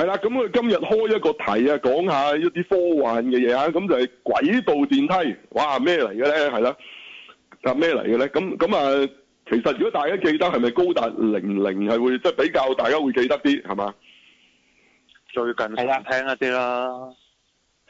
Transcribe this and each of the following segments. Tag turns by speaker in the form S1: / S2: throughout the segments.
S1: 係啦，咁我今日開一個題啊，講下一啲科幻嘅嘢啊，咁就係軌道電梯，哇咩嚟嘅咧？係啦，啊咩嚟嘅咧？咁咁啊，其實如果大家記得，係咪高達零零係會即係、就是、比較大家會記得啲，係嘛？最近係啦聽一啲啦，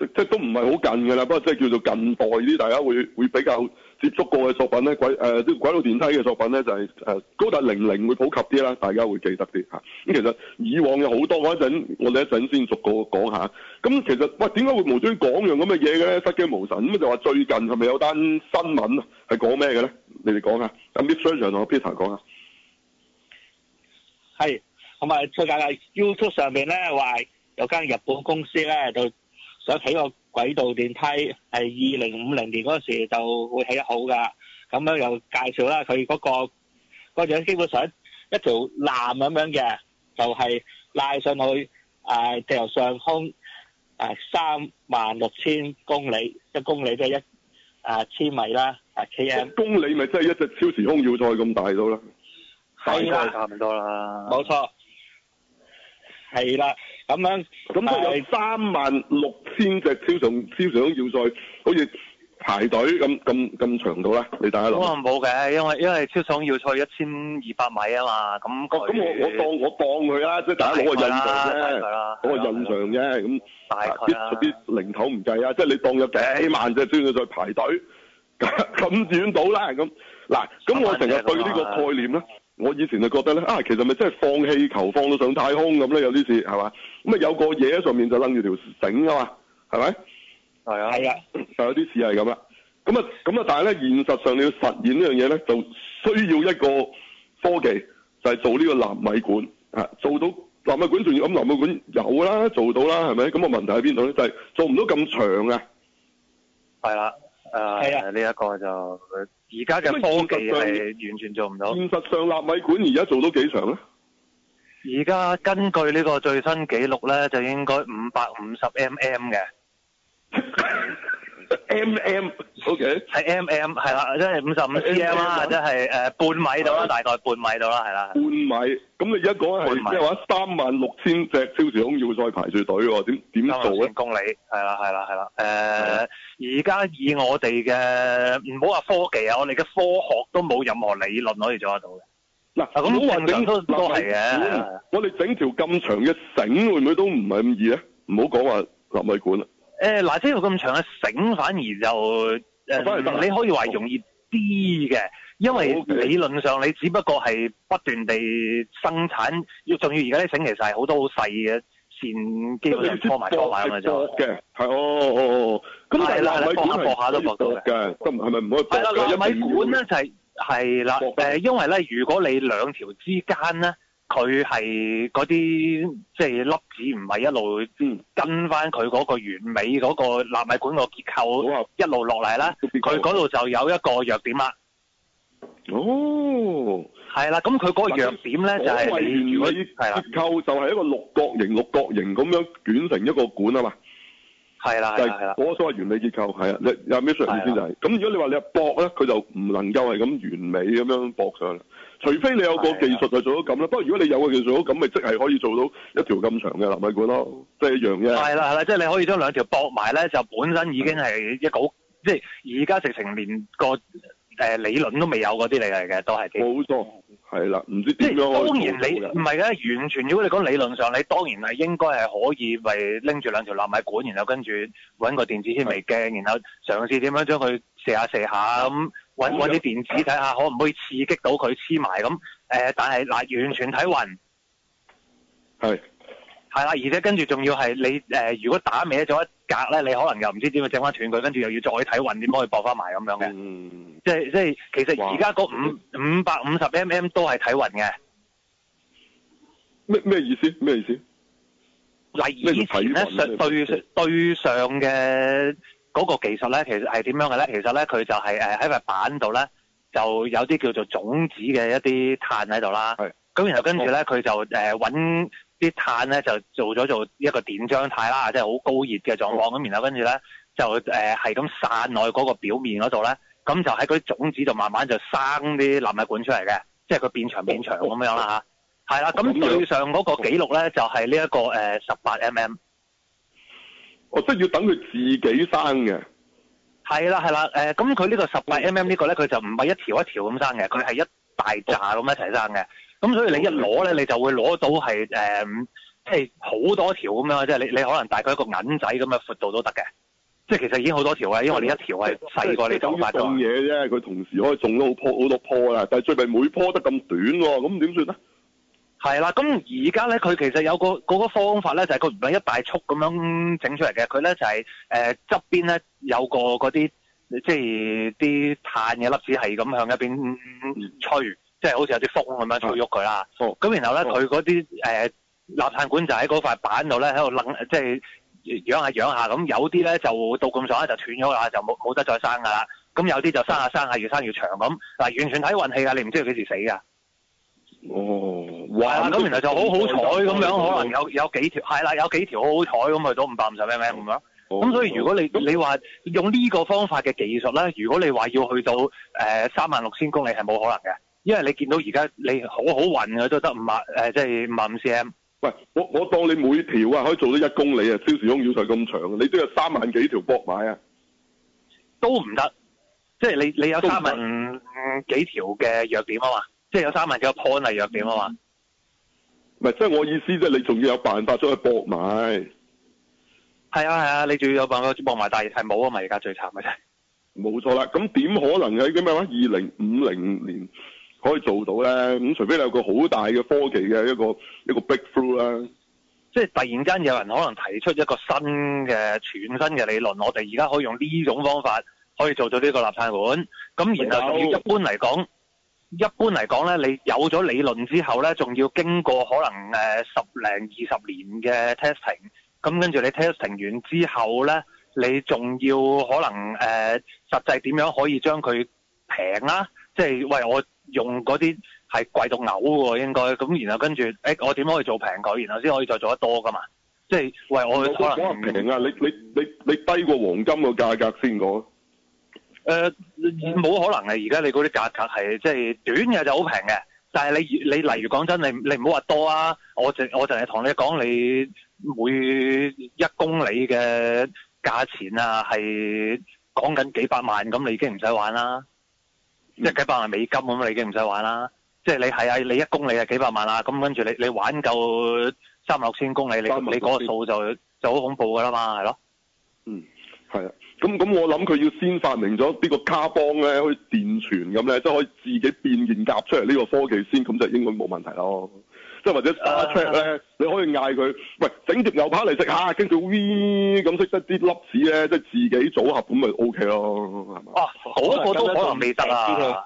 S1: 即即都唔係好近噶啦，不過即係叫做近代啲，大家會會比較。接觸過嘅作品咧，軌誒啲軌道電梯嘅作品咧，就係、是、誒高達零零會普及啲啦，大家會記得啲嚇。咁其實以往有好多嗰陣，我哋一陣先逐個講下。咁其實喂，點解會無端端講樣咁嘅嘢嘅咧？失驚無神咁就話、是、最近係咪有單新聞啊？係講咩嘅咧？你哋講下，咁 Mic 同 Peter 講下。
S2: 係同埋最近喺 YouTube 上面咧，話有間日本公司咧就。想起個軌道電梯，係二零五零年嗰時就會起得好噶。咁樣又介紹啦，佢嗰個嗰樣，基本上一條纜咁樣嘅，就係拉上去誒地球上空誒三萬六千公里，一公里即係一誒千米啦，誒千米。一
S1: 公里咪即係一隻超時空要
S2: 塞咁大到啦，大
S3: 概差唔多啦。
S2: 冇錯，係啦。
S1: 咁樣，咁即有三萬六千隻超常超常要塞，好似排隊咁咁咁長度啦，你大家諗咯。可能
S3: 冇嘅，因為因為超常要塞一千二百米啊嘛，咁咁、啊、我我當我當佢啦，啦，即大家攞個印，印象啫，啊，
S1: 攞個印象啫，咁啲啲零頭唔計啊，啊啊啊啊啊啊即係你當有幾萬隻超常要塞排隊，咁 遠到啦，咁嗱，咁我成日對呢個概念咧。我以前就覺得咧，啊，其實咪真係放氣球放到上太空咁咧，有啲事係嘛，咁啊有個嘢喺上面就掕住條繩噶嘛，係咪？係啊，係啊，就有啲事係咁啦。咁啊，咁啊，但係咧，現實上你要實現呢樣嘢咧，就需要一個科技，就係做呢個納米管啊，做到納米管仲要咁，納米管有啦，做到啦，係咪？咁個問題喺邊度咧？就係做唔到咁長啊，
S3: 係啦。誒，呢一個就而家嘅科技係完全做唔到現在現上。現實上，納米管而家做到幾長咧？而家根據呢個最新記錄咧，就應該五百五十 mm 嘅。 嗯 M、MM, M，OK，、okay. 係 M M，係啦，即係五十五 C M 或者係誒半米到啦，大概半米到啦，係啦。
S1: 半米，咁你而家講係咩話？三萬六千隻超時空要塞排住隊，點點做三萬六千
S3: 公里，係啦係啦係啦，誒，而家、呃、以我哋嘅唔好話科技啊，我哋嘅科學都冇任何理論可以做得到嘅。嗱、啊、咁、啊，我哋整都係嘅，
S1: 我哋整條咁長嘅繩，會唔會都唔係咁易咧？唔好講話納米管啦。誒
S3: 嗱，呢條咁長嘅繩反而就誒，你可以話容易啲嘅，因為理論上你只不過係不斷地生產，要仲要而家啲繩其實係好多好細嘅線，基本上搓埋搓埋咁嘅就，係嘅，係哦哦哦。咁啲嚟嚟嚟，薄下薄下都薄到嘅。咁係咪唔可以搬搬搬搬？係啦，納米管咧就係係啦，誒，因為咧，如果你兩條之間咧。佢係嗰啲即係粒子，唔係一路跟翻佢嗰個完美嗰個納米管個結構一路落嚟啦。佢嗰度就有一個弱點啦。哦，係啦，咁佢嗰個弱點咧就係你嗰係啦，結構就係一個六角形，六角
S1: 形咁樣捲成一個管啊嘛。
S3: 係啦係啦，我
S1: 所謂原理結構係啊，你有咩先就係。咁如果你話你係駁咧，佢就唔能夠係咁完美咁樣駁上。除非你有個技術就做到咁啦，不過如果你有個技術做到咁，咪即係可以做到一條咁長嘅納米
S3: 管咯，即係一樣嘅。係啦係啦，即係你可以將兩條駁埋咧，就本身已經係一個，即係而家直情連個、呃、理論都未有嗰啲嚟嘅，都係冇錯。係啦，唔知點樣即係當然你唔係嘅，完全如果你講理論上，你當然係應該係可以為拎住兩條納米管，然後跟住搵個電子顯微鏡，然後嘗試點樣將佢射下射下咁。搵啲電子睇下，可唔可以刺激到佢黐埋咁？誒、呃，但係嗱、呃，完全睇運。係。係啦，而且跟住仲要係你誒、呃，如果打歪咗一格咧，你可能又唔知點樣整翻斷佢，跟住又要再睇運點可以搏翻埋咁樣嘅、嗯。即係即係，其實而家嗰五五百五十 mm 都係睇運嘅。咩咩意思？咩意思？嗱，以前咧上對對上嘅，嗰、那個技術咧，其實係點樣嘅咧？其實咧，佢就係誒喺塊板度咧，就有啲叫做種子嘅一啲碳喺度啦。係。咁然後跟住咧，佢就誒搵啲碳咧，就做咗做一個電漿態啦，即係好高熱嘅狀況。咁然後跟住咧，就誒係咁散落去嗰個表面嗰度咧，咁就喺嗰啲種子度慢慢就生啲納米管出嚟嘅，即係佢變長變長咁樣啦吓，係啦，咁對、嗯嗯嗯嗯嗯、上嗰個紀錄咧、嗯，就係呢一個誒十八 mm。呃哦、oh，即係要等佢自己生嘅。係啦係啦，誒，咁、呃、佢、嗯、呢個十八 mm 呢個咧，佢就唔係一條一條咁生嘅，佢係一大紮咁一齊生嘅。咁、oh。嗯、所以你一攞咧，你就會攞到係誒、呃，即係好多條咁樣，即係你你可能大概一個銀仔咁嘅闊度都得嘅。即係其實已經好多條啦，因為你一條係細過你講法嘅。嘢、就、
S1: 啫、是，佢、就是、同時可以種到好好多棵啦，但係最弊每棵得咁
S3: 短、喔，咁點算咧？係啦，咁而家咧，佢其實有個嗰、嗰個方法咧，就係個原本一大束咁樣整出嚟嘅，佢咧就係誒側邊咧有個嗰啲即係啲碳嘅粒子係咁向一邊吹，即、就、係、是、好似有啲風咁樣吹喐佢啦。咁、嗯嗯、然後咧，佢嗰啲誒立碳管就喺嗰塊板度咧喺度冷，即係養下養下，咁有啲咧就到咁上下就斷咗啦，就冇冇得再生噶啦。咁有啲就生下生下，越生越長咁嗱，完全睇運氣啊！你唔知佢幾時死㗎？
S2: 哦，咁原來就好好彩咁樣，可能有
S3: 有，有幾條，係啦，有幾條好好彩咁去到五百五十 cm 咁樣。咁、哦、所以如果你你話用呢個方法嘅技術咧，如果你話要去到誒三萬六千公里係冇可能嘅，因為你見到而家你好好運啊都得五萬誒，即係五萬五 cm。喂，我我當你每條
S1: 啊可以做到一公里啊，超時空要塞咁長，你都要三萬幾條駁埋啊？
S3: 都唔得，即係你你有三萬幾條嘅弱點啊嘛？即係有三萬幾個 point，例約點啊嘛？唔係，即係我意思即係你仲要有辦法再去搏埋。係啊係啊，你仲要有辦法去搏埋，但係冇啊嘛，而家最慘嘅啫。
S1: 冇錯啦，咁點可能喺啲咩話二零五零年可以做到咧？
S3: 咁除非你有個好大嘅科技嘅一個一個 breakthrough 啦。即係突然間有人可能提出一個新嘅全新嘅理論，我哋而家可以用呢種方法可以做到呢個立貸盤，咁然後仲要一般嚟講。一般嚟講咧，你有咗理論之後咧，仲要經過可能誒、呃、十零二十年嘅 testing，咁跟住你 testing 完之後咧，你仲要可能誒、呃、實際點樣可以將佢平啦？即係喂，我用嗰啲係貴到嘔喎，應該咁、嗯，然後跟住誒、欸，我點可以做平佢，然後先可以再做得多㗎嘛？
S1: 即係喂，我可能平啊！你你你你低過黃金個價格先講。
S3: 誒、呃，冇可能嘅，而家你嗰啲價格係即係短嘅就好平嘅，但係你你例如講真，你你唔好話多啊，我淨我淨係同你講，你每一公里嘅價錢啊，係講緊幾百萬咁，你已經唔使玩啦，即、嗯、係、就是、幾百萬美金咁，你已經唔使玩啦，即、就、係、是、你係啊，你一公里啊幾百萬啦，咁跟住你你玩夠三萬六千公里，你你嗰個數就就好恐怖噶啦嘛，係咯？嗯，係啊。
S1: 咁咁我諗佢要先發明咗呢個卡邦咧，可以電傳咁咧，即係可以自己變電夾出嚟呢個科技先，咁就應該冇問題咯。即係或者打 check 咧，你可以嗌佢喂整碟牛扒嚟食下，跟住咁識得啲粒子咧，即係自己組合咁咪 O K 咯，係嘛、
S3: OK？啊，嗰、嗰個都可能未得，啊，得啊，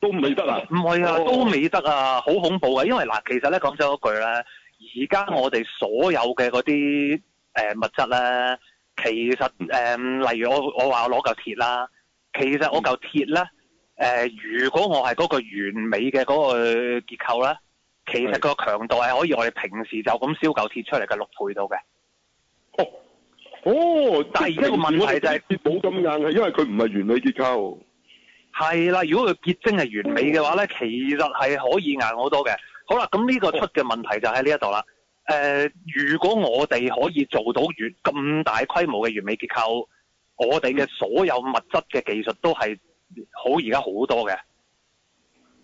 S3: 都未得啊？唔係啊，都未得啊，好恐怖啊！因為嗱，其實咧講咗一句咧，而家我哋所有嘅嗰啲誒物質咧。其實誒、嗯，例如我我話我攞嚿鐵啦，其實我嚿鐵咧，誒、嗯呃，如果我係嗰個完美嘅嗰個結構咧，其實個強度係可以我哋平時就咁燒嚿鐵出嚟嘅六倍到嘅。哦，哦，但係而家個問題就係冇咁硬嘅，因為佢唔係完美結構。係啦，如果佢結晶係完美嘅話咧，哦，其實係可以硬好多嘅。好啦，咁呢個出嘅問題就喺呢一度啦。誒、呃,如果我哋可以做到完咁大規模嘅完美結構，我哋嘅所有物質嘅技術都係好而家好多嘅。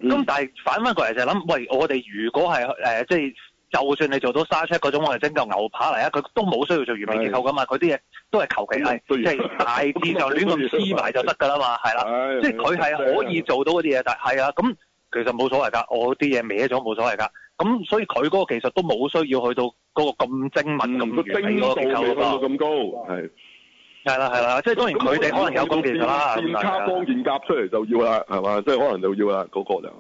S3: 咁但係反翻過嚟就諗，喂，我哋如果係即係就算你做到 Star Trek 嗰種，我哋整嚿牛扒嚟啊，佢都冇需要做完美結構㗎嘛，佢啲嘢都係求其係即係大致就亂咁黐埋就得㗎啦嘛，係啦，哎，即係佢係可以做到嗰啲嘢，但係係啊，咁其實冇所謂㗎，我啲嘢歪咗冇所謂㗎。咁、嗯、所以佢嗰個其實都冇需要去到嗰個咁精密、咁完美嗰啲結構啦。
S1: 係，係啦係啦，即係當然佢哋可能有咁嘅技術啦。電電甲出嚟就要係嘛？即係可能就要啦，嗰個就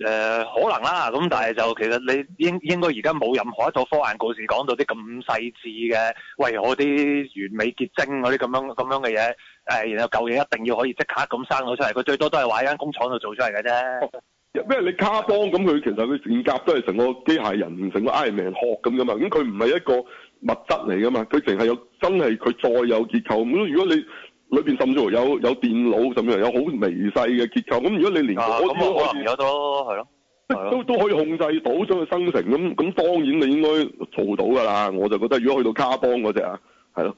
S3: 誒可能啦，咁但係就其實你應應該而家冇任何一套科幻故事講到啲咁細緻嘅，喂，我啲完美結晶嗰啲咁樣咁樣嘅嘢，誒、呃、然後舊嘢一定要可以即刻咁生到出嚟？佢最多都係話喺間工廠度做出嚟嘅啫。哦。因為你
S1: 卡邦咁，佢其實佢性格都係成個機械人，成個 Iron Man 殼咁噶嘛。咁佢唔係一個物質嚟噶嘛，佢淨係有真係佢再有結構。咁如果你裏邊甚至乎有有電腦甚至乎，有好微細嘅結構。咁如果你連都，咁、啊、我可能有得係咯，都都可以控制到將去生成。咁咁當然你應該做到噶啦。我就覺得如果去到卡邦嗰隻啊。係咯，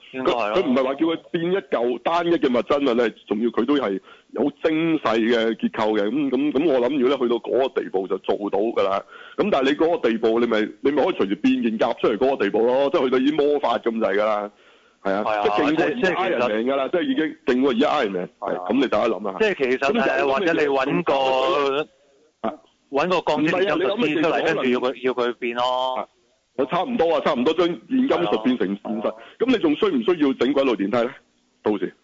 S1: 佢唔係話叫佢變一嚿單一嘅物質啊，你仲要佢都係有精細嘅結構嘅，咁咁咁我諗如果咧去到嗰個地步就做到㗎啦。咁但係你嗰個地步你咪你咪可以隨住變形夾出嚟嗰個地步咯，即係去到已經魔法咁滯㗎啦，係啊，即係已經已經 I 人名㗎啦，即係已經變到而家 I 人名，係咁你大家諗下，即係其實就就找或者你
S3: 揾個揾個鋼鐵咁撕出嚟，跟住、啊、要佢要佢變咯。啊。差唔
S1: 多啊，差唔多將現金術變成現實。咁、哦哦、你仲需唔需要整軌道電梯咧？到時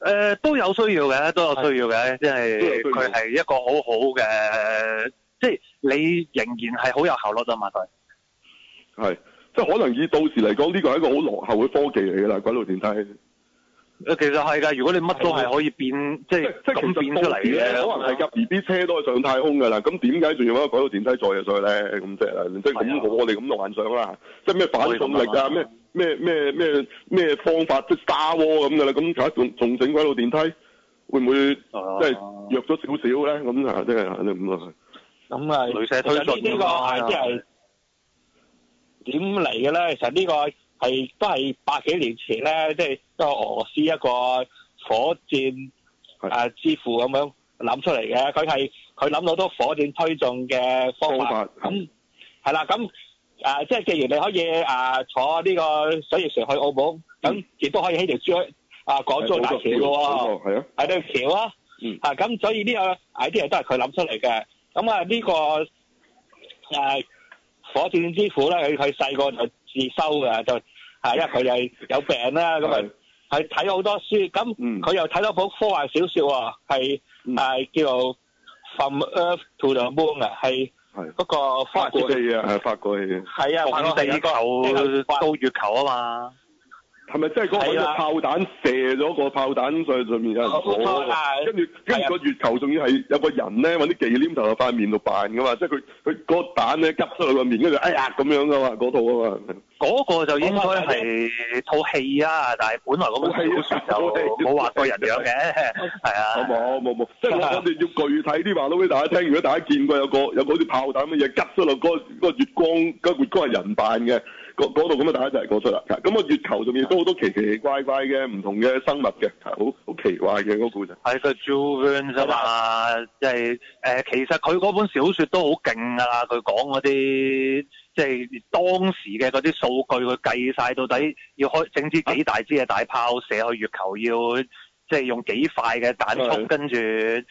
S1: 誒
S3: 都有需要嘅，都有需要嘅，即係佢係一個好好嘅，即、就、係、是、你仍然係好有效率啊嘛，佢係即係可能以
S1: 到時嚟講呢個係一個好落後嘅科技嚟噶啦，軌道電梯。
S3: 其實係噶，如果你乜都係可以變，是即係咁變出嚟嘅，可能係入
S1: B B 車都係上太空噶啦，咁點解仲要一個軌道電梯再上去咧？咁即係即係咁我哋咁幻想啦，即係咩反重力啊，咩咩咩咩咩方法即係沙窩咁噶啦，咁重整軌道電梯，會唔會即係弱咗少少咧？咁啊，即係咁啊，咁啊，有啲呢個係即係點嚟噶咧？其實呢、呢
S2: 個。係都係百幾年前咧，即係都俄羅斯一個火箭啊之父咁樣諗出嚟嘅。佢係佢諗到好多火箭推進嘅方法。咁係啦，咁、嗯嗯、啊，即係既然你可以啊坐呢個水翼船去澳門，咁亦都可以起條珠啊港珠澳大橋咯、哦。係啊，喺條、嗯、橋啊。嗯。啊，咁所以呢個 idea 都係佢諗出嚟嘅。咁啊，呢、呢個啊火箭之父咧，佢佢細個就。自修嘅就係，因為佢係有病啦，咁係係睇好多書，咁佢又睇到本科幻小說喎，係、嗯、係、嗯、叫做 From Earth to the Moon 啊，係嗰、嗰個法國嘅，係法國嘅，係啊，從地球
S1: 到月球啊嘛。係咪即係講個炮彈，射咗個炮彈上去，上面有人坐、啊，跟住、啊、跟住個月球仲要係有個人咧，搵啲忌廉頭喺塊面度扮噶嘛，即係佢佢嗰個蛋咧急咗落個面、就是，跟住哎呀咁樣噶嘛嗰套啊嘛，嗰、嗰個就應該係套戲啊，但係本來咁嘅，冇畫過人樣嘅，係啊，冇冇冇，即係、啊啊就是、我哋要具體啲話咯俾大家聽，如果大家見過有個有嗰啲炮彈乜嘢急咗落嗰嗰個月光，嗰、嗰個月光係人扮嘅。嗰度咁啊，大家就係講出啦。咁啊，月球仲要都好多奇奇怪怪嘅唔同嘅生物嘅，好好奇怪嘅嗰個故事。
S3: 係個 Jules 啊，即係誒，其實佢嗰本小說都好勁啦。佢講嗰啲即係當時嘅嗰啲數據，佢計晒到底要開整支幾大支嘅大炮射去月球要，要即係用幾快嘅彈速，跟住誒，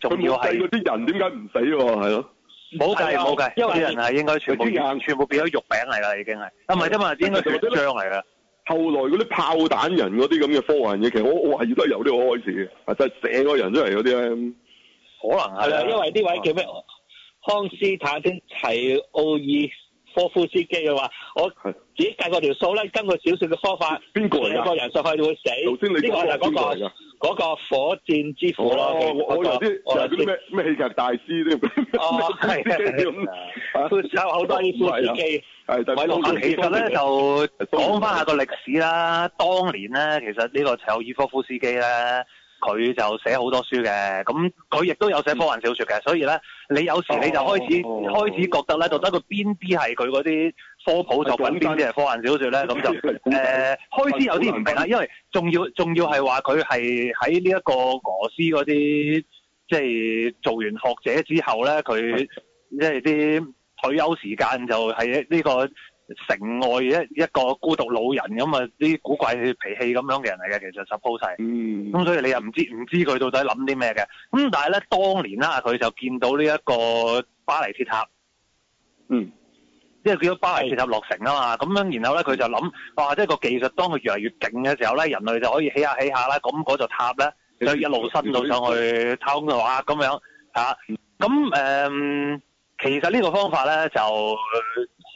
S3: 仲要係。計嗰啲人點解唔死喎、啊？係咯。冇計冇計，因為啲人係應該
S2: 全部變全部變
S3: 咗肉餅嚟啦，已經係。唔係啫嘛，應該就係張嚟啦。後來嗰啲炮彈人嗰啲咁嘅科幻嘢，其實我我係亦都係由呢個開
S1: 始嘅，啊，真係成個人都係嗰啲咧。可能係。係啦，因為呢位叫咩
S2: 康斯坦丁齊奧爾。科夫斯基嘅話：我自己計過條數咧，根據少數嘅方法，成、啊、個人上去會死。頭先你講、這個嗰、那個啊那個火箭之父咯、哦那個，我有啲咩咩戲劇大師添。
S1: 哦，
S3: 係有好多呢科夫斯基。其實咧就講翻下個歷史啦。當年咧，其實呢個齊奧爾科夫斯基咧。佢就寫好多書嘅，咁佢亦都有寫科幻小說嘅、嗯，所以咧，你有時你就開始、哦、開始覺得咧、哦，到底佢邊啲係佢嗰啲科普作品，邊啲係科幻小說咧？咁就誒、呃，開始有啲唔明啦，因為仲要仲要係話佢係喺呢一個俄斯嗰啲，即、就、係、是、做完學者之後咧，佢即係啲退休時間就係呢、這個。城外一一個孤獨老人咁啊，啲古怪脾氣咁樣嘅人嚟嘅，其實 suppose 係，嗯，咁所以你又唔知唔知佢到底諗啲咩嘅，咁但係咧當年啦，佢就見到呢一個巴黎鐵塔，嗯、mm.，因為叫個巴黎鐵塔落成啊嘛，咁、mm. 樣然後咧佢就諗，mm. 哇，即係個技術當佢越嚟越勁嘅時候咧，人類就可以起下起下啦，咁嗰座塔咧就一路伸到上去，太空嘅話咁樣，吓、啊，咁誒、嗯，其實呢個方法咧就。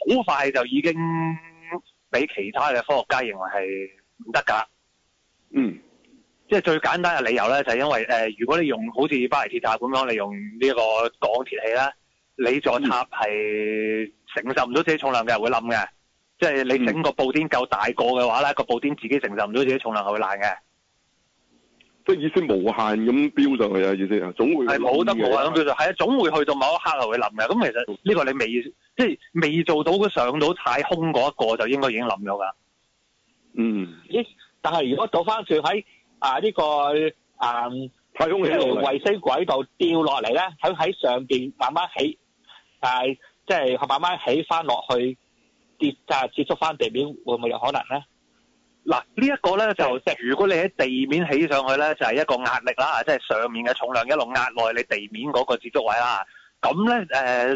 S3: 好快就已經俾其他嘅科學家認為係唔得㗎。嗯，即係最簡單嘅理由咧，就係、是、因為誒、呃，如果你用好似巴黎鐵塔咁樣，你用呢個鋼鐵器咧，你座塔係、嗯、承受唔到自己重量嘅，會冧嘅。即係你整個布甸夠大個嘅話咧，個布甸自己承受唔到自己重量係會爛嘅。即意
S1: 思是無限咁飆上去啊，意思啊，總會係冇得無限咁飆
S3: 上啊，咁係啊，總會去到某一刻係會冧嘅。咁其實呢個你未即係未做到佢上到太空嗰一個就應該已經冧
S2: 咗噶。嗯。咦？但係如果倒翻轉喺啊呢、呢個啊太空衛星軌道掉落嚟咧，喺喺上邊慢慢起，誒、啊，即、就、係、是、慢慢起翻落去，跌就接觸翻地面，會唔會有可能咧？嗱、這個、呢一個咧就即係如果你喺地面起上去咧，就係、是、一
S3: 個壓力啦，即係上面嘅重量一路壓落你地面嗰個接觸位啦。咁咧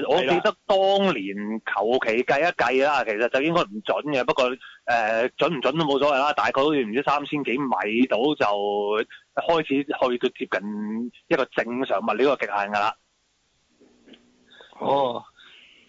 S3: 誒，我記得當年求其計一計啦，其實就應該唔準嘅。不過誒、呃、準唔準都冇所謂啦，大概好似唔知三千幾米到就開始去到接近一個正常物料個極限噶啦。哦，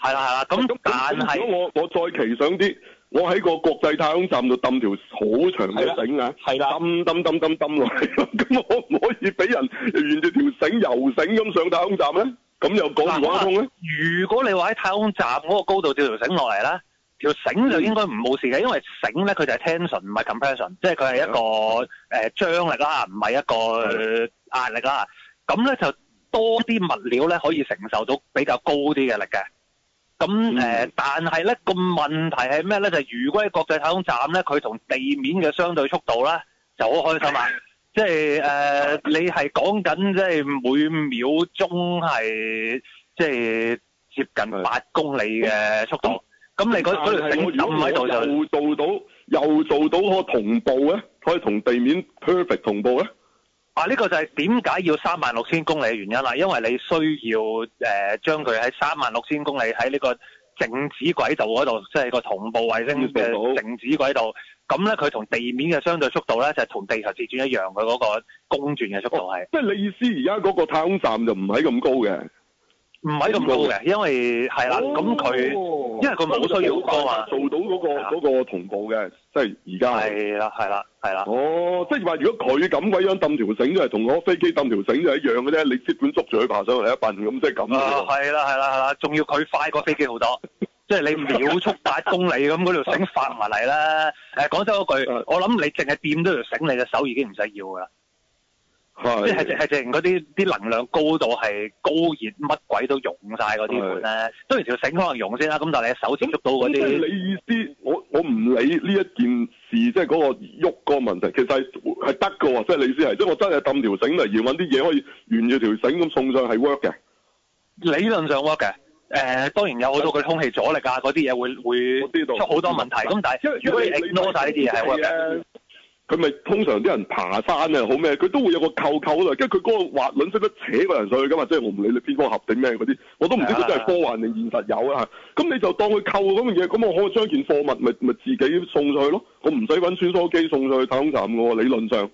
S3: 係啦係啦，咁、嗯、但係我我再奇想啲。我喺個國
S1: 際太空站度掟條好長嘅繩啊，係啦，掟掟掟掟掟落嚟，咁、 嗯、我
S3: 可唔可以俾人沿住條繩游繩咁上太空站咧？咁又講唔講得通咧？如果你話喺太空站嗰個高度吊條繩落嚟咧，條繩就應該唔冇事嘅，因為繩咧佢就係 tension 唔係 compression，即係佢係一個誒張、呃、力啦，唔係一個壓、呃、力啦。咁咧就多啲物料咧可以承受到比較高啲嘅力嘅。咁誒，但係咧，個問題係咩咧？就係如果喺國際太空站咧，佢同地面嘅相對速度咧就好開心喇！即係誒，你係講緊即係每秒鐘係即係接近八公里嘅速度。咁你嗰嗰條繩又唔係做又做到又做到可同步咧？可以同地面 perfect 同步咧？啊！呢、這個就係點解要三萬六千公里嘅原因啦，因為你需要誒、呃、將佢喺三萬六千公里喺呢個靜止軌道嗰度，即、就、係、是、個同步衛星嘅靜止軌道。咁咧，佢同地面嘅相對速度咧，就係、是、同地球自轉一樣，佢嗰個公轉嘅速度係。
S1: 即、哦、係你意思，而家嗰個太空站就唔係咁高嘅？唔係咁高嘅，因為係啦，咁佢、哦、因為佢冇、哦、需要高啊，做到嗰、那個那個同步嘅，即係而家係。係啦，係啦。係啦，哦、oh，即係話如果佢咁鬼樣扽條繩，就係同嗰飛機扽條繩就係一樣嘅啫。你即管捉住佢爬上嚟一笨咁，即係咁啊。
S3: 係啦係啦係啦，仲要佢快過飛機好多， 即係你秒速八公里咁，嗰條繩發埋嚟啦。誒，講真嗰句，我諗你淨係掂咗條繩，你嘅手已經唔使要噶啦。即係淨係淨嗰啲啲能量高到係高熱，乜鬼都融晒嗰啲咁咧。雖然條繩可能溶先啦，咁但係你手先捉到嗰啲。你
S1: 意思我我唔理呢一件。即係嗰個喐嗰個問題，其實係得嘅喎，即係你思係，即係我真係抌條繩嚟，而揾啲嘢可以沿住條繩咁送上係 work 嘅。
S3: 理論上係 work 嘅，誒、呃、當然有好多佢空氣阻力啊，嗰啲嘢會會出好多問題。咁但係如果、呃啊、你 ignore 晒係 work 嘅。
S1: 佢咪通常啲人爬山啊，好咩？佢都會有個扣扣啦，跟住佢嗰個滑輪識得扯個人上去噶嘛，即係我唔理你邊個合定咩嗰啲，我都唔知佢真係科幻定現實有啊吓。咁你就當佢扣咁樣嘢，咁我可以將件貨物咪咪自己送上去咯，我唔使搵穿梭機送上去太空站嘅喎，理論上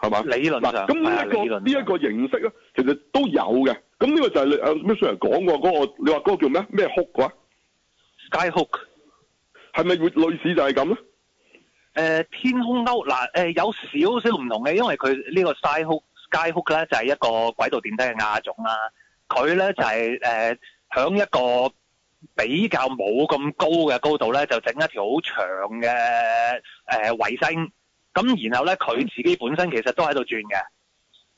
S1: 係嘛？理論上，咁呢一個呢一、這個這個形式咧，其實都有嘅。咁呢個就係 MythSearcker 講嘅嗰
S3: 個，你話嗰個叫咩？咩 hook 啊？Skyhook 係咪類似就係咁？誒、呃，天空鈎嗱，誒、呃、有少少唔同嘅，因為佢呢個 Sky Hook, Sky Hook、街 hook 咧就係、是、一個軌道電梯嘅亞種啦。佢咧、嗯、就係誒響一個比較冇咁高嘅高度咧，就整一條好長嘅誒衛星。咁、呃、然後咧，佢自己本身其實都喺度轉嘅。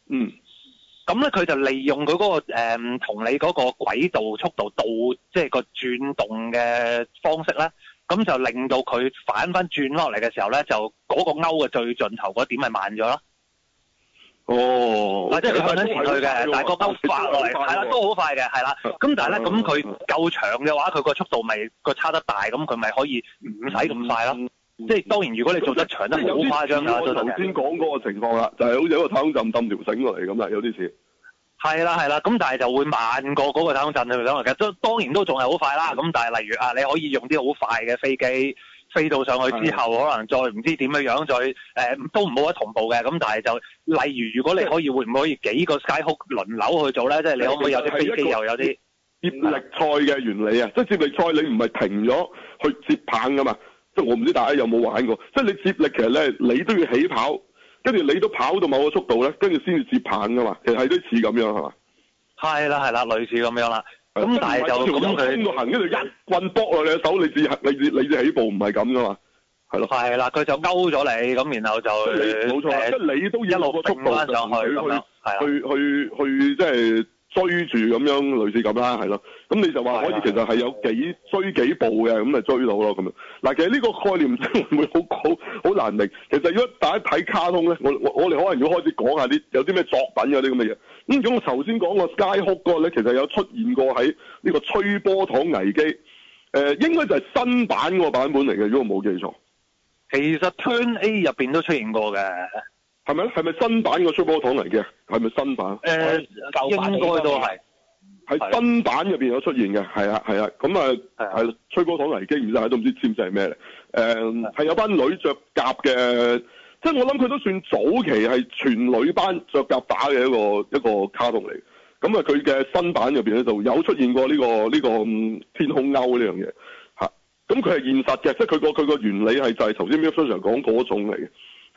S3: 嗯，嗯呢。咁咧，佢就利用佢嗰、那個誒同、呃、你嗰個軌道速度到，即係、就是、個轉動嘅方式咧。咁就令到佢反翻轉落嚟嘅時候咧，就嗰個勾嘅最盡頭嗰點咪慢咗咯。哦、oh, okay，即係佢反翻前去嘅，但係個勾發落嚟係啦，都好快嘅，係啦。咁 但係咧，咁佢夠長嘅話，佢個速度咪個差得大，咁佢咪可以唔使咁快咯。 即係當然，如果你做得長得好誇張嘅，頭先
S1: 講嗰個情況啦，就係、是、好似一個太空站浸浸條繩落嚟咁啦，有啲似。
S3: 係啦，係啦，咁但係就會慢過嗰個太空站去上嚟嘅，都當然都仲係好快啦。咁但係例如啊，你可以用啲好快嘅飛機飛到上去之後，可能再唔知點樣樣，再誒、呃、都唔好得同步嘅。咁但係就例如，如果你可以會唔可以幾個 skyhook 輪流去做咧？即係你可唔可以有啲飛機，又有啲
S1: 接力賽嘅原理啊！即係接力賽，你唔係停咗去接棒噶嘛？即係我唔知大家有冇玩過。即係你接力其實咧，你都要起跑。跟住你都跑到某個速度咧，跟住先至接棒噶嘛，其實係都似咁樣係嘛？
S3: 係啦係啦，類似咁樣啦。咁但
S1: 係就咁佢衝個行，
S3: 跟住一，一棍搏落你隻手，你自你你自起步唔係咁噶嘛？係咯。係啦，佢就勾咗你，咁然後就冇錯即係、呃、你都一路個速度上去咁啊，去去去，即係追住咁樣，類似咁啦，係咯。
S1: 咁你就話，開始其實係有幾追幾步嘅，咁咪、啊啊、追到咯咁。嗱，其實呢個概念唔會好好好難明。其實如果大家睇卡通咧，我我我哋可能要開始講一下啲有啲咩作品有啲咁嘅嘢。咁咁，嗯、我頭先講個 Skyhook 咧，其實有出現過喺呢個吹波糖危機。誒、呃，應該就係新版個版本嚟嘅，如果我冇記錯。
S3: 其實 Turn A 入面都出現過嘅。係咪？係咪新版個吹波糖嚟嘅？係咪新版？誒、呃舊版嗰個，應該都係。喺新版入邊有出
S1: 現嘅，係啊係啊，咁啊係、啊啊啊啊、吹波糖危機唔知都唔知知唔知係咩嚟？誒、嗯、係、啊、有班女着甲嘅，即、就、係、是、我諗佢都算早期係全女班着甲打嘅一個一個卡通嚟。咁啊佢嘅新版入邊咧度有出現過呢、這個呢、這個、嗯、天空勾呢樣嘢嚇。咁佢係現實嘅，即係佢個佢個原理係就係頭先 Mr. 先生講嗰種嚟嘅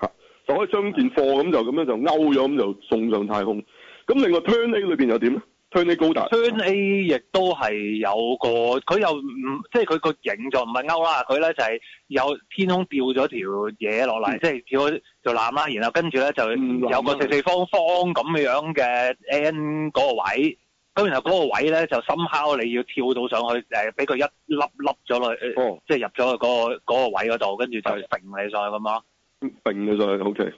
S1: 嚇，就可以將件貨咁就咁樣就，樣就勾咗咁就
S3: 送上太空。咁、嗯、另外 Turn A 裏邊又點咧？穿 A 高達，穿 A 亦都係有個，佢又唔即係佢個形狀唔係勾啦，佢咧就係有天空掉咗條嘢落嚟，即係跳去條纜啦，然後跟住咧就有個四四方方咁樣嘅 N 嗰個位，咁然後嗰個位咧就深敲你要跳到上去，誒，俾佢一粒粒咗落去，哦，即係入咗去、嗰個嗰、嗰個位嗰度，跟住就定你上去咁樣，定你
S1: 上去好正。Okay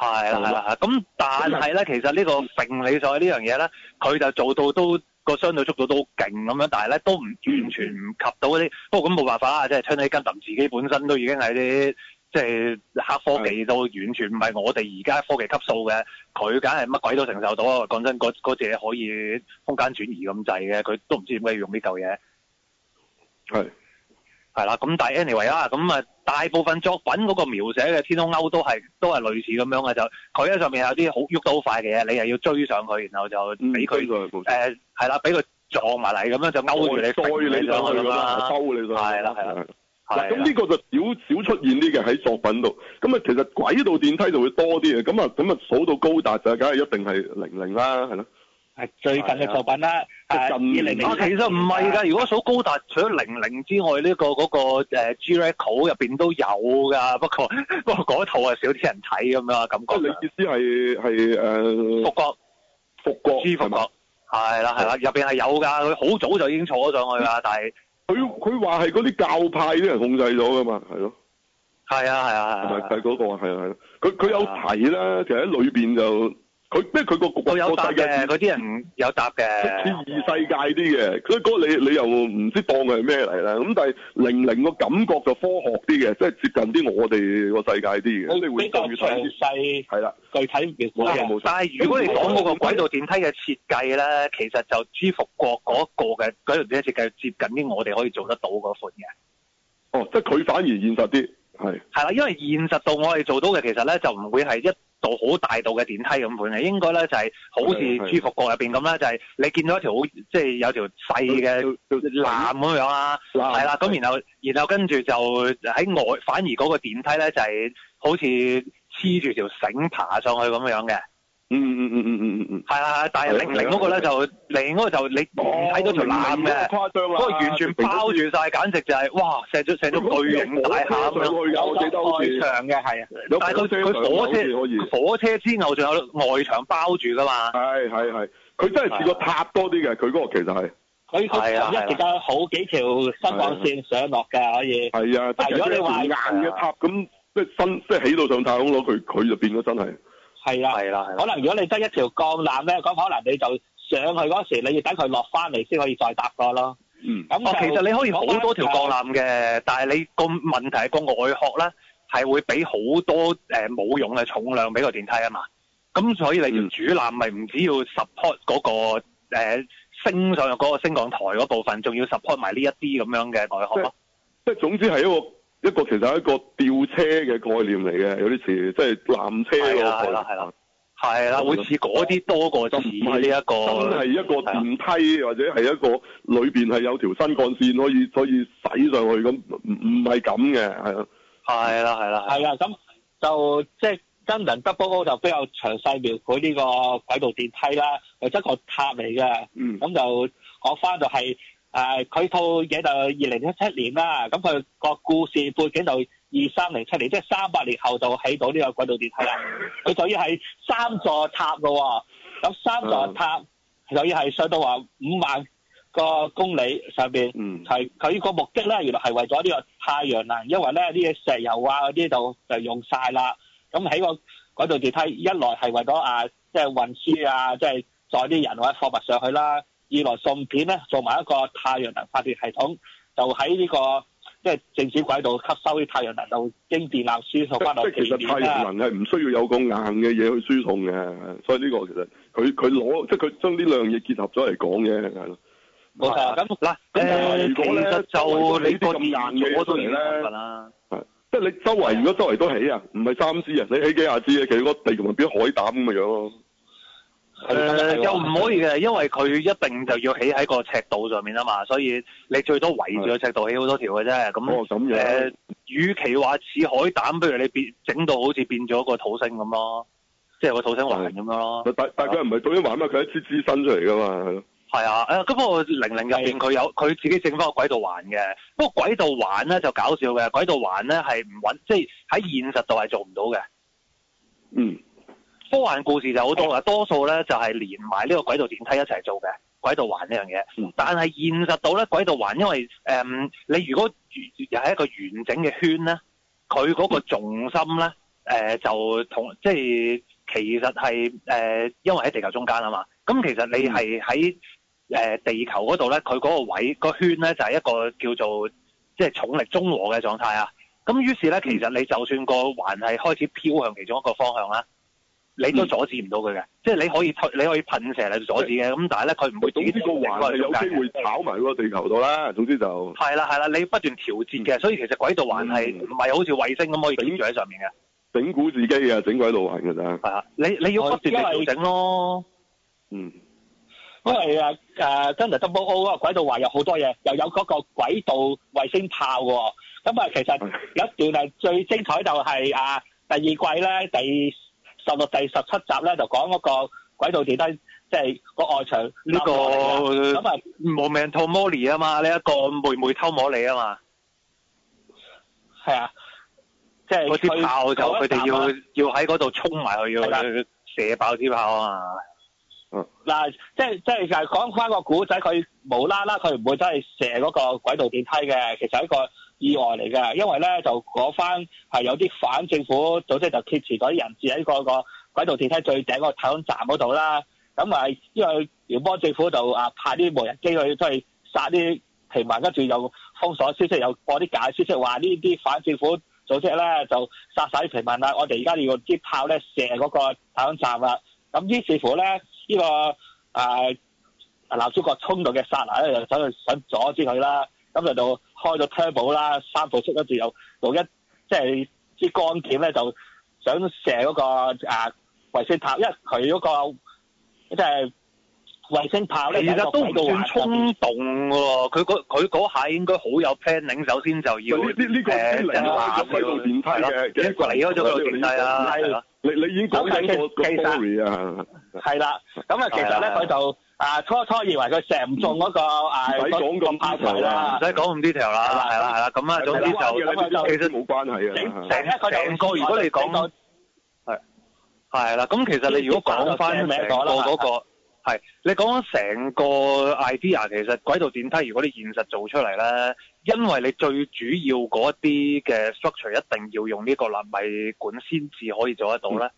S3: 係啦，係啦，咁但係咧，其實個呢個成理所呢樣嘢咧，佢就做到都個相對速度都好勁咁樣，但係咧都唔完全唔及到嗰啲、嗯。不過咁冇辦法啊，即係春仔吉林自己本身都已經喺啲即係黑科技，都完全唔係我哋而家科技級數嘅。佢梗係乜鬼都承受到啊！講真，嗰嗰、那個、可以空間轉移咁滯嘅，佢都唔知點解要用呢嚿嘢。係。係啦，咁但係 anyway 啦，咁啊大部分作品嗰個描寫嘅天空勾都係都係類似咁樣嘅，就佢喺上面有啲好喐得好快嘅嘢，你又要追上去，然後就俾佢，誒係啦，俾佢撞埋嚟，咁樣就勾住你你上去啦，勾你上去。係啦係啦係啦，咁呢
S1: 個就少少出現啲嘅喺作品度，咁啊其實軌道電梯就會多啲嘅，咁啊咁啊數到高達就梗
S3: 係一定係零零啦，係咯。係最近
S2: 嘅作品啦、啊，啊，二零零。其實唔係㗎，如
S3: 果數高達，除咗零零之外，呢、這個嗰、那個、uh, G-Reco 入邊都有㗎，不過不過嗰套係少啲人睇咁樣感覺。你意思係係誒復國復國之復國，係啦係啦，入邊係有㗎，佢好早就已經坐咗上去啦、嗯，但係佢佢話係嗰啲教派啲人控制咗㗎嘛，係咯。係啊係啊係啊。係
S1: 嗰個係啊係啊，佢佢、啊啊啊啊啊啊、有提啦，其實喺裏邊就。佢咩？佢、那個個世界，嗰啲人有答嘅，似異世界啲嘅，所以個你你又唔知當佢係咩嚟啦。咁但係零零個感覺就科學啲嘅，即係接近啲我哋個世界啲嘅。你
S2: 越細越細，係啦，具體嘅但係
S3: 如果你講嗰個軌道電梯嘅設計咧，其實就 G 復國嗰個嘅軌道電梯設計接近啲我哋可以做得到嗰款嘅。哦，即係佢反而現實啲，係。係啦，因為現實到我哋做到嘅，其實咧就唔會係一。到好大度嘅電梯咁本嚟，應該咧就係好似珠峯角入面咁啦，就係、是、你見到一條好即係有條細嘅纜咁樣啊，係啦，咁然後然後跟住就喺外反而嗰個電梯咧就係、是、好似黐住條繩爬上去咁樣嘅。嗯嗯嗯嗯嗯嗯嗯，係、嗯嗯、啊係，但係零零嗰個咧就、啊啊啊啊啊啊、零嗰個就你睇到條纜嘅，嗰個完全包住晒，簡直就係、是、哇射咗射咗巨型大廈咁樣外牆嘅
S2: 係啊，但係佢佢火車
S3: 火車之後仲有外牆
S1: 包住噶嘛，係係係，佢真係似個塔多啲嘅，佢嗰個其實係
S2: 可以，係啊，一係得好幾條新幹線上落嘅可以，係啊，如果你話硬嘅塔
S1: 咁、啊、即係新即係起到上太空囉，佢佢就變咗真係。
S2: 係啦、啊，係啦、啊，係啦、啊啊。可能如果你得一條鋼纜咧，咁可能你就上去嗰時，你要等佢落翻嚟先可以再搭過咯。嗯。咁、哦、其實你可以好多條鋼纜嘅、就是，但係你個問題係個外殼咧，
S3: 係會俾好多冇、呃、用嘅重量俾個電梯啊嘛。咁所以你條主纜咪唔止要 support 嗰、那個、嗯呃、升上嗰個升降台嗰部分，仲要 support 埋呢一啲咁樣嘅外殼咯。
S1: 即總之係一個。一個其實係一個吊車嘅概念嚟嘅，有啲似即係纜車咯。係啦係啦係啦，係、啊啊啊、好似嗰啲多過都唔係呢一個，真係一個電梯是、啊、或者係一個裏邊係有條新幹線可以可以駛上去咁，唔唔係咁嘅，係啊，
S2: 係啦係啦，係咁、啊啊啊啊、就即係真人德 t l double 就比較詳細描繪呢個軌道電梯啦，真、就是、一個塔嚟嘅，嗯，咁就我翻就係。誒、啊，佢套嘢就二零一七年啦、啊，咁佢個故事背景就二三零七年，即係三百年後就起到呢個軌道電梯啦。佢屬於係三座塔喎、哦。咁三座塔，屬於係上到話五萬個公里上邊。嗯，係佢個目的咧，原來係為咗呢個太陽能，因為咧啲石油啊嗰啲就用晒啦。咁喺個軌道電梯一來係為咗啊，即係運輸啊，即係載啲人或者貨物上去啦。二來順便咧，做埋一個太陽能發電系統，就喺呢、這個即係靜止軌道吸收啲太陽能，就經電纜輸送翻落地面啦。即係其實太陽能
S1: 係唔需要有咁硬嘅嘢去輸送嘅，所以呢個其實佢佢攞即係佢將呢兩樣嘢結合咗嚟講嘅係啦。冇錯，咁嗱，誒、嗯嗯嗯嗯嗯嗯，
S2: 如果、
S3: 就是、你就你咁硬嘅，我當然啦，
S1: 即係你周
S3: 圍如果周圍都起啊，唔係三支啊，你起幾下支嘅，其實個地圖咪變海膽咁嘅樣咯。誒、嗯，又唔可以嘅，因為佢一定就要起喺個赤道上面啊嘛，所以你最多圍住個赤道起好多條嘅啫。咁，誒、嗯，與、呃、其話似海膽，不如你變整到好似變咗個土星咁咯，即係個土星環咁樣咯。但但佢唔係土星環啊，佢一支支伸出嚟噶嘛。係啊，誒，咁嗰零零入邊佢有佢自己整翻個軌道環嘅，不過軌道環咧就搞笑嘅，軌道環咧係唔穩，即係喺現實度係做唔到嘅。嗯。科幻故事就好多啦，多數咧就係、是、連埋呢個軌道電梯一齊做嘅軌道環呢樣嘢。嗯、但係現實到咧，軌道環因為誒、嗯，你如果又係一個完整嘅圈咧，佢嗰個重心咧，誒、嗯呃、就同即係其實係誒、呃，因為喺地球中間啊嘛。咁其實你係喺誒地球嗰度咧，佢嗰個位、嗰個圈咧就係、是、一個叫做即係、就是、重力中和嘅狀態啊。咁於是咧，其實你就算個環係開始飄向其中一個方向啦。你都阻止唔到佢嘅，即係你可以噴，你可以噴射嚟阻止嘅。咁但係咧佢唔會自己，總之個環係有機會跑埋個地球度啦。總之就係啦係啦，你不斷調節嘅，所以其實軌道環係唔係好似衛星
S2: 咁可以頂住喺上面嘅，
S1: 整蠱自己嘅，整軌道環㗎咋。係啊，你
S2: 你要不斷地整咯。嗯，因為，因為啊誒 Double O 軌道環有好多嘢，又有嗰個軌道衛星炮喎。咁啊，其實有一段係最精彩就係、是、啊第二季咧第二季呢。第十六第十七集咧就講嗰個軌道電梯，即、就、係、是、個外牆呢個咁
S3: 啊，Memento Mori 啊嘛，呢一個妹妹偷摸你啊嘛，
S2: 係啊，即係嗰支炮就佢哋、啊、要要喺嗰度衝埋去要射爆支炮啊嘛，嗱、嗯、即係即係就係講翻個古仔，佢無啦啦佢唔會真係射嗰個軌道電梯嘅，其實一、這個。意外嚟㗎，因為咧就嗰番係有啲反政府組織就劫持咗啲人質喺個個軌道電梯最頂個太空站嗰度啦。咁咪、啊、因為聯邦政府就啊派啲無人機去出去殺啲平民，跟住又封鎖消息，又播啲假消息話呢啲反政府組織咧就殺晒啲平民啦。我哋而家要用啲炮咧射嗰個太空站啦。咁於是乎咧，這個啊、出呢個啊啊南中國衝動嘅殺啦，咧就走去想阻止佢啦，咁就到。開咗 turbo 啦，三倍速跟住有用一，即係啲光劍咧就想射嗰、那個啊衛星塔，一佢嗰個即係、就是、衛星炮咧，其實都唔算衝動喎。
S3: 佢嗰佢嗰下應該好有 planning，首先就要呢呢呢個先嚟嘅，先到電梯
S1: 嘅，個嚟開咗個電梯係啊，係咯。你一一你，你，你已經講緊個 story 啊，
S2: 係、啊、啦，咁啊其實咧佢、uh, 就。啊，初初以為佢成唔中嗰、那個，誒、嗯，唔使講咁怕題啦，唔使講咁 detail 啦，係、那、啦、個，係、啊、啦，咁啊，總之就其實冇關係嘅，
S3: 成個，個如果你講，係，係啦，咁其實你如果講翻成個嗰、那個，係、那個，你講緊成個 idea，其實軌道電梯如果你現實做出嚟咧，因為你最主要嗰啲嘅 structure 一定要用呢個納米管先至可以做得到咧、嗯，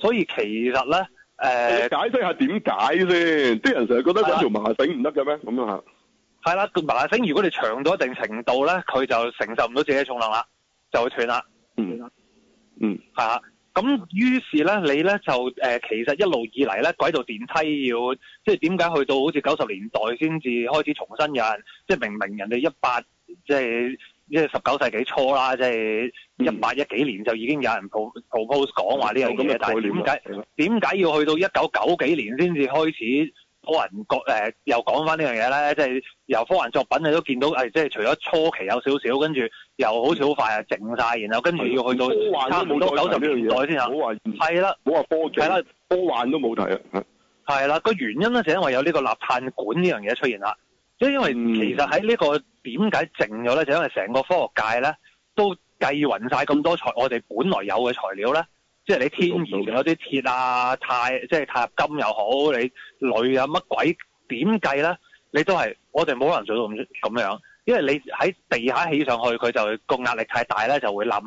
S3: 所以其實咧。誒、呃、解釋下點解先？啲人成日覺得揾條麻繩唔得嘅咩？咁樣嚇。係啦，條麻繩如果你長到一定程度咧，佢就承受唔到自己嘅重量啦，就會斷啦。嗯。嗯。係啊。咁於是咧，你咧就誒、呃，其實一路以嚟咧軌道電梯要，即係點解去到好似九十年代先至開始重新有人，即係明明人哋一八即係。即係十九世紀初啦，即係一八一幾年就已經有人 pro propose 講話呢樣嘢，但係點解點解要去到一九九幾年先至開始多人講、呃、又講翻呢樣嘢咧？即係由科幻作品你都見到，即係除咗初期有少少，跟住又好似好快啊靜晒，然後跟住要去到差唔多九十年代先嚇，係啦，好話科幻，係啦，科幻都冇睇啊，係啦，個、嗯、原因咧就因為有呢個立碳管呢樣嘢出現啦。因為其實喺、這個、呢個點解靜咗咧？就是、因為成個科學界咧都計勻晒咁多材，我哋本來有嘅材料咧，即、就、係、是、你天然嗰啲鐵啊、鈦即係鈦合金又好，你鋁啊乜鬼點計咧？你都係我哋冇可能做到咁樣，因為你喺地下起上去，佢就個壓力太大咧，就會冧。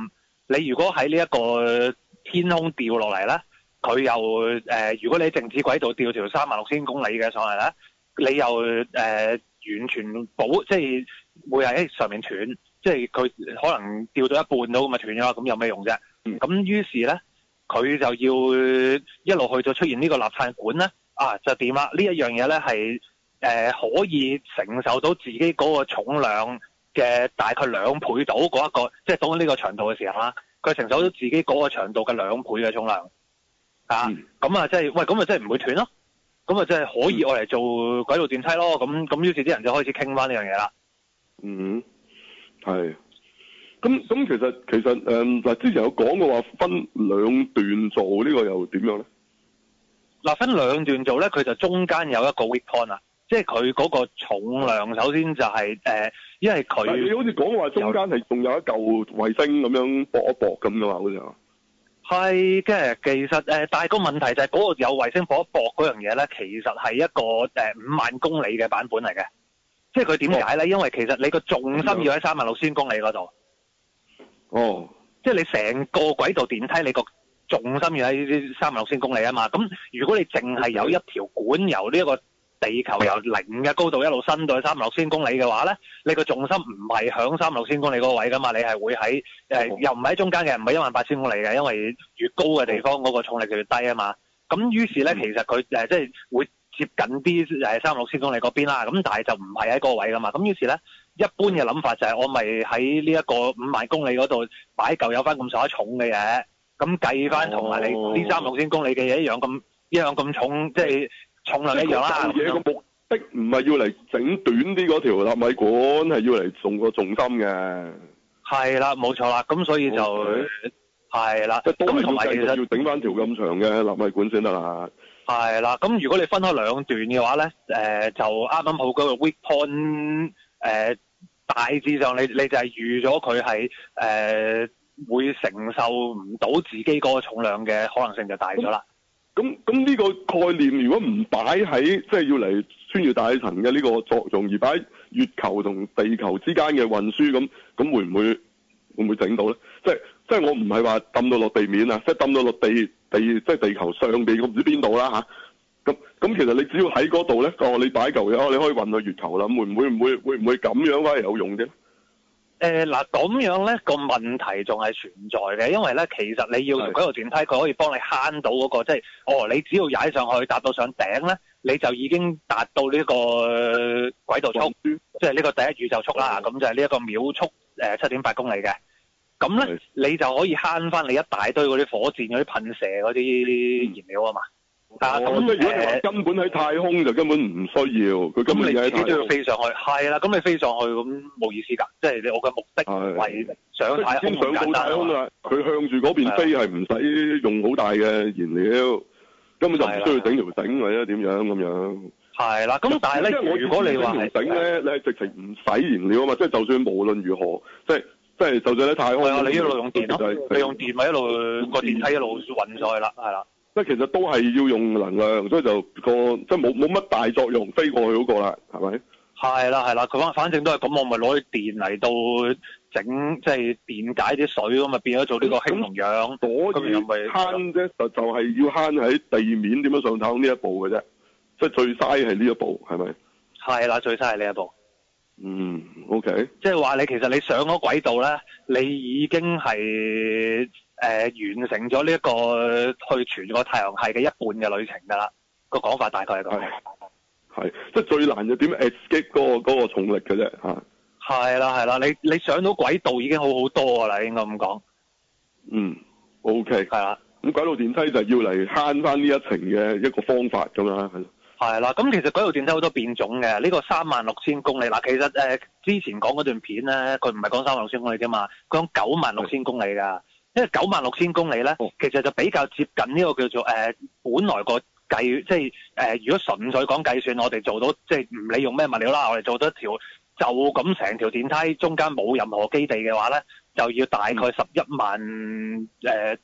S3: 你如果喺呢一個天空掉落嚟咧，佢又誒、呃，如果你喺靜止軌道掉條三萬六千公里嘅上嚟咧，你又誒。呃完全保即係會喺上面斷，即係佢可能掉到一半到咁咪斷咗，咁有咩用啫？咁、嗯、於是咧，佢就要一路去到出現呢個立撐管咧啊就掂啦，呢一樣嘢咧係可以承受到自己嗰個重量嘅大概兩倍到嗰一個，即、就、係、是、到呢個長度嘅時候啦，佢承受到自己嗰個長度嘅兩倍嘅重量啊咁、嗯、啊，即係喂咁啊，就即係唔會斷咯。咁啊，即係可以我嚟做軌道電梯咯。咁、嗯、咁，於是啲人就開始傾翻呢樣嘢啦。嗯，
S1: 係。咁咁，其實其實，誒、嗯、嗱，之前有講過話，這個、分兩段做呢個又點樣咧？
S3: 嗱，分兩段做咧，佢就中間有一個 weak point 啊，即係佢嗰個重量，首先就係、是、誒、呃，因為佢你好似講話中間
S1: 係仲有一嚿衛星咁樣駁一駁咁嘅話，好似
S3: 係嘅，其實誒、呃，但係個問題就係嗰個有衛星火博嗰樣嘢咧，其實係一個誒五、呃、萬公里嘅版本嚟嘅，即係佢點解咧？哦、因為其實你個重心要喺三萬六千公里嗰度。哦，即係你成個軌道電梯，你個重心要喺三萬六千公里啊嘛，咁如果你淨係有一條管由呢、這、一個。地球由零嘅高度一路伸到去三萬六千公里嘅話咧，你個重心唔係響三萬六千公里嗰位噶嘛？你係會喺誒、哦、又唔係喺中間嘅，唔係一萬八千公里嘅，因為越高嘅地方嗰、哦那個重力就越低啊嘛。咁於是咧、嗯，其實佢誒即係會接近啲誒三萬六千公里嗰邊啦。咁但係就唔係喺嗰個位噶嘛。咁於是咧，一般嘅諗法就係、是、我咪喺呢一個五萬公里嗰度擺嚿有翻咁一重嘅嘢，咁計翻同埋你呢三萬六千公里嘅嘢一樣咁一樣咁重，即、就、係、是。重量一樣啦，嗱，
S1: 嘢，個目的唔係要嚟，整短啲嗰條納米管，係要嚟送個重心嘅。係啦，冇錯啦，咁所以就
S3: 係、okay. 啦。咁同埋其實要
S1: 整翻條咁長嘅納米
S3: 管先得啦。係啦，咁如果你分開兩段嘅話咧，誒、呃、就啱啱好嗰個 weak point，誒、呃、大致上你你就係預咗佢係誒會承受唔到自己嗰個重量嘅可能性就大咗啦。嗯
S1: 咁咁呢個概念如果唔擺喺即係要嚟穿越大氣層嘅呢個作用，而擺月球同地球之間嘅運輸，咁咁會唔會會唔會整到咧？即係即係我唔係話冧到落地面啊，即係冧到落地地，即係、就是、地球上邊，我唔知邊度啦嚇。咁、啊、咁其實你只要喺嗰度咧，就你擺嚿嘢，你可以運到月球啦。會唔會唔會會唔會咁樣反而有用啫？
S3: 誒、呃，嗱，咁樣咧個問題仲係存在嘅，因為咧其實你要用軌道電梯，佢可以幫你慳到嗰個即係、就是，哦，你只要踩上去，達到上頂咧，你就已經達到呢個軌道速，嗯、即係呢個第一宇宙速啦。咁、嗯、就係呢一個秒速誒七點八公里嘅，咁咧你就可以慳翻你一大堆嗰啲火箭嗰啲噴射嗰啲燃料啊嘛。嗯但咁咧，如果你話
S1: 根本喺太空就根本唔需要，佢、嗯、根本就係要飛上
S3: 去。係啦，咁你飛上去咁冇意思㗎，即係我嘅目的係上太空簡單。上太空啦，佢
S1: 向住嗰邊飛係唔使用好大嘅燃料的，根本就唔需要整條繩或者點樣咁樣。係
S3: 啦，咁但係咧，我如果你話係，條繩咧，你
S1: 係直情唔使燃料啊嘛，即係就算無論如何，即係即係就算喺太空。啊，你一路用電咯，你用
S3: 電咪一路個電梯一路運上去啦，係啦。
S1: 即係其實都係要用能量，所以就個即係冇冇乜大作用飛過去嗰個啦，係咪？
S3: 係啦，係啦，佢反反正都係咁，我咪攞啲電嚟到整，即係電解啲水咁啊，變咗做呢個氫同氧。咁又咪
S1: 慳啫？就就係要慳喺地面點樣上騰呢一步嘅啫。即係最嘥係呢一步，係咪？
S3: 係啦，最嘥係呢一步。嗯，OK。即係話你其實你上咗個軌道咧，你已經係。誒、呃，完成咗呢一個去全個太陽系嘅一半嘅旅程噶啦，個講法大概係咁。係，即係最難就點誒，escape 個嗰、那個重力嘅啫吓。係啦係啦，你你上到軌道已經好好多噶啦，你應該咁講。
S1: 嗯，OK。係啦，咁軌道電梯就要嚟慳翻呢一程嘅一個方法咁啦。
S3: 係啦，咁其實軌道電梯好多變種嘅，呢、這個三萬六千公里嗱、啊，其實誒、呃、之前講嗰段片咧，佢唔係講三萬六千公里啫嘛，講九萬六千公里噶。因為九萬六千公里咧，其實就比較接近呢個叫做誒，本來個計，即係誒，如果純粹講計算，我哋做到即係唔理用咩物料啦，我哋做到一條就咁成條電梯中間冇任何基地嘅話咧，就要大概十一萬誒，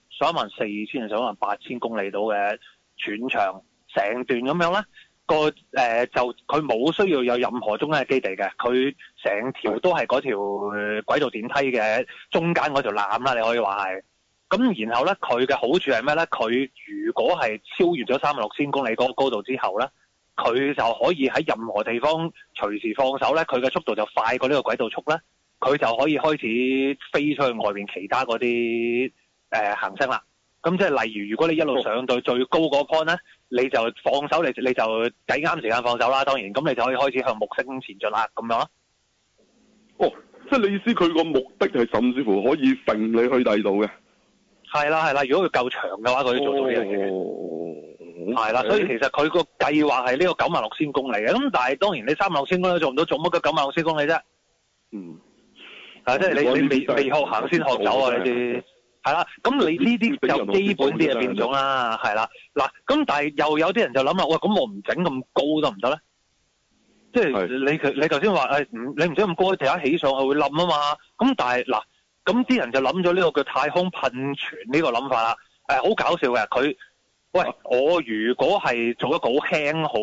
S3: 十一萬四千甚至可能八千公里到嘅全長成段咁樣啦。那個誒、呃、就佢冇需要有任何中間嘅基地嘅，佢成條都係嗰條軌道電梯嘅中間嗰條纜啦，你可以話係。咁然後咧，佢嘅好處係咩咧？佢如果係超越咗三萬六千公里嗰個高、高度之後咧，佢就可以喺任何地方隨時放手咧，佢嘅速度就快過呢個軌道速咧，佢就可以開始飛出去外邊其他嗰啲誒行星啦。咁即係例如，如果你一路上到最高嗰 point 咧，你就放手，你你就睇啱時間放手啦。當然，咁你就可以開始向木星前進啦。咁樣。
S1: 哦，即係你意思佢個目的係甚至乎可以揈你去第二度
S3: 嘅。係啦係啦，如果佢夠長嘅話，佢要做到呢樣嘢。係、哦、啦、哦嗯，所以其實佢個計劃係呢個九萬六千公里嘅。咁但係當然，你三萬六千公里做唔到，做乜嘅九萬六千公里啫？嗯。係、嗯、即係你、就是、你未未學行先學走啊、就是、你啲。係啦，咁你呢啲就基本啲嘅變種啦，係啦，嗱，咁但係又有啲人就諗啦，喂，咁我唔整咁高得唔得咧？即係你佢你頭先話誒唔你唔使咁高，地下起上去會冧啊嘛。咁但係嗱，咁啲人就諗咗呢個叫太空噴泉呢個諗法啦。誒，好搞笑嘅，佢喂，我如果係做一個好輕好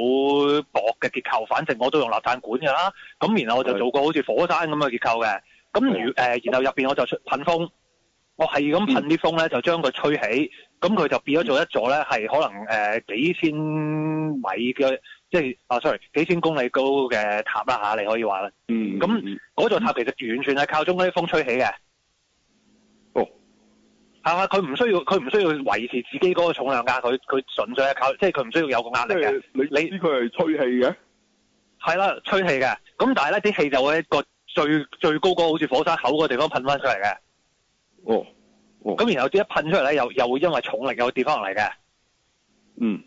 S3: 薄嘅結構，反正我都用立碳管噶啦，咁然後我就做個好似火山咁嘅結構嘅，咁如誒，然後入邊我就出噴風。我係咁噴啲風咧，就將佢吹起，咁佢就變咗做一座咧，係可能誒、呃、幾千米嘅，即係啊、哦，sorry，幾千公里高嘅塔啦、啊，你可以話啦。嗯。咁嗰座塔其實完全係靠中間啲風吹起嘅。哦。係啊，佢唔需要，佢唔需要維持自己嗰個重量噶，佢佢純粹係靠，即係佢唔需要有個壓力嘅。你你佢係吹氣嘅。係啦，吹氣嘅。咁但係咧，啲氣就會一個最最高個好似火山口嗰地方噴翻出嚟嘅。哦，咁、哦、然後一噴出嚟咧，又又會因為重力又跌返落嚟嘅，嗯，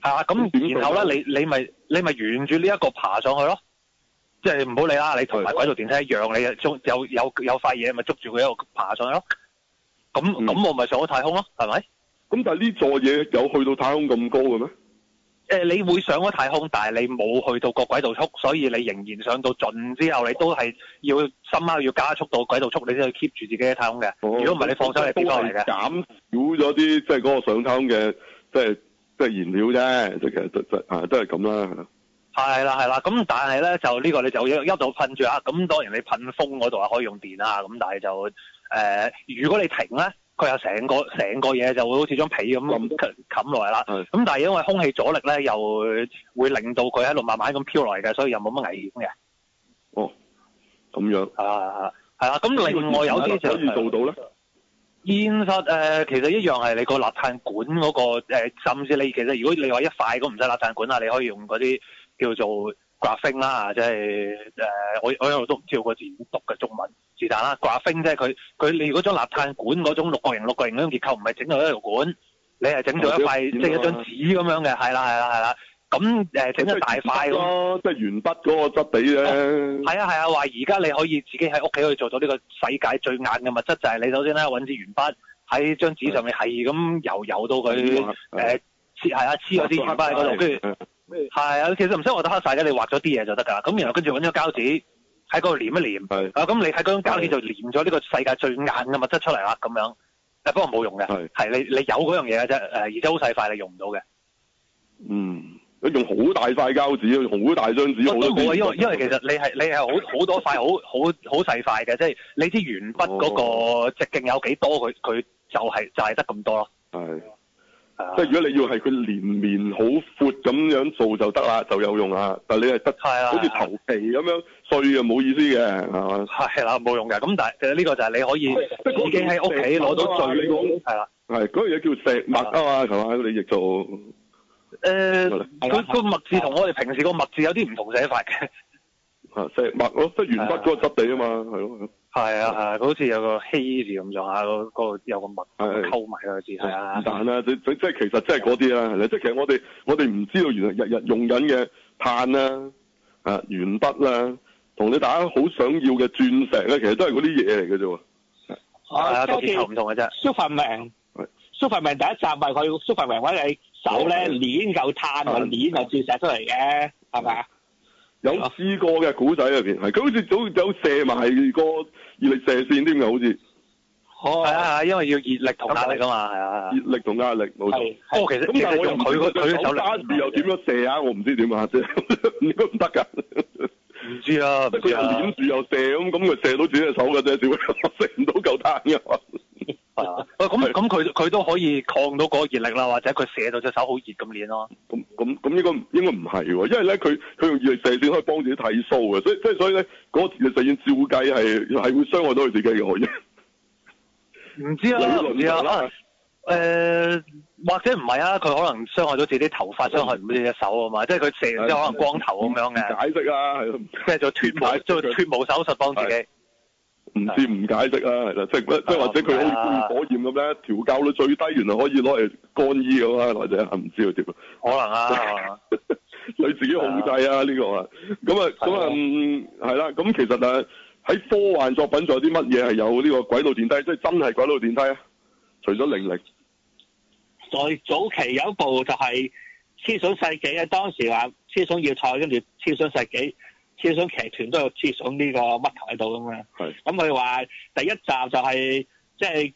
S3: 係啊，咁、嗯、然後咧，你你咪你咪沿你你住呢一個爬上去咯，即係唔好理啦，你同埋軌道電梯一樣，你中有有有塊嘢咪捉住佢一路爬上去咯，咁咁我咪上咗太空咯，係咪？咁但係呢座嘢有去到太空咁高嘅咩？即係你會上咗太空，但係你冇去到個軌道速，所以你仍然上到盡之後，你都係要心貓要加速到軌道速，你先去 keep 住自己喺太空嘅。如果唔係，不你放生係跌翻嚟嘅。都係
S1: 減少咗啲，即係嗰個上太空嘅，即係即係燃料啫。即其實，都係咁啦。
S3: 係啦，係啦。咁但係咧，就是、呢就個你就一一度噴住啊。咁當然你噴風嗰度啊可以用電啊。咁但係就誒、呃，如果你停咧。佢有成個成個嘢就會好似張被咁咁冚落嚟啦，咁但係因為空氣阻力咧，又會令到佢喺度慢慢咁漂落嚟嘅，所以又冇乜危險嘅。哦，咁樣係係啦，咁、啊、另外有啲就係。睇做到咧。現實誒，其實一樣係你個立碳管嗰、那個、呃、甚至你其實如果你話一塊都唔使立碳管啊，你可以用嗰啲叫做，刮星啦，即係誒，我我一路都唔知道個字點讀嘅中文，啊、是但啦。刮星即係佢佢，你如果將立碳管嗰種六角形六角形嗰種結構，唔係整到一條管，你係整咗一塊，啊一啊、即係一張紙咁樣嘅，係啦係啦係啦。咁誒、嗯、整咗大塊咯，即、嗯、係、就是、鉛筆嗰個質地咧。係啊係啊，話而家你可以自己喺屋企去做到呢個世界最硬嘅物質，就係、是、你首先咧搵支鉛筆喺張紙上面，係咁揉揉到佢誒黐係啊黐嗰啲鉛筆喺嗰度，跟住。係啊， 其實唔使我得黑晒嘅，你畫咗啲嘢就得噶啦。咁然後跟住揾咗膠紙喺嗰度黏一黏，啊咁你喺嗰張膠紙就黏咗呢個世界最硬嘅物質出嚟啦。咁樣誒，不過冇用嘅，係係你你有嗰樣嘢嘅啫。誒，而且好細塊，你用唔到嘅。嗯，用好大塊膠紙，用好大張紙。我都冇因為因為其實你係你係好好多塊好好好細塊嘅，即係你啲鉛筆嗰個直徑有幾多，哦就是就是、多，佢佢就係就係得咁多咯。係。即係
S1: 如果你要係佢連綿好闊咁樣做就得啦，就有用啊！但係你係得，好似頭皮咁樣碎就冇意
S3: 思嘅，係嘛？係係啦，冇用嘅。咁但係誒呢個就係你可以自己喺屋企攞到碎嗰，係
S1: 啦，係嗰樣嘢叫石墨啊嘛，係嘛？你亦做
S3: 誒，佢佢墨字同我哋平時個墨字有啲唔同寫法嘅，
S1: 石墨咯，即係鉛筆嗰
S3: 個質地啊嘛，係咯。係啊，係佢、啊、好似有個稀字咁上下，嗰個有個物，溝埋嗰啲。係啊，但
S1: 得啦，即即其實即係嗰啲啦，即其實我哋我哋唔知道原來日日用緊嘅碳啦、啊，啊鉛筆啦、啊，同你大家好想要嘅鑽石咧、啊，其實都係嗰啲嘢嚟嘅啫。啊，都係唔同嘅啫。
S2: Superman，Superman 第一集咪佢 Superman 揾你手咧，碾夠碳同碾嚿鑽石出嚟嘅，係咪啊？
S1: 有試過嘅古仔入邊係，佢好似好有射埋個熱力射線添嘅好似。哦，係啊係啊，因為要熱力同壓力啊嘛，係啊係啊。熱力同壓力冇錯。係，咁、哦、但係我用佢個手揸住又點樣射啊？我唔知點啊，點解唔得㗎？唔知啊，點啊？佢又攣住又射咁，咁咪射到自己隻手嘅啫，射唔到嚿彈㗎
S3: 係咁咁佢佢都可以抗到嗰熱力啦，或者佢射到隻手好熱咁練咯。咁咁咁呢個應該唔係
S1: 喎，因為咧佢佢用熱射線可以幫自己剃鬚嘅，所以即係所以咧嗰、嗰個熱射線照計係係會傷害到佢自己嘅可能。
S3: 唔知啊，可能誒或者唔係啊，佢可能傷害到自己啲、啊呃啊啊、頭髮，傷害唔到隻手啊嘛，即係佢射完之後可能光頭咁樣嘅、嗯嗯嗯嗯啊就是。解釋啊，即係做脱毛做脱毛手術幫自己、嗯。嗯嗯嗯嗯
S1: 唔知唔解釋啊。啦，即係即係或者佢可以故火炎咁咧，調教率最低，原來可以攞嚟乾衣咁啊，或者唔知道點？可能啊， 你自己控制啊呢、這個啊，咁啊咁啊，係啦，咁、嗯、其實啊喺科幻作品仲有啲乜嘢係有呢個軌道電梯？即、就、係、是、真係軌道電梯啊？除咗零力。
S2: 在早期有一部就係《超想世紀》，當時話《超想要塞》跟住《超想世紀》。黐索劇團都有黐上呢個乜頭喺度咁樣，咁佢話第一集就係即係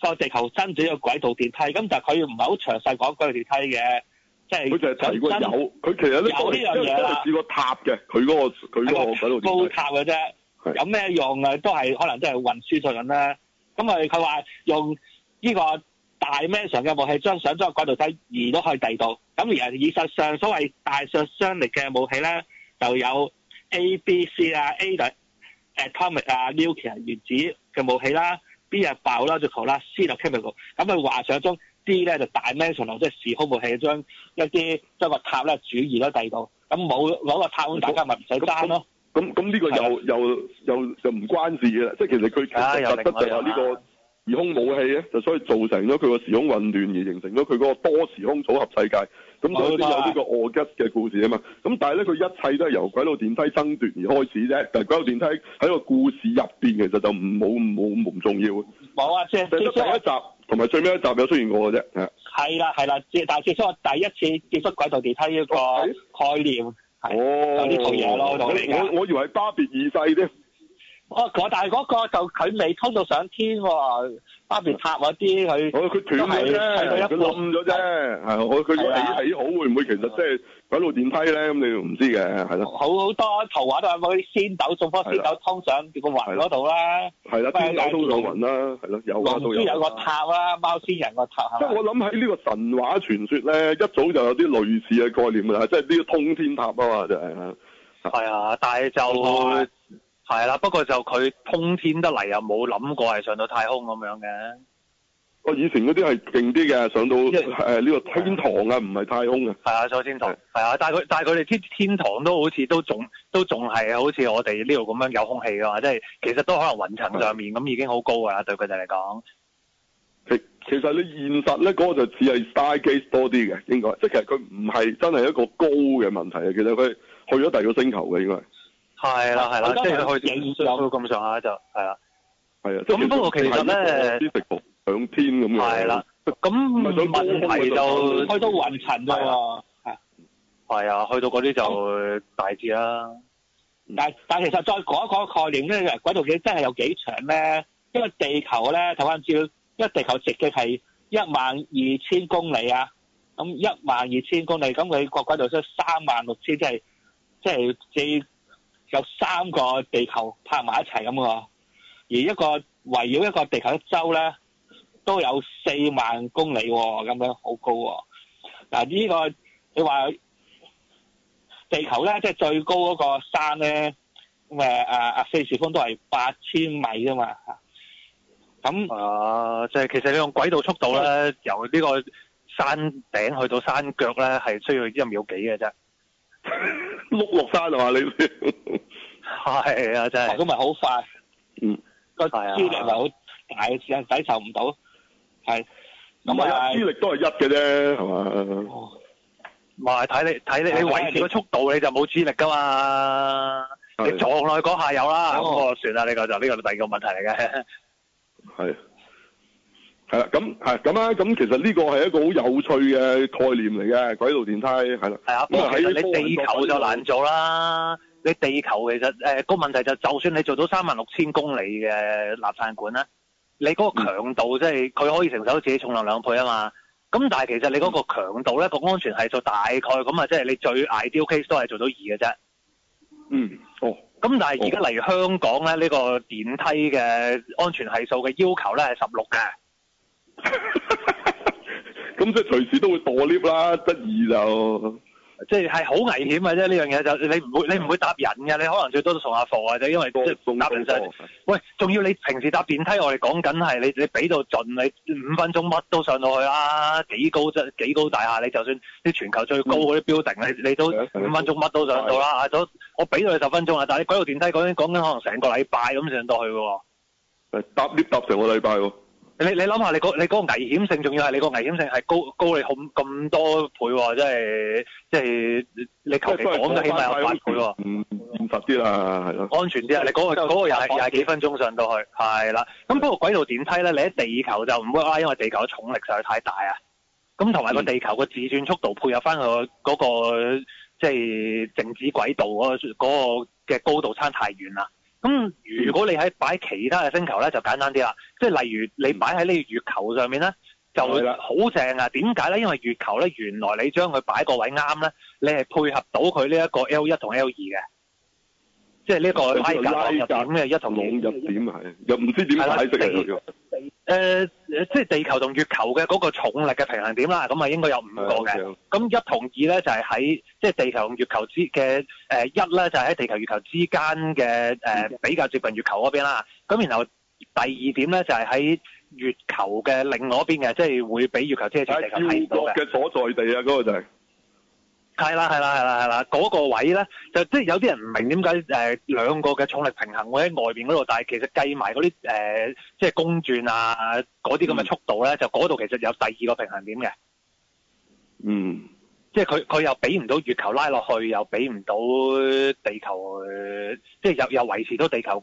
S2: 個地球增轉嘅軌道電梯，咁但係佢唔係好詳細講軌道電梯嘅，即係佢就係如果有佢其實有、這個、都有呢樣嘢啦，試過塔嘅佢嗰個佢嗰個喺高塔嘅啫，有咩用啊？都係可能都係運輸上緊啦。咁啊佢話用呢個大咩嘢嘅武器將上裝嘅軌道梯移咗去第二度。咁而係事實上所謂大殺傷力嘅武器咧。就有 ABC、啊、A、啊 Milkier, 啊、B -O -O -C, c、C 啊，A 就 atomic 啊 nuclear 原子嘅武器啦，B、嗯那個、啊爆啦，足球啦，C 就 chemical 咁佢話想將 D 咧就 dimensional 即係時空武器將一啲即係個塔咧主移咗第二度，咁冇攞個塔，大家咪唔使爭咯。咁咁呢個又又
S1: 又又唔關事嘅，即係其實佢其實是特登就係呢個、啊。時空武器咧，就所以造成咗佢個時空混亂，而形成咗佢嗰個多時空組合世界。咁、哦、有啲有呢個卧吉嘅故事啊嘛。咁、哦、但係咧，佢一切都係由軌道電梯爭奪而開始啫。但係軌道電梯喺個故事入邊，其實就唔冇冇咁重要。
S2: 冇啊，就得第一集，
S1: 同埋最尾一集有出現過嘅啫。係。
S2: 係啦係啦，但係接觸我第一次接觸軌道電梯呢個概念，哦啊啊嗯、有呢套嘢咯。我我我以為係巴別二世啫。我 我、哦、但係嗰個就佢未通到上天、啊，巴別塔嗰啲佢，我佢斷咗啫，佢冧
S1: 咗啫，係佢起好會唔會其實即係軌道電梯咧，咁你唔知嘅係好好多圖畫都係咪啲仙豆送顆仙豆
S2: 通上個雲嗰度啦，係啦，仙豆通上雲啦，
S1: 係咯，有啊都有，個
S2: 塔啦、啊，貓仙人個塔，即係我諗喺
S1: 呢個神話傳說咧，一早就有啲類似嘅概念啦，即係呢個通天塔啊嘛就
S3: 係、是，係啊，但係就。 係啦，不過就佢通天得嚟又冇諗過係上到太空咁樣嘅。
S1: 哦，以前嗰啲係勁啲嘅，上到誒呢、啊呢個天堂啊，唔係太空
S3: 嘅。係啊，上天堂。係啊，但係佢但係佢哋啲天堂都好似都仲都仲係好似我哋呢度咁樣有空氣嘅嘛，即係其實都可能雲層上面咁已經好高噶啦，對佢哋嚟講。
S1: 其實其實你現實咧嗰、嗰個就只係 Star Gate 多啲嘅，應該，即係其實佢唔係真係一個高嘅問題啊，其實佢去咗第二個星球嘅應該。
S3: 係啦，係啦，即係
S1: 去影相去到咁上下就係啦。
S3: 係啊，咁不過其實咧，啲食服上天咁啊。係啦，咁問題到去到雲層啫喎。係啊，去到嗰啲就大致啦，嗯。
S2: 但但其實再講講概念咧，軌道線真係有幾長咧？因為地球咧，頭先照，因為地球直徑係一萬二千公里啊。咁一萬二千公里，咁佢個軌道線三萬六千，即係即係四。有三個地球拍埋一齊咁喎，而一個圍繞一個地球一周咧，都有四萬公里喎、哦，咁樣好高、哦。嗱、啊，呢、這個你話地球咧，即係最高嗰個山咧，咁、啊、誒，額菲爾士峰都係八千米啫嘛。
S3: 咁哦、呃，就係、是、其實你用軌道速度咧，由呢個山頂去到山腳咧，係需要
S2: 一秒幾嘅啫。碌落山啊嘛你，係啊真係，咁咪好快，嗯個 G 力唔係好大，阿抵受唔到，係、啊，咁啊 G、啊、力
S3: 都係一嘅啫係嘛，咪睇、啊啊、你睇你你維持個速度你就冇 G 力噶嘛、啊啊，你撞落去嗰下有啦，咁我、啊、算啦呢、這個就呢、這個就第二個問題嚟嘅，係 。
S1: 啊係啦，咁係咁啊，咁其實呢個係一個好有趣嘅概念嚟嘅，軌道電梯係
S3: 啦。咁啊喺地球就難做啦、那個。你地球其實誒個、呃、問題就是、就算你做到三萬六千公里嘅立散管啦，你嗰個強度即係佢可以承受自己重量兩倍啊嘛。咁但係其實你嗰個強度咧個、嗯、安全係數大概咁啊，即、就、係、是、你最 ideal case 都係做到二嘅啫。嗯，哦，咁但係而家例如香港咧呢、這個電梯嘅安全係數嘅要求咧係十六嘅。咁 即係隨時都會墮 lift 啦，得意就即係係好危險嘅啫。呢樣嘢就你唔會你唔會搭人嘅，你可能最多都送下貨或者因為搭人上。喂，仲要你平時搭電梯，我哋講緊係你你俾到盡，你五分鐘乜都上到去啦。幾高即幾高大廈，你就算啲全球最高嗰啲 building，你你都五分鐘乜都上到啦。都我俾到你十分鐘啊，但係你軌道電梯講緊可能成個禮拜咁上到去喎。搭 lift 搭成個禮拜喎。你你諗下，你、那個、你嗰個危險性，仲要係你個危險性係高高你恐咁多倍、啊，即係即係你求其講得起碼有百倍、啊，五五十啲啦，係安全啲啊，你嗰、那個嗰、那個又係廿幾分鐘上到去，係啦，咁嗰個軌道電梯咧，你喺地球就唔會啊，因為地球嘅重力實在太大啊，咁同埋個地球個自轉速度配合翻佢嗰個、嗯那個、即係靜止軌道嗰、那個、那個嘅高度差太遠啦。咁、嗯嗯、如果你喺擺其他嘅星球咧，就簡單啲啦。即、就、係、是、例如你擺喺呢個月球上面咧、嗯，就會好正啊！點解咧？因為月球咧，原來你將佢擺個位啱咧，你係配合到佢呢一個 L 一同 L 二嘅。即係呢個拉格朗日點嘅一同兩入點係，又唔知點解釋嘅喎。誒，即係地球同月球嘅嗰個重力嘅平衡點啦，咁啊，應該有五個嘅。咁一同二咧就係喺，即係地球同月球之嘅，誒一咧就係喺地球月球之間嘅，誒比較接近月球嗰邊啦。咁然後第二點咧就係喺月球嘅另外一邊嘅，即係會俾月球遮咗地球睇唔到嘅。所在地啊，嗰個就係。係啦，係啦，係啦，係啦，嗰個位咧就即係有啲人唔明點解誒兩個嘅重力平衡會喺外邊嗰度，但係其實計埋嗰啲誒即係公轉啊嗰啲咁嘅速度咧，就嗰度其實有第二個平衡點嘅。嗯。即係佢佢又俾唔到月球拉落去，又俾唔到地球，即係又又維持到地球嗰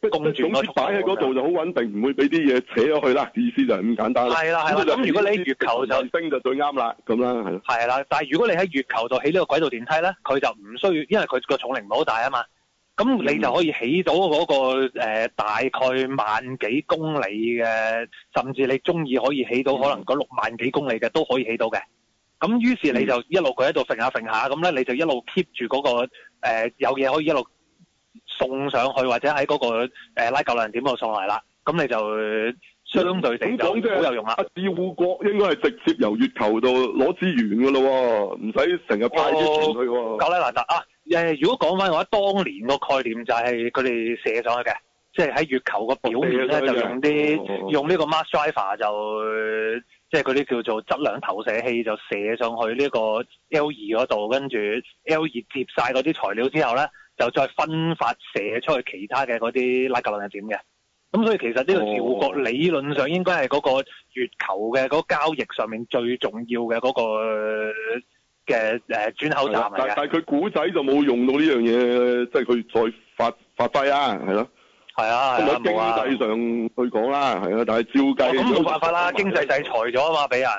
S3: 個公轉嗰重力啊！擺喺嗰度就
S1: 好穩定，唔會俾啲嘢扯咗去啦。意思就係咁簡
S3: 單。係啦，係啦。咁、就是、如果你喺月球就升就最啱啦，
S1: 咁樣。
S3: 係啦，但係如果你喺月球就起呢個軌道電梯咧，佢就唔需要，因為佢個重力唔好大啊嘛。咁你就可以起到嗰、嗰個、嗯呃、大概萬幾公里嘅，甚至你中意可以起到可能嗰六萬幾公里嘅都可以起到嘅。咁於是你就一路佢喺度揈下揈下，咁、嗯、咧你就一路 keep 住嗰個、呃、有嘢可以一路送上去，或者喺嗰、那個、呃、拉茲蘭點度送嚟啦。咁、嗯、你就相對嚟就好有用啦。阿自護國應該係直接由月球度攞資源㗎咯，唔使成日派啲錢去、啊哦。格拉納達啊、嗯，如果講翻我話，當年個概念就係佢哋射上去嘅，即係喺月球個表面咧，就用啲、哦、用呢個 mass driver 就。即係嗰啲叫做質量投射器，就射上去呢個 L 二嗰度，跟住 L 二接晒嗰啲材料之後咧，就再分發射出去其他嘅嗰啲拉格朗日點嘅。咁所以其實呢個趙國理論上應該係嗰個月球嘅嗰個交易上面最重要嘅嗰個嘅誒轉口站、哦、係，但但係
S1: 佢古仔就冇用到呢樣嘢，即係佢再發發揮啊，係咯。
S3: 係啊，係啊，冇啊。經濟
S1: 上去講啦，係啊，但係照計冇、哦、辦法啦，經濟制
S3: 裁咗啊嘛，俾人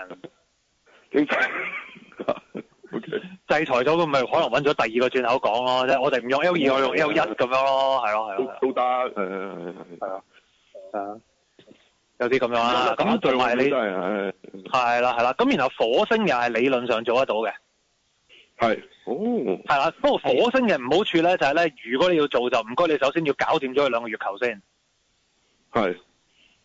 S3: 經濟、 okay. 制裁咗，咁咪可能揾咗第二個轉口講咯即係， 我哋唔用 L 二，我用 L 一咁樣咯，係咯，係咯，都得，係啊，係啊，啊，啊，有啲咁樣啊，咁同埋你係啦係啦，咁然後火星又係理論上做得到嘅。係，哦，係啦。不過火星嘅唔好處咧，就係咧，如果你要做就唔該，你首先要搞掂咗佢兩個月球先。
S2: 係，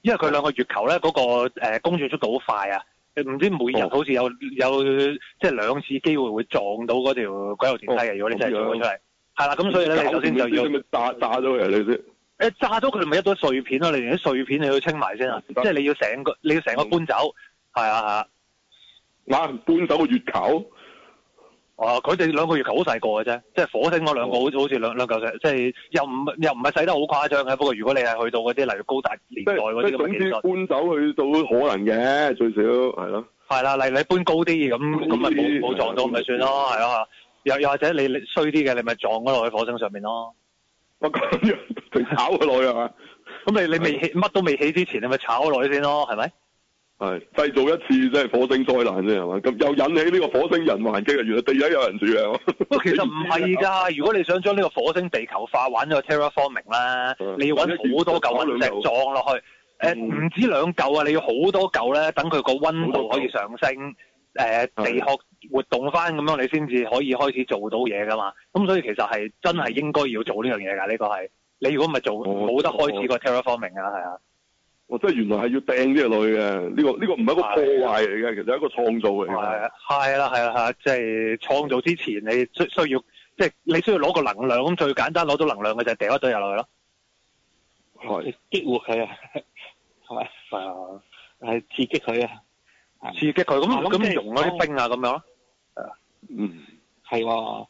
S3: 因為佢兩個月球咧嗰個誒公轉速度快好快啊，唔知每日好似有有即係兩次機會會撞到嗰條軌道電梯嘅、哦，如果你真係要攞出嚟，係、哦、啦，咁所以咧你首先就要炸炸咗佢先。誒，炸咗佢咪一堆碎片咯，你連啲碎片你要清埋先啊，即係你要成個你要成個搬走，係、嗯、啊吓。嗱，搬走個月球。哦，佢哋兩個月球好細個嘅啫，即係火星嗰兩個好似好似兩兩嚿石，即係又唔又唔係細得好誇張嘅。不過如果你係去到嗰啲例如高達年代嗰啲咁，其實搬走去到可能嘅最少係咯。係啦，例如你搬高啲咁，咁咪冇冇撞到咪算咯，係咯。又又或者你衰啲嘅，你咪撞咗落去火星上面咯。我咁樣炒咗落去嘛？咁你你未起乜 都未起之前，你咪炒咗落去先咯，係咪？
S1: 係製造一次啫，真係火星災難啫，係嘛？咁又引起呢個火星人還擊啊！原來地底有人住啊！
S3: 其實唔係㗎， 如果你想將呢個火星地球化，玩咗 terraforming 啦，你要揾好多嚿石、嗯、撞落去。唔、呃、止兩嚿啊，你要好多嚿咧，等佢個溫度可以上升，呃、地殼活動翻咁樣，你先至可以開始做到嘢㗎嘛。咁所以其實係真係應該要做呢樣嘢㗎。呢、呢個係你如果唔係做，冇、哦、得開始個 terraforming 啦係啊。
S1: 哦，即係原來係要掟啲嘢落去嘅，呢、
S3: 呢個呢、呢個唔係一個破壞嚟嘅，其實係一個創造嚟嘅。係啦係啦係，即係創造之前，你需需要即係你需要攞、就是、個能量，咁最簡單攞到能量嘅就係掟咗入落去咯。哦，激活佢啊，係咪？
S2: 係啊，係刺激佢啊，刺激佢咁咁融咗啲冰啊咁樣咯。
S3: 嗯，
S2: 係喎，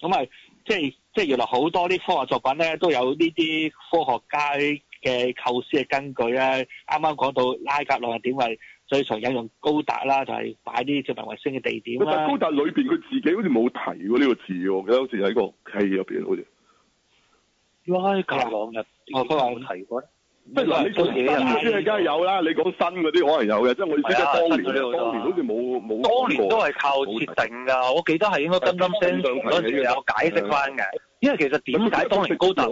S2: 咁咪即係即係原來好多啲科學作品咧都有呢啲科學家，嘅構思嘅根據咧、啊，啱啱講到拉格朗日點係最常有用高達啦，就係擺啲殖民衛星嘅地點啦、啊。但高達
S1: 裏面佢自己好似冇提喎呢、呢個字喎，覺得好似喺個戲入面好似。拉格朗日、啊，我覺得有提過不即呢嗱，
S3: 你講啲梗係有啦。嗯、你講新嗰啲，可能有嘅。即係我記得當年，當年好
S1: 似冇冇。當年都係
S3: 靠設定㗎、啊，我記得係應該金金星嗰陣時有解釋翻嘅。因為其實點解當年高達？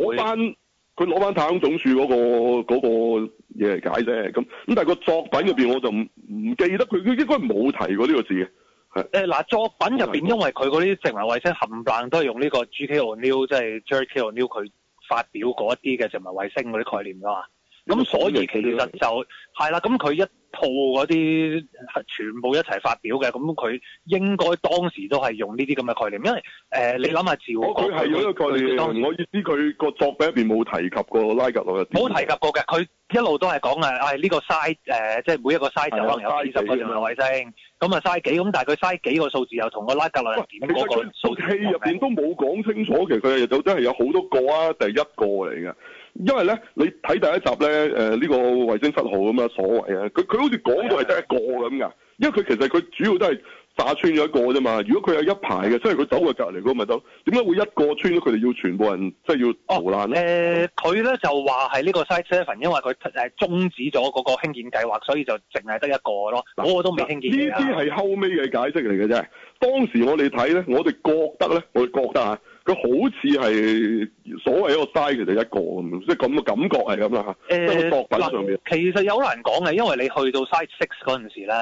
S1: 佢攞翻太空總署嗰個嗰個嘢嚟解啫，咁咁，但係個作品入面我就唔記得佢，佢應該冇提過呢個字嘅。
S3: 係，呃，嗱，作品入面因為佢嗰啲殖民衛星冚唪冷都係用呢個 G K O'Neill，即係 J K O'Neill，佢發表嗰啲嘅殖民衛星嗰啲概念㗎嘛咁所以其實就係啦，咁佢一套嗰啲全部一齊發表嘅，咁佢應該當時都係用呢啲咁嘅概念，因為誒、呃、你諗下、那個，我、哦，佢係有一個概念。我
S1: 意思佢個作品入面冇提及過拉格朗日，冇提及
S3: 過嘅，佢一路都係講係誒呢 size 誒，即係每一個 size 就可能有四十個衛星，咁啊嘥幾咁，但係佢嘥幾個數字又同個拉格朗日點嗰個
S1: 數字，連、啊、都冇講清楚。其實真有真係有好多個啊，第一個嚟嘅。因為咧，你睇第一集咧，誒、呃，呢、這個衛星七號咁啊，所謂啊，佢佢好似講到係得一個咁噶，因為佢其實佢主要都係炸穿咗一個啫嘛。如果佢有一排嘅，即係佢走過隔籬嗰個咪走，點解會一個穿咗，佢哋要全部人即係、就是、要逃難咧？佢、
S3: 哦、咧、呃、就話係呢個 Side 7，因為佢誒終止咗嗰個興建計劃，所以就淨係得一個咯。嗱、啊，我都未興建。呢啲係後
S1: 尾嘅解釋嚟嘅啫。當時我哋睇咧，我哋覺得咧，我哋覺得佢好似係所謂一個 size 其實一個咁，
S3: 即係咁嘅感覺係咁啦嚇。誒，其實有難講嘅，因為你去到 size six 嗰陣時咧，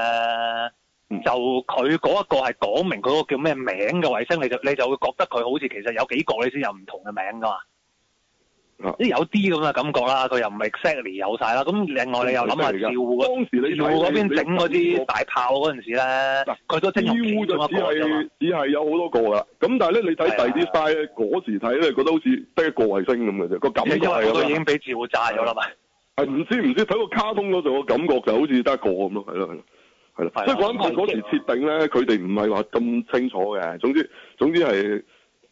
S3: 嗯，就佢嗰一個係講明佢個叫咩名嘅衛星，你就你就會覺得佢好似其實有幾個你先有唔同嘅名噶嘛。 有啲咁嘅感覺啦，佢又唔係 exactly 有晒啦。咁另外你又諗下照護嗰朝護嗰邊整嗰啲大炮嗰陣時咧，嗱佢都朝就只係只係有好多個
S1: 啦。咁但係咧你睇第二啲 sci-fi 嗰時睇咧，覺得好似得一個衛星咁嘅啫，個感覺、就係、因為我已經俾
S3: 照護炸咗啦咪？
S1: 係唔知唔知睇個卡通嗰度個感覺就好似得一個咁咯，係啦係啦，係啦。所以嗰陣嗰時設定咧，佢哋唔係話咁清楚嘅。總之總之係。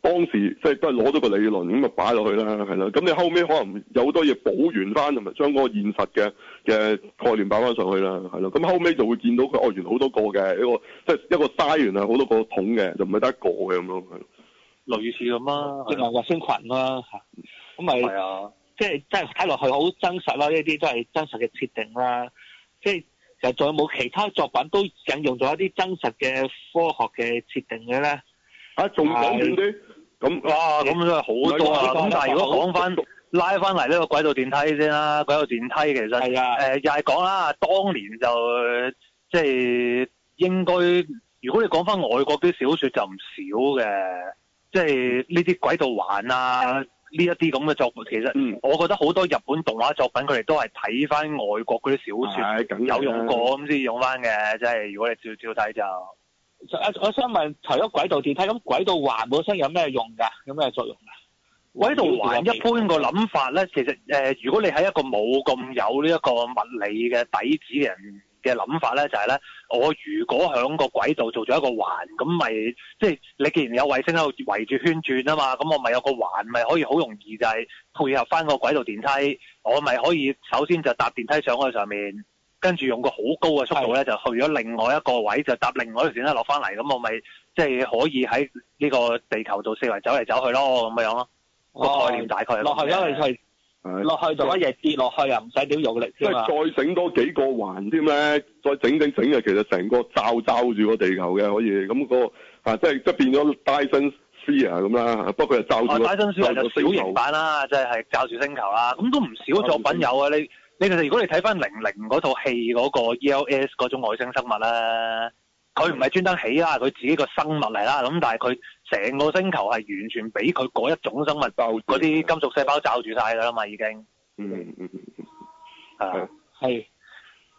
S1: 當時即係都係攞咗個理論咁就擺落去啦，係啦。咁你後尾可能有好多嘢補完翻，同埋將嗰個現實嘅嘅概念擺翻上去啦，係咯。咁後尾就會見到佢哦，原來好多個嘅一個即係、就是、一個篩，原來好多個桶嘅，就唔係得一個嘅
S3: 咁樣。類似咁啦，即係外
S2: 星群啦吓，咁咪即係真係睇落去好真實啦，呢啲都係真實嘅設定啦。即係其實仲有冇其他作品都引用咗一啲真實嘅科學嘅設定嘅咧？仲講啲，咁哇，咁真係好多啊。咁但係如果講翻拉
S3: 翻嚟，呢個軌道電梯先啦，啊，軌道電梯其實，係啊，誒又係講啦，當年就即係、就是、應該，如果你講翻外國啲小說就唔少嘅，即係呢啲軌道環啊，呢一啲咁嘅作品，其實，嗯，我覺得好多日本動畫作品佢哋都係睇翻外國嗰啲小說，啊，有用過咁先用翻嘅，即、就、係、是、如果你照照睇就。
S2: 我想問，除咗軌道電梯，咁軌道環本身有咩用㗎？有咩作用啊？軌道環一般個諗法咧，
S3: 其實誒、呃，如果你喺一個冇咁有呢一個物理嘅底子嘅人嘅諗法咧，就係、係、咧，我如果喺個軌道做咗一個環，咁咪即係你既然有衛星喺度圍住圈轉啊嘛，咁我咪有個環，咪可以好容易就係配合翻個軌道電梯，我咪可以首先就搭電梯上去上面。跟住用個好高嘅速度咧，就去咗另外一個位，就搭另外一條線咧落翻嚟，咁我咪即係可以喺呢個地球度四圍走嚟走去咯，咁樣
S2: 咯。個概念大概就。落去都係，落去就一嘢跌落去，啊，唔使點用力。即係再
S1: 整多幾個環添咧，再整整整就其實成個罩罩住個地球嘅，可以咁、那個、啊、即係即變咗 Dyson Sphere 咁啦。不過就罩住、啊。Dyson Sphere 就小型版
S3: 啦，即係罩住星球啦，咁都唔少作品有啊，你。你哋其實如果你睇翻零零嗰套戲嗰個 E.L.S. 嗰種外星生物咧、啊，佢唔係專登起啦，佢自己個生物嚟啦，咁但係佢成個星球係完全俾佢嗰一種生物就嗰啲金屬細胞罩住晒噶啦嘛，已經。嗯嗯嗯，係、嗯、係。嗯 uh,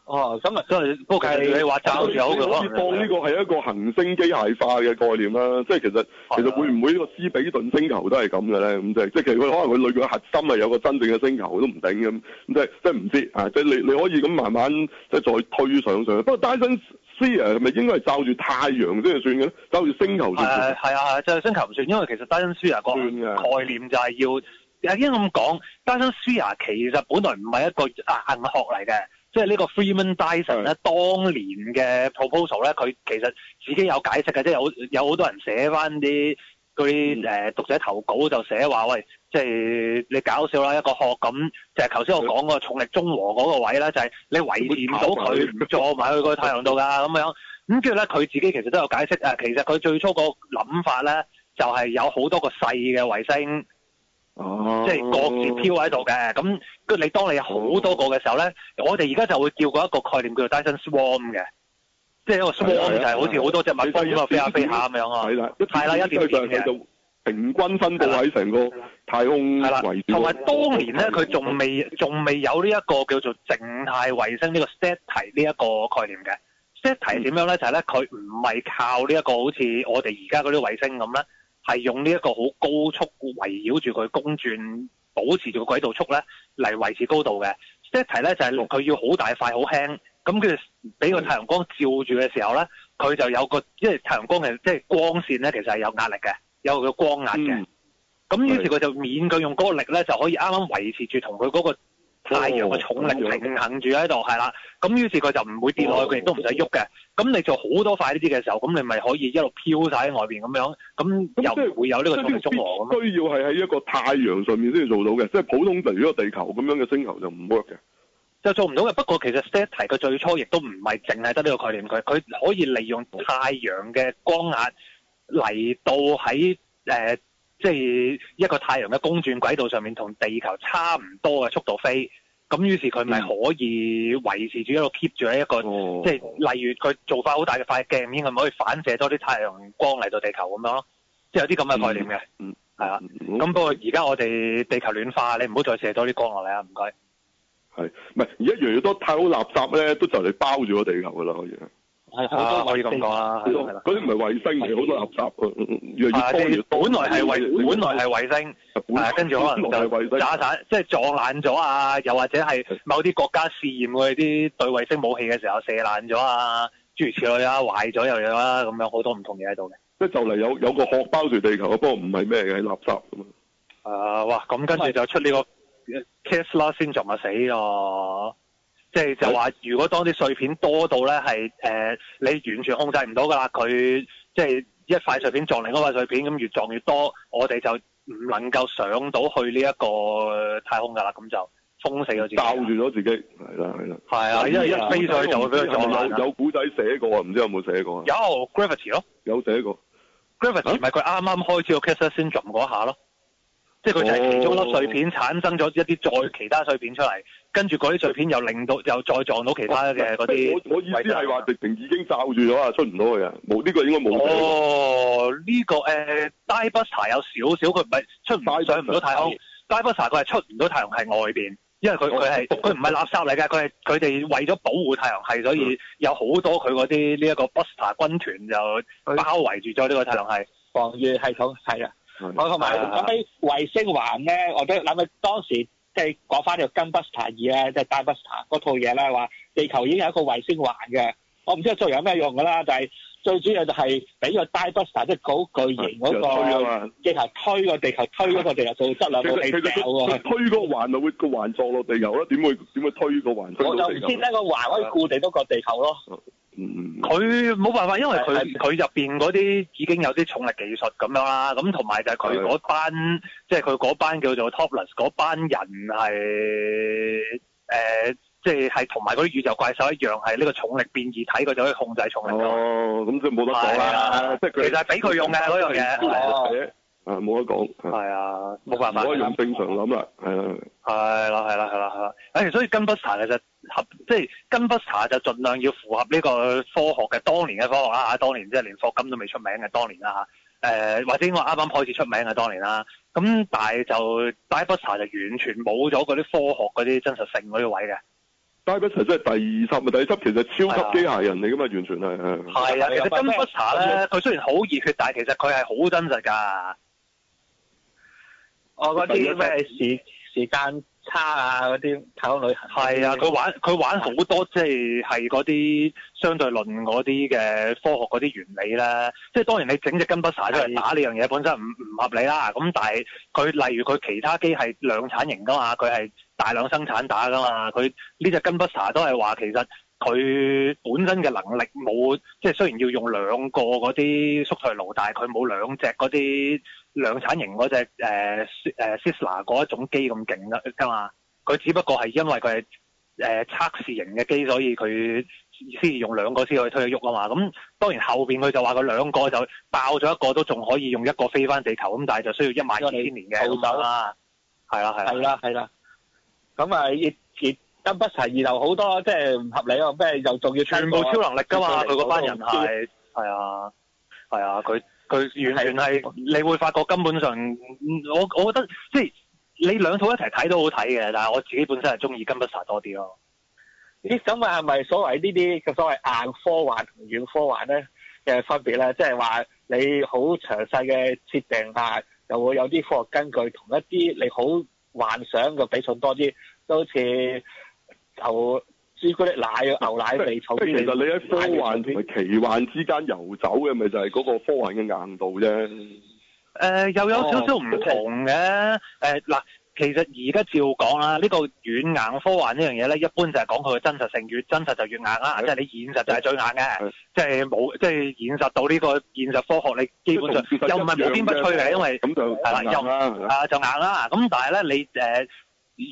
S3: 哦，咁啊，都係，都係你話罩住好嘅咯。你，你當呢個
S1: 係一個恒星機械化嘅概念啦，即係其實其實會唔會呢個斯比頓星球都係咁嘅咧？咁即係即係其實佢可能佢裏邊嘅核心係有個真正嘅星球都唔定咁，咁即係即係唔知吓，即係你你可以咁慢慢即係再推上上去。不過 Dyson sphere 係咪應該係罩住太陽先算嘅咧，罩住星球先
S3: 算，算。係係啊係，就係、星球唔算，因為其實 Dyson sphere 講嘅概念就係、是、要應該咁講 Dyson sphere 其實本來唔係一個硬殼嚟嘅。即係呢個 Freeman Dyson 咧，當年嘅 proposal 咧，佢其實自己有解釋嘅，即係有有好多人寫翻啲佢啲誒讀者投稿就寫話，喂，即係你搞笑啦，一個殼咁，就係頭先我講個重力中和嗰個位咧，就係、是、你維持唔到佢坐埋去個太陽度㗎咁樣，咁跟住咧佢自己其實都有解釋啊，其實佢最初個諗法咧就係、是、有好多個細嘅衛星。哦、啊，即係各自飄喺度嘅，咁佢你當你有好多個嘅時候咧、啊，我哋而家就會叫嗰一個概念叫做 Dyson Swarm 嘅，即係一個 Swarm 就係好似好多隻蜜蜂咁樣飛下飛下咁樣。係啦，一太啦一就是是平均分布喺成個太空。係啦。同、嗯、埋當年咧，佢仲未仲未有呢一個叫做靜態衛星呢個 Satellite 呢一個概念嘅 Satellite 點樣咧？就係、是、咧、這個，佢唔係靠呢一個好似我哋而家嗰啲衛星咁咧。係用呢一個好高速圍繞住佢公轉，保持住個軌道速咧嚟維持高度嘅。即一提咧就係、是、佢要好大塊，好輕，咁佢俾個太陽光照住嘅時候咧，佢就有個因為太陽光係即係光線咧，其實係有壓力嘅，有個光壓嘅。咁、嗯、於是佢就勉強用嗰個力咧就可以啱啱維持住同佢嗰個。太陽個重力平衡住喺度，係啦，咁於是佢就唔會跌落去，佢亦都唔使喐嘅。咁你做好多塊呢啲嘅時候，咁你咪可以一路飄晒喺外邊咁樣，咁又即係會有呢個重力捉我。咁需
S1: 要係喺一個太陽上面先做到嘅、嗯，即係普通地，如果
S3: 地球咁樣嘅星球就唔 work 嘅，就做唔到嘅。不過其實 Statite 佢最初亦都唔係淨係得呢個概念，佢佢可以利用太陽嘅光壓嚟到喺誒、呃，即係一個太陽嘅公轉軌道上面，同地球差唔多嘅速度飛。咁於是佢咪可以維持住一路 keep 住一個，哦、即係例如佢做返好大嘅塊鏡面，佢咪可以反射多啲太陽光嚟到地球咁樣咯，即係有啲咁嘅概念嘅。嗯，係啊。咁、嗯、不過而家我哋地球暖化，你唔好再射多啲光落嚟啊！唔該。
S1: 係，唔係而家越嚟越多太空垃圾咧，都就嚟包住個地球噶啦，可以。
S2: 係好多、啊、可以咁講啦，嗰啲唔係衛星，係好多垃
S1: 圾啊！越嚟越多，本來係衛，本來係衛
S3: 星，係、啊、跟住可能就炸散，是衛星即係撞爛咗啊！又或者係某啲國家試驗佢啲對衛星武器嘅時候射爛咗啊！諸如此類啊，壞咗又有啦，咁樣好多唔同嘢喺度嘅。
S1: 即係就嚟有有個殼包住地球，不過唔係咩嘅，垃圾咁啊！
S3: 啊，哇！咁跟住就出呢個 Kessler Syndrome 啦、啊，先撞埋死我。即係就話，如果當啲碎片多到咧，係誒、呃，你完全控制唔到噶啦，佢即係一塊碎片撞另一塊碎片，咁越撞越多，我哋就唔能夠上到去呢一個太空噶啦，咁就
S1: 封死咗自，自己。罩住咗自己，係啦係啦，係啊，因為一飛上去就會畀佢撞到。有古
S3: 仔寫過、啊，唔知有冇寫過、啊？有 Gravity 咯，有寫過，Gravity 唔係佢啱啱開始個 Kessler Syndrome 嗰下咯。即係佢就係其中一粒碎片產生咗一啲再其他碎片出嚟，跟住嗰啲碎片又令到又再撞到其他嘅嗰啲。我我意思係話，
S1: 直情已經罩住咗啊，出唔到去冇呢個應該冇、這
S3: 個。哦，呢、這個誒、呃、Diebuster 有少少，佢唔係出唔帶上唔到太空，Diebuster 佢係出唔到太陽系外邊，因為佢佢係佢唔係垃圾嚟㗎，佢係佢哋為咗保護太陽系，所以有
S2: 好多佢嗰啲呢一個 Buster 軍團就包圍住咗呢個太陽系，防禦系統係啊。同埋咁啲衛星環咧，我都諗起當時即係講翻個 Gunbuster 二咧，即係 Diebuster 嗰套嘢啦，話地球已經有一個衛星環嘅。我唔知佢做人有咩用噶啦，但係最主要就係俾個 Diebuster 即係好巨型嗰個地球推，嗰個，地球推嗰個地球，啊、推嗰個地球做、啊啊、質量嘅地球推
S1: 嗰個環咪會
S3: 個環撞落地
S2: 球咯？點會點會推個環？我就唔知呢、嗰個環可以固定多個地球咯。
S3: 啊啊嗯，佢冇辦法，因為佢佢入面嗰啲已經有啲重力技術咁樣啦，咁同埋就係佢嗰班，即係佢嗰班叫做 Topless 嗰班人係，誒、呃，即係同埋嗰啲宇宙怪獸一樣，係呢個重力變異體，佢就可以控制重力。哦，咁佢冇得講啦，即、啊、其實係俾佢用嘅嗰、啊、樣嘢。啊
S1: 啊，冇得講，係啊，冇辦法，如果用正常諗啦，
S3: 係啦，係啦、啊，係啦，係啦、啊，誒、啊啊啊啊啊啊，所以《Gunbuster》其實合，即係《Gunbuster》就盡量要符合呢個科學嘅當年嘅科學啦，吓，當年即係、啊、連霍金都未出名嘅當年啦，吓，誒，或者我啱啱開始出名嘅當年啦，咁、啊、但係就《Diebuster》就完全冇咗嗰啲科學嗰啲真實性嗰啲位嘅，
S1: 《Diebuster》真係第二集啊，第二集其實超級機械人嚟噶嘛，完全係係啊，啊，其實《Gunbuster》
S3: 咧，佢雖然好熱血，但係其實佢係好真實噶。我啲咩時間差啊，嗰啲太空旅行啊，佢玩佢玩，好多即係嗰啲相對論嗰啲嘅科學嗰啲原理呢。即係當然你整隻 Gunbuster 出嚟打呢樣嘢本身唔唔合理啦。咁但係佢例如佢其他機係量產型噶嘛，佢係大量生產打噶嘛。佢呢隻 Gunbuster 都係話其實佢本身嘅能力冇，即係雖然要用兩個嗰啲縮台爐，但係佢冇兩隻嗰啲。量產型嗰隻誒 Sisla 嗰一種機咁勁啦㗎嘛，佢只不過係因為佢係誒測試型嘅機，所以佢先至用兩個先可以推佢喐啊嘛。咁當然後面，佢就話佢兩個就爆咗一個都仲可以用一
S2: 個飛返地球，咁但係就需要一萬多年嘅暴走啊，係啦係啦，係啦係啦。咁啊熱登一筆柴熱流好多，即係唔合理咯。咩又仲要全部超能力㗎嘛？佢嗰班人係係呀，係、那、呀、個，
S3: 佢、啊。佢原來係，你會發覺根本上，我我覺得即係你兩套一齊睇都好睇嘅，但係我自己本身係中意《金、欸、不殺》多
S2: 啲咯。咁啊係咪所謂呢啲嘅所謂硬科幻同軟科幻咧嘅分別咧？即係話你好詳細嘅設定下，又會有啲科學根據同一啲你好幻想嘅比重多啲，都好似就。啲嗰啲奶牛奶味，即其實你喺科幻同
S1: 埋奇幻之間遊走嘅，咪就係嗰個科幻嘅硬度啫。
S3: 誒、嗯呃、又有少少唔同嘅誒嗱，其實而家照講啦，呢、這個軟硬科幻呢樣嘢咧，一般就係講佢嘅真實性，越真實就越硬啦。即係、就是、你現實就係最硬嘅，即係冇即係現實到呢個現實科學，你基本上又唔係無堅不摧嘅，因為咁、啊、就係啦，又啊就硬啦。咁但係咧，你誒。呃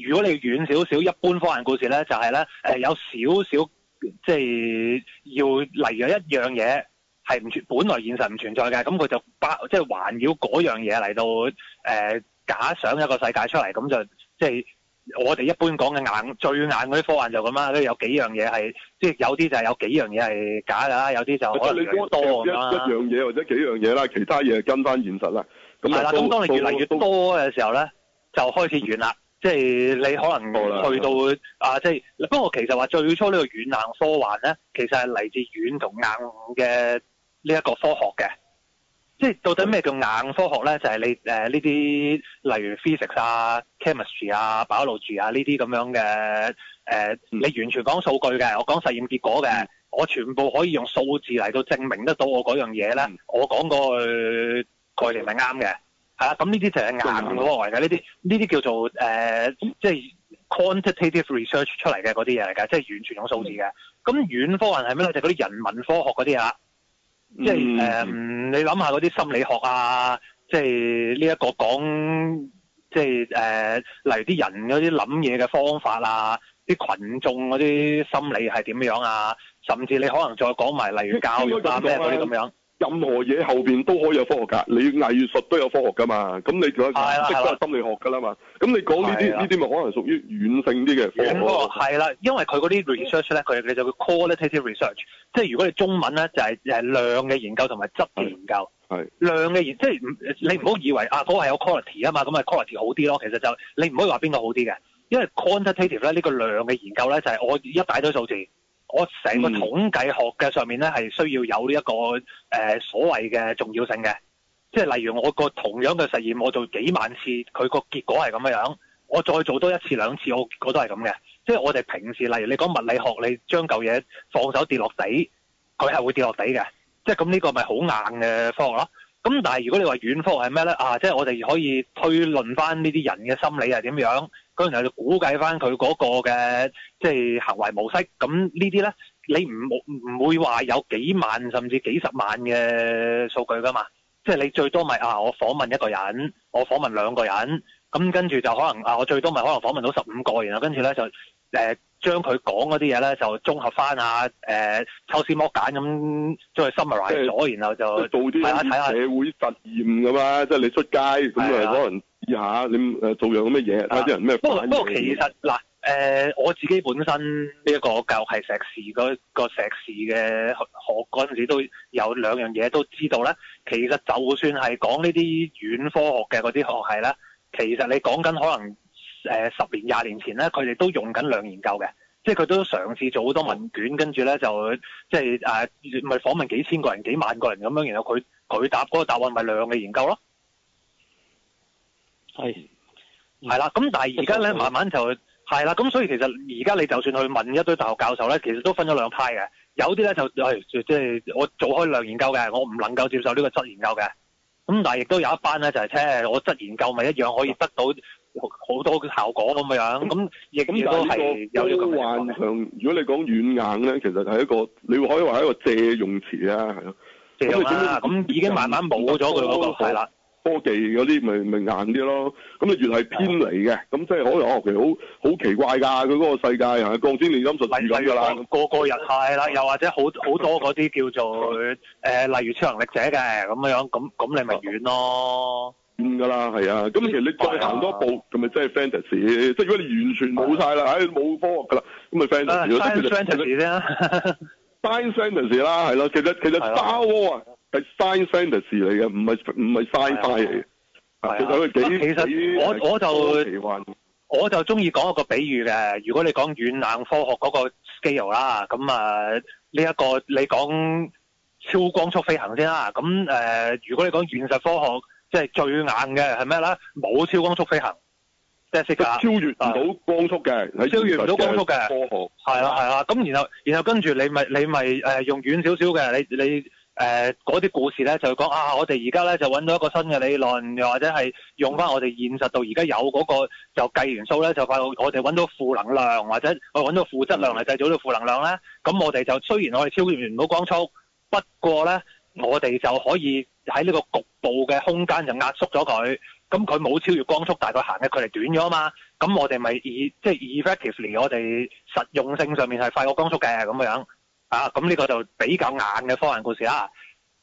S3: 如果你遠少少，一般科幻故事咧就係、是、咧、呃，有少少即係要嚟咗一樣嘢係唔存，本來現實唔存在嘅，咁佢就擺即係環繞嗰樣嘢嚟到誒、呃、假想一個世界出嚟，咁就即係我哋一般講嘅硬最硬嗰啲科幻就咁啦，都有幾樣嘢係即係有啲就係有幾樣嘢係假㗎，有啲就可能多啊嘛，一、就是、樣
S1: 嘢或者幾樣嘢啦，其他嘢跟翻現
S3: 實啦。係啦，咁當你越嚟越多嘅時候咧，就開始遠啦。嗯即係你可能去到啊，即係不過其實話最初呢個軟硬科幻咧，其實係嚟自軟同硬嘅呢一個科學嘅。即係到底咩叫硬科學咧？就係你誒呢啲例如 physics 啊、chemistry 啊、biology 啊呢啲咁樣嘅誒，你完全講數據嘅，我講實驗結果嘅，我全部可以用數字嚟到證明得到我嗰樣嘢咧，我講個概念係啱嘅。係啊，咁呢啲就係硬嘅科學嚟㗎，呢啲呢啲叫做誒，即係 quantitative research 出嚟嘅嗰啲嘢嚟㗎，即係完全用數字嘅。咁軟科學係咩咧？就係嗰啲人文科學嗰啲啊，即係誒，你諗下嗰啲心理學啊，即係呢一個講，即係誒，例如啲人嗰啲諗嘢嘅方法啊，啲群眾嗰啲心理係點樣啊，甚至你可能再講埋例如教育啊咩嗰啲咁樣啊。
S1: 任何嘢後面都可以有科學㗎，你藝術都有科學㗎嘛，咁你講即都係心理學㗎啦嘛，咁你講呢啲呢啲咪可能屬於
S3: 軟性啲嘅科，科，科學？係啦，因為佢嗰啲 research 咧，佢就叫 qualitative research，即係如果你中文咧就係、是、誒量嘅研究同埋質嘅研究。係量嘅研，即係唔你唔好以為啊嗰、那個係有 quality 啊嘛，咁、那、咪、個、quality 好啲咯，其實就你唔可以話邊個好啲嘅，因為 quantitative 咧呢、這個量嘅研究咧就係、是、我一大堆數字。我成個統計學嘅上面咧，係需要有呢一個呃所謂嘅重要性嘅。即係例如我個同樣嘅實驗，我做幾萬次，佢個結果係咁樣。我再做多一次兩次，我結果都係咁嘅。即係我哋平時，例如你講物理學，你將嚿嘢放手跌落地，佢係會跌落地嘅。即係咁呢個咪好硬嘅科學咯。咁但係如果你話軟科學係咩咧？啊，即係我哋可以推論翻呢啲人嘅心理係點樣？咁然後你估計翻佢嗰個嘅即係行為模式，咁呢啲咧，你唔冇唔會話有幾萬甚至幾十萬嘅數據噶嘛？即係你最多咪啊，我訪問一個人，我訪問兩個人，咁跟住就可能啊，我最多咪可能訪問到十五個，然後跟住咧就誒。呃將佢講嗰啲嘢咧，就綜合翻下，誒、呃、抽絲剝繭咁將佢 summarize 咗、就是，然後就睇
S1: 下睇下社會實驗咁嘛。即、就、係、是、你出街咁啊，可能下你做樣乜嘢，睇下啲人咩反應。不過不過其實
S3: 嗱誒、呃，我自己本身呢一個教育係碩士，個、那個碩士嘅學嗰陣時都有兩樣嘢都知道咧。其實就算係講呢啲軟科學嘅嗰啲學系咧，其實你講緊可能。誒、呃、十年廿年前咧，佢哋都用緊量研究嘅，即係佢都嘗試做好多問卷，跟住咧就即係誒，咪、就是呃、訪問幾千個人、幾萬個人咁樣，然後佢佢答嗰個答案咪量嘅研究咯。係，係啦，咁、嗯、但係而家咧慢慢就係啦，咁所以其實而家你就算去問一堆大學教授咧，其實都分咗兩派嘅，有啲咧就係即係我做開量研究嘅，我唔能夠接受呢個質研究嘅，咁但係亦都有一班咧就係、是，即係我質研究咪一樣可以得到。好多嘅效果咁嘅樣，咁亦都係有咁嘅幻
S1: 想。如果你講軟硬咧，其實係一個，你可以話係一個借用詞啊。係咯。
S3: 借用啦、啊，咁已經慢慢冇咗佢嗰個。係啦，
S1: 科技嗰啲咪咪硬啲咯。咁你越係偏離嘅，咁即係可能我好奇好
S3: 好奇怪㗎。佢嗰個世界又係
S1: 鋼鐵、鍊金術師咁啦。個個日
S3: 係啦，又或者好好多嗰啲叫做誒、 呃，例如超能力者嘅咁嘅樣，咁咁你咪軟咯。
S1: 噶啦，係啊，咁其實你再行多一步，咁咪真係 fantasy 是、啊。即係如果你完全冇晒啦，唉、啊，冇、哎、科學噶啦，咁咪 fantasy、uh,。science fantasy 先啊、就是、 ，science fantasy 啦，係咯、啊，其實其實 Star Wars 啊係 science fantasy 嚟嘅，唔係唔係 science fantasy、啊啊。其
S3: 實，幾其實我幾我，我就幾我就中意講一個比喻嘅。如果你講軟硬科學嗰個 scale 啦，咁啊呢一個你講超光速飛行先啦。咁誒，uh, 如果你講現實科學，即係最硬嘅係咩咧？冇超光速飛行，即係識得超越唔到光速嘅，
S2: 超越唔到光速嘅，
S3: 係啦係啦。咁然後然後跟住你咪你咪誒用遠少少嘅，你你誒嗰啲故事咧就講啊，我哋而家咧就搵到一個新嘅理論，又或者係用翻我哋現實度而家有嗰個就計完數咧，就快到我哋搵到負能量，或者我揾到負質量嚟製造到負能量咧。咁我哋就雖然我哋超越唔到光速，不過咧。我哋就可以喺呢個局部嘅空間就壓縮咗佢，咁佢冇超越光速，但佢行嘅距離短咗啊嘛，咁我哋咪以即係、就是、effectively 我哋實用性上面係快過光速嘅咁樣，啊咁呢、嗯呢個就比較硬嘅科幻故事啦、啊，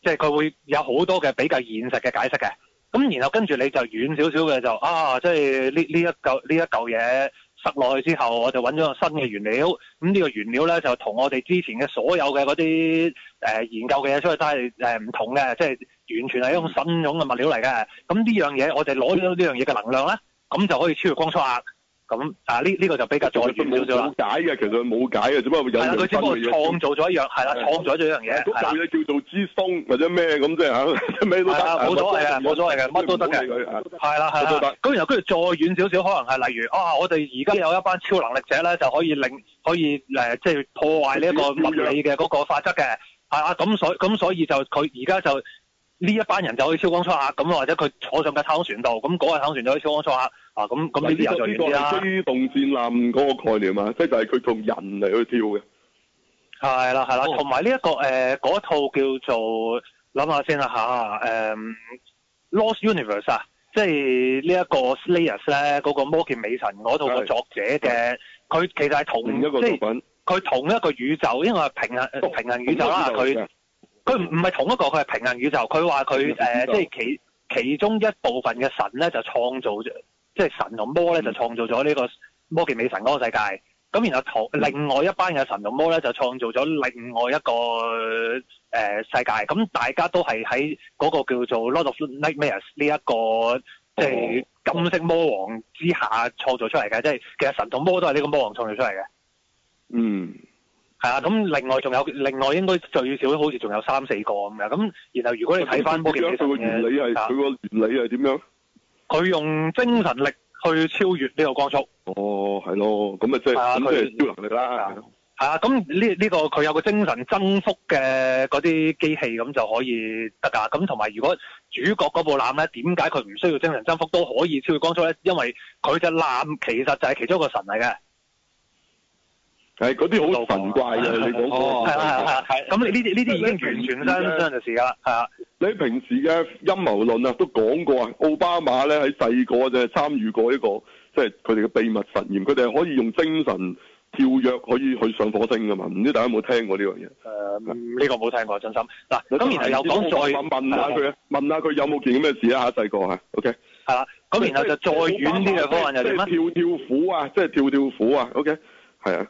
S3: 即係佢會有好多嘅比較現實嘅解釋嘅，咁、啊、然後跟住你就遠少少嘅就啊即係呢呢一嚿呢一嚿嘢。入落去之後，我就揾咗個新嘅原料。咁呢個原料咧，就同我哋之前嘅所有嘅嗰啲誒研究嘅嘢出去都係誒唔同嘅，即係完全係一種新種嘅物料嚟嘅。咁呢樣嘢，我哋攞咗呢樣嘢嘅能量咧，咁就可以超越光速啊！咁啊呢呢個就比較再遠少少啦。冇解嘅，其實冇解嘅，只不過有佢只不過創造咗一樣，係啦，創
S1: 造咗一樣嘢。叫做支風或者咩咁，即係咩都得。係冇所謂嘅，冇所謂
S3: 嘅，乜都得嘅。係啦，係啦。咁然後跟住再遠少少，可能係例如啊，我哋而家有一班超能力者咧，就可以令可以、啊、即係破壞呢一個物理嘅嗰個法則嘅，係啊。咁所咁所以就佢而家就。呢一班人就可以超光速客，咁或者佢坐上架太空船度，咁嗰架太空船就可以超光速客、就是 這個呃想想。啊，咁咁呢啲就完啲啦。關於
S1: 動戰艦嗰個概念啊，即係就係佢同人嚟去跳嘅。
S3: 係啦，係啦，同埋呢一個誒嗰套叫做諗下先啊嚇，誒 Lost Universe 啊，即係呢一,一個 Slayers 咧嗰個魔劍美神嗰套嘅作者嘅，佢其實係同即係佢同一個宇宙，因為平行個平行宇宙啊佢。佢唔係係同一個，佢係平行宇宙。佢話佢誒，即係其其中一部分嘅神咧，就創造，咗、就是，即係神同魔咧，就創造咗呢個魔劍美神嗰個世界。咁然後同另外一班嘅神同魔咧，就創造咗另外一個誒、呃、世界。咁大家都係喺嗰個叫做 Lord of Nightmares 呢、這、一個即係、就是、金色魔王之下創造出嚟嘅。即、哦、係、就是、其實神同魔都係呢個魔王創造出嚟嘅。嗯。係啊，咁另外仲有，另外應該最少好似仲有三四個咁樣。咁然後如果你睇翻嗰個嘅，佢個原理係點、啊、樣？佢用精神力去超越呢個光速。
S1: 哦，係咯，咁、就係、啊即係，咁啊超能力
S3: 啦。啊。咁呢呢個佢有個精神增幅嘅嗰啲機器，咁就可以得㗎。咁同埋如果主角嗰部艦咧，點解佢唔需要精神增幅都可以超越光速咧？因為佢隻艦其實就係其中一個神嚟嘅。
S1: 係嗰啲好神怪嘅，你講過。係係係咁你呢啲呢啲已經完全真真實事噶啦，係啊。你平時嘅陰謀論啊，都講過啊，奧巴馬咧喺細個就參與過一個，即係佢哋嘅秘密實驗，佢哋可以用精神跳躍可以去上火星㗎嘛。唔知大家有冇聽過呢樣嘢？誒、呃，呢、
S3: 這個冇聽過，真
S1: 心。嗱，咁然後又講再問下佢啊，問下佢有冇見咩事啊？嚇細個嚇，OK。係啦，
S2: 咁然後就再遠啲嘅、這個、方案又點、就是、跳
S1: 跳虎啊，即、就、係、是、跳跳虎啊，OK。係啊。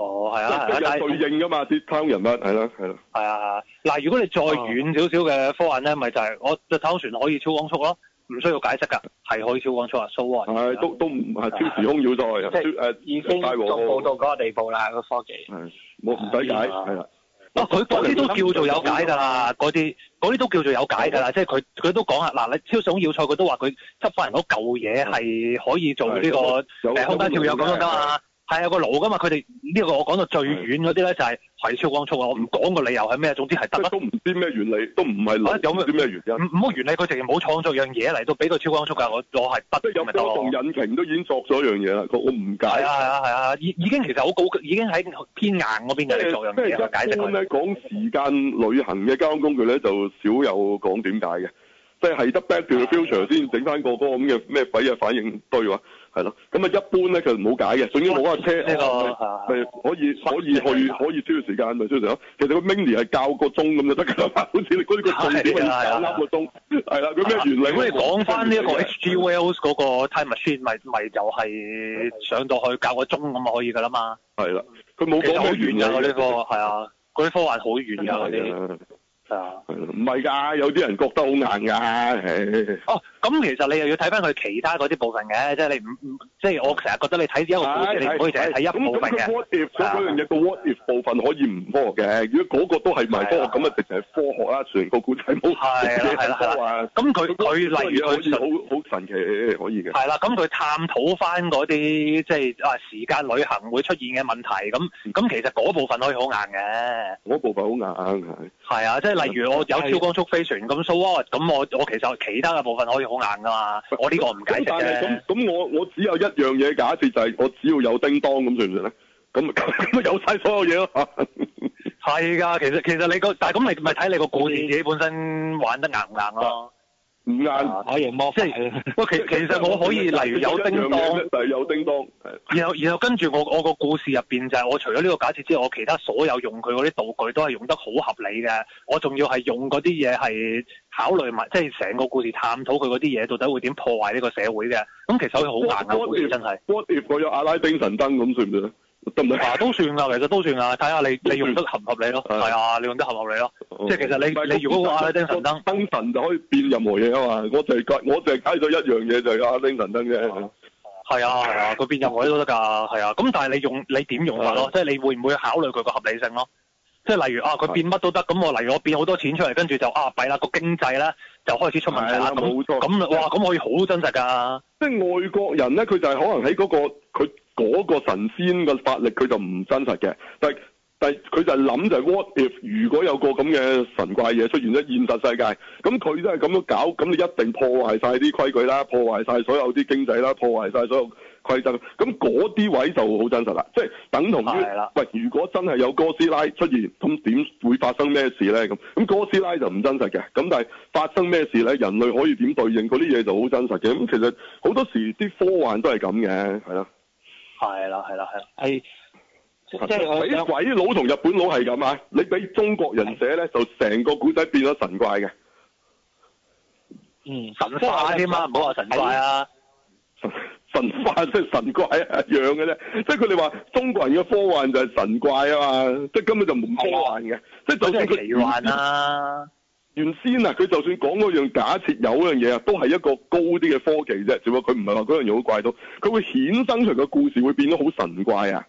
S1: 哦，係啊，係啊，對應㗎嘛，鐵三角人物，係啦，係啦。
S3: 係啊，嗱、啊，如果你再遠少少嘅科幻咧，咪、啊、就係、是、我隻太空船可以超光速咯，唔需要解釋㗎，係可以超光速、so、on，啊，數啊。係，都都唔係超時空要塞、就是、啊。即係誒，已經到
S2: 嗰個地步啦，個科技。冇
S3: 唔、啊、解係啦。哦、啊，佢嗰啲都叫做有解㗎啦，嗰啲嗰啲都叫做有解㗎啦、啊，即係佢佢都講啊，嗱，超時空要塞佢都話佢執翻人嗰嚿嘢係、啊、可以做呢、這個、啊、有有空間跳躍咁樣㗎嘛。係啊，個爐噶嘛，佢哋呢個我講到最遠嗰啲咧，就係係超光速啊！我唔講個理由係咩、嗯，總之係得啦。都唔知咩原理，都唔係有咩咩原因。唔好原理，佢直接冇創作樣嘢，嚟到俾個超光速噶，我我係得。有冇同
S1: 引擎都已經作咗樣嘢啦？我我唔解。
S3: 係啊係啊，已已經其實好高，已經喺偏硬嗰邊嘅作用嘅。解釋講
S1: 時間旅行嘅交通工具咧，就少有講點解嘅，即係係得 back to the future 先整翻個嗰咁嘅咩鬼嘅反應堆啊！對係咯，咁啊一般咧其實唔好解嘅，總之冇架車係係、這個啊、可以可以去可以需要時間咪需要咯。其實個 mini 係教個鐘咁就得噶啦，好似你嗰啲個重點係教三個
S3: 鐘，係啦咁咩原理。咁你講翻呢一個 H G Wells 嗰、那個 time machine 咪咪又係上到去、那個、上到去教個鐘咁啊可以噶啦嘛？係啦，佢冇講佢原理，嗰啲、這個、科幻啊，嗰啲科幻好遠噶嗰啲。唔係㗎，有啲人覺得好硬㗎。哦，咁、嗯、其實你又要睇翻佢其他嗰啲部分嘅，即係你唔即係我成日覺得你睇一個故事你唔可以淨係睇一部分嘅咁
S1: what if 嗰樣嘢，嗰個、what if 部分可以唔科學嘅，如果嗰個都係咪科學咁，咪直
S3: 係科學啦。雖然個故仔冇啲嘢咁佢佢例如佢好好神奇可以嘅。係啦，咁佢探討翻嗰啲即係啊時間旅行會出現嘅問題，咁咁其實嗰部分可以好硬嘅。嗰、嗯、部分好硬，硬。係啊，即係例如我有超光速飛船咁，so what？咁我我其實其他嘅部分可以好硬噶嘛，我呢個唔解釋咁
S1: 咁，我我只有一樣嘢假設就係我只
S3: 要有叮當咁，算唔算咧？咁咁咪有晒所有嘢咯。係 噶，其實其實你個，但係咁你咪睇你個個自己本身玩得硬唔硬咯。唔硬，可以模，即係，喂，其實其實我可以，例如有叮當，
S1: 有叮當，
S3: 然後然後跟住我我個故事入邊就係、是、我除咗呢個假設之外，我其他所有用佢嗰啲道具都係用得好合理嘅，我仲要係用嗰啲嘢係考慮埋，即係成個故事探討佢嗰啲嘢到底會點破壞呢個社會嘅，咁其實佢好難啊，what, what if, 真係。我 h a 咗我有阿拉丁神燈咁，算唔算？都唔係，都算啊，其實都算啊，睇下你你用得合唔合理咯，係啊，啊，你用得合唔合理咯，哦，即係其實你你如果個阿丁神
S1: 燈，啊，燈神就可以變任何嘢啊嘛，
S3: 我淨係睇我淨係睇咗一樣嘢就係阿丁神燈啫，係啊係啊，佢變任何嘢都得噶，係啊，咁，啊啊啊啊啊，但係你用你點用法咯，即係，啊就是，你會唔會考慮佢個合理性咯？即係例如啊，佢變乜都得，咁我例如我變好多錢出嚟，跟住就啊弊啦，個經濟咧就開始出問題啦，咁咁，啊嗯嗯，哇咁可以好真實噶，即
S1: 係外國人咧佢就係可能喺嗰，那個佢。嗰個神仙嘅法力佢就唔真實嘅，但係但係佢就諗就係 what if 如果有個咁嘅神怪嘢出現咗現實世界，咁佢都係咁樣搞，咁你一定破壞晒啲規矩啦，破壞晒所有啲經濟啦，破壞晒所有規則，咁嗰啲位就好真實啦，即係等同於，係啦，喂，如果真係有哥斯拉出現，咁點會發生咩事咧？咁咁哥斯拉就唔真實嘅，咁但係發生咩事咧？人類可以點對應嗰啲嘢就好真實嘅，咁其實好多時啲科幻都係咁嘅，係啦。係
S3: 啦，
S1: 係啦，係啦，係。即係我俾鬼佬同日本佬係咁啊！你俾中國人寫咧，就個成個古仔變咗神怪嘅。嗯，
S3: 神
S1: 化添啊！唔好話神怪啊。是是神神化即係神怪一樣嘅啫，即係佢哋話中國人嘅科幻就係神怪啊嘛！即係根本就冇科幻嘅，即係就算佢。即係離幻啦、啊。原先啊，佢就算講嗰樣假設有嗰樣嘢啊，都係一個高啲嘅科技啫，只不過佢唔係話嗰樣嘢好怪到，佢會衍生出個故事，會變得好神怪啊。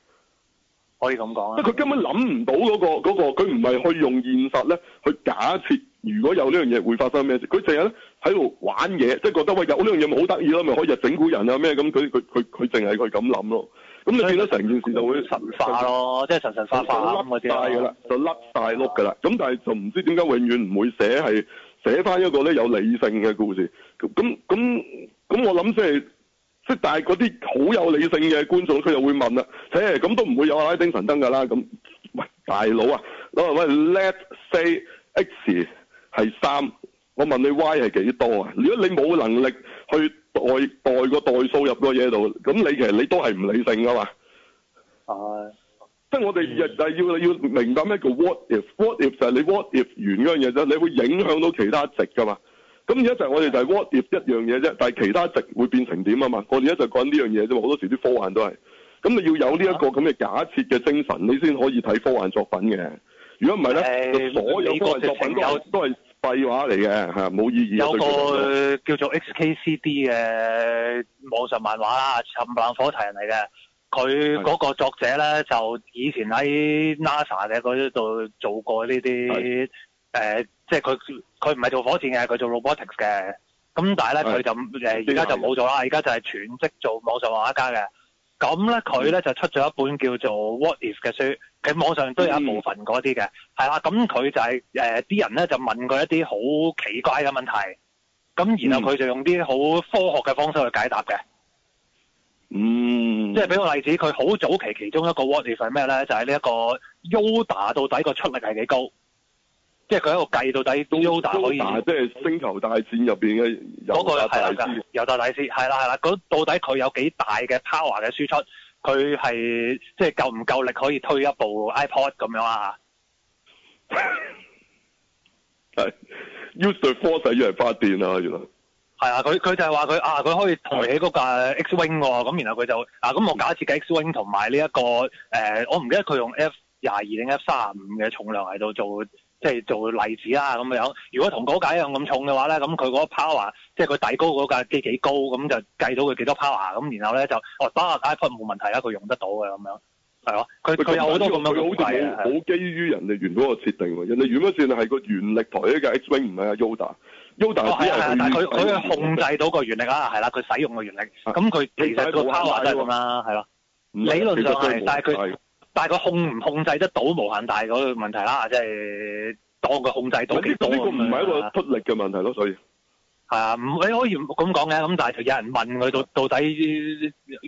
S3: 可以咁講啊，即係
S1: 佢根本諗唔到嗰個、嗰個，佢唔係去用現實咧去假設如果有呢樣嘢會發生咩事，佢成日咧喺度玩嘢，即係覺得喂，有呢樣嘢咪好得意咯，咪可以日整蠱人啊咩咁，佢佢佢佢淨係佢咁諗咯。咁你見到成件事就會
S3: 神化咯，即係神神化化嗰
S1: 啲，係噶啦，就甩大碌噶啦。咁但係就唔知點解永遠唔會寫係寫翻一個咧有理性嘅故事。咁咁咁，我諗即係即係，但係嗰啲好有理性嘅觀眾，佢又會問啦，即係、欸，咁都唔會有《阿拉丁神燈》㗎啦。咁喂，大佬啊，喂，Let's say x 係三，我問你 y 係幾多啊？如果你冇能力去。代代個代數入個嘢度，咁你其實你都係唔理性噶嘛？係、uh,，即係我哋日係要要明白咩叫 what if？what if 就係你 what if 完嗰樣嘢啫，你會影響到其他值噶嘛？咁而家就係我哋就係 what if 一樣嘢啫，但係其他值會變成點啊嘛？我哋而家就講呢樣嘢啫嘛，好多時啲科幻都係，咁你要有呢、這、一個咁嘅、uh? 假設嘅精神，你先可以睇科幻作品嘅。如果唔係咧，uh,
S3: 所有科幻作品都、uh, 都係。廢話嚟
S1: 嘅，吓，冇意義。有個
S3: 叫做 XKCD 嘅網上漫畫啦，冚唪唥火柴人嚟嘅。佢嗰個作者咧就以前喺 NASA 嘅嗰度做過呢啲，誒、呃，即係佢佢唔係做火箭嘅，佢做 robotics 嘅。咁但係咧佢就誒，而家就冇咗啦，而家就係全職做網上漫畫家嘅。咁咧佢咧就出咗一本叫做 What If 嘅書。佢網上都有一部分嗰啲嘅，係、嗯、啦，咁佢就係誒啲人咧就問佢一啲好奇怪嘅問題，咁然後佢就用啲好科學嘅方式去解答嘅。嗯。即係俾個例子，佢好早期其中一個 what 係咩咧？就係、是、呢一個 Yoda 到底個出力係幾高？即係佢喺度計到底 Yoda 可以。U 達即係星球大戰入面嘅遊達大師。遊、那個、達大師係啦係啦，咁到底佢有幾大嘅 power 嘅輸出？佢係即係夠唔夠力可以推一部 iPod 咁樣啊？係
S1: 要對科技要嚟發電啊！原
S3: 來係啊，佢佢就係話佢啊，佢可以抬起嗰架 X Wing 喎、哦，咁然後佢就啊，咁我假設嘅 X Wing 同埋呢一個誒、呃，我唔記得佢用 F 廿二定 F 三十五嘅重量喺度做。即係做例子啦、啊、咁樣。如果同嗰架一樣咁重嘅話咧，咁佢嗰 power，即係佢底高嗰架機幾高，咁就計到佢幾多 power。咁然後咧就，哦，得啊，解決冇問題啊，佢用得到嘅咁樣。係咯、啊，佢佢、這個、有好多咁樣佢好似好
S1: 基於人哋原嗰個設定喎、啊。人哋原嗰算係個原力台 w 嘅，n g 唔係啊 Yoda。Yoda 只係佢。哦，係係、啊，但係佢佢控制到
S3: 個原力啊。係、啊、啦，佢使用個原力，咁佢其實個 power 都係咁啦，係、啊、咯、嗯啊。理論上係，但係佢。但係佢控唔控制得到無限大嗰個問題啦，即係當佢控制到幾多呢，這個唔係、這個、一個出
S1: 力嘅問題咯，所以
S3: 係啊，唔你可以咁講嘅，咁但係有人問佢到到底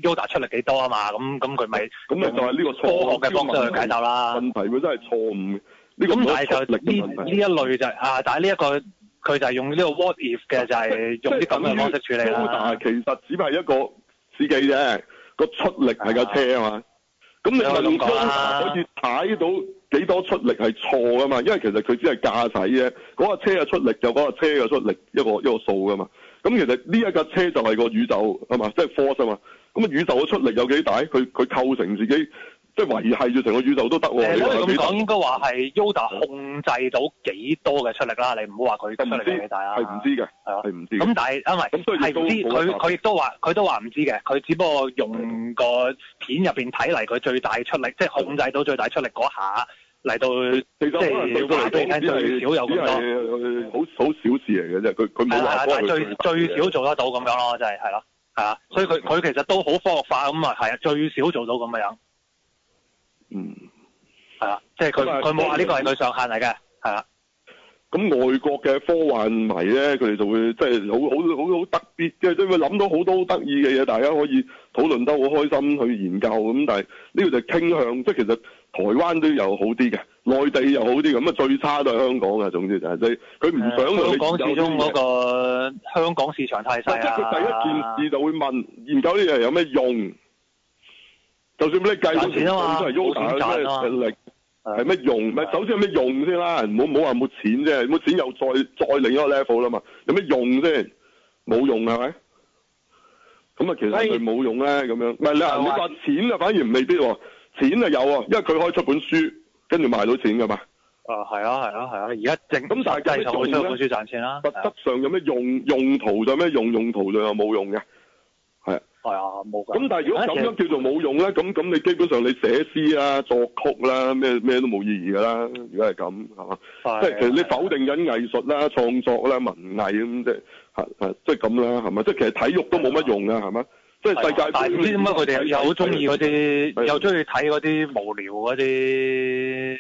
S3: Yoda 出力幾多啊嘛？咁咁佢咪咁啊？嗯、就係呢個科學嘅方法去解答啦。問題佢真係錯誤嘅。咁但係就呢呢一類就是、啊，但係呢一個佢就係用呢個 what if 嘅，就係、是、用啲咁嘅方式處理啦。但係其實只係一個司機啫，個出力係架車
S1: 啊嘛。咁你問觀察可以睇到幾多出力係錯㗎嘛？因為其實佢只係駕駛啫，嗰、那、架、個、車嘅出力就嗰架車嘅出，、那個、出力一個一個數㗎嘛。咁其實呢一架車就係個宇宙係嘛，即係、就是、force 啊嘛。咁、那、啊、個、宇宙嘅出力有幾大？佢佢構成自己。即係懷疑係要成個宇宙都得。誒、欸，我哋咁講，應
S3: 該話係 Yoda 控制到幾多嘅出力啦？嗯、你唔好話佢出力幾大啊。係唔知嘅，係咯、啊，係唔知、嗯嗯、知。咁但係因為係唔知，佢佢亦都話佢都話唔知嘅。佢只不過用個片入邊睇嚟，佢最大出力，嗯、即係控制到最大出力嗰下嚟到，即係難聽最少有咁多。好好小事嚟嘅啫，佢佢冇話過佢。係最最少做得到咁樣咯、嗯，就係係咯，係啊、嗯。所以佢佢、嗯、其實都好科學化咁啊，係啊，最少做到咁嘅樣。嗯，係啊，即係佢佢冇話呢個係上限嚟
S1: 嘅，係啊，咁外國嘅科幻迷咧，佢哋就會即係好好好好特別，即係都會諗到好多得意嘅嘢，大家可以討論得好開心，去研究咁。但係呢個就傾向，即係其實台灣都有好啲嘅，內地又好啲咁啊，最差都係香港嘅。總之就係，即係你，佢唔想香港始終嗰個
S3: 香港市場太細，即係佢第一件事就會
S1: 問，啊、研究呢樣有咩用？就算你計算，賺錢啊嘛，冇點賺啊？力係咩、啊、用？咪首先有咩用先啦？唔好唔好話冇錢啫，冇錢又再再另一個 level 啦嘛。有咩用先？冇用係咪？咁啊，其實佢冇用咧咁樣。唔係你話錢啊，反而未必喎。錢啊有啊，因為佢可以出本書，跟住賣到錢㗎嘛。啊，係啊，
S3: 係啊，係啊。而家正咁，但係計就本書賺錢啦。實質
S1: 上有咩用用途就有用？有咩用用途，就有用途就有用？就冇用嘅。
S3: 係、哎、啊，冇咁但係如果咁樣叫做
S1: 冇用咧，咁咁你基本上你寫詩啊、作曲啦、啊、咩咩都冇意義㗎啦。如果係咁係嘛，
S3: 即係、係、其實你
S1: 否定緊藝術啦、啊、創作啦、啊、文藝咁即係即係咁啦，係咪、係？即係其實體育都冇乜用㗎，係咪？
S3: 即係世界知唔知？佢哋又好中意嗰啲，又中意睇嗰啲無聊嗰啲，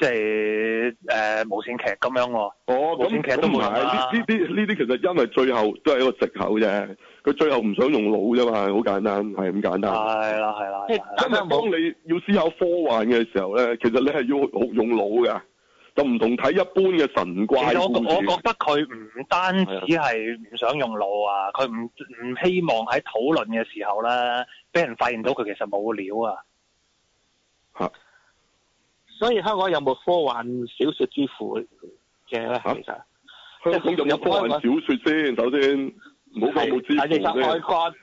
S3: 即係誒無線劇咁樣喎。哦，咁劇都冇呢
S1: 啲呢啲其實因為最後都係一個藉口啫。佢最後唔想用腦啫嘛，好簡單，係咁簡單。係啦，係啦。咁啊，當你要思考科幻嘅時候咧，其實你係要用腦㗎，就唔同睇一般嘅神怪。我我覺得
S3: 佢唔單止係唔想用腦啊，佢唔唔希望喺討論嘅時候咧，俾人發現到佢其實冇
S2: 料啊，啊。所以香港有冇科幻小説之父嘅咧、啊？其實、即係、香港有冇科幻小説先、啊？首先。
S3: 冇計，
S2: 但係其實外國，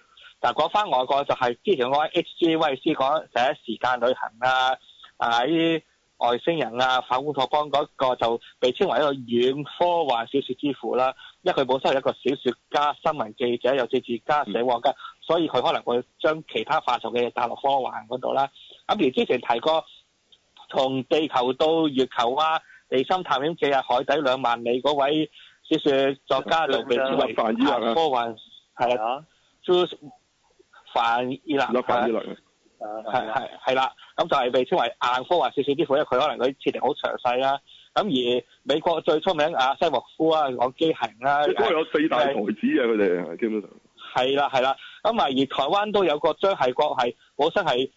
S2: 嗱講翻外國就係之前嗰位 H.G. 威斯講第一時間旅行啊，啊啲外星人啊，反烏托邦嗰個就被稱為一個軟科幻小説之父啦。因為佢本身係一個小説家、新聞記者又寫字家死亡、寫畫家，所以佢可能會將其他化學嘅嘢帶落科幻嗰度啦。咁而之前提過，從地球到月球啊，地心探險記啊，海底兩萬里嗰位。少少作家就被稱為，科幻，係啊，朱凡爾納，啊，係係係啦，咁就係被稱為硬科幻少少啲，因為佢可能佢設定好詳細啦、啊。咁而美國最出名啊西莫夫啊講機型啊，應該有四大才子啊佢哋基
S1: 本上。
S2: 係啦係啦，咁、啊、而台灣都有個張係國係本身係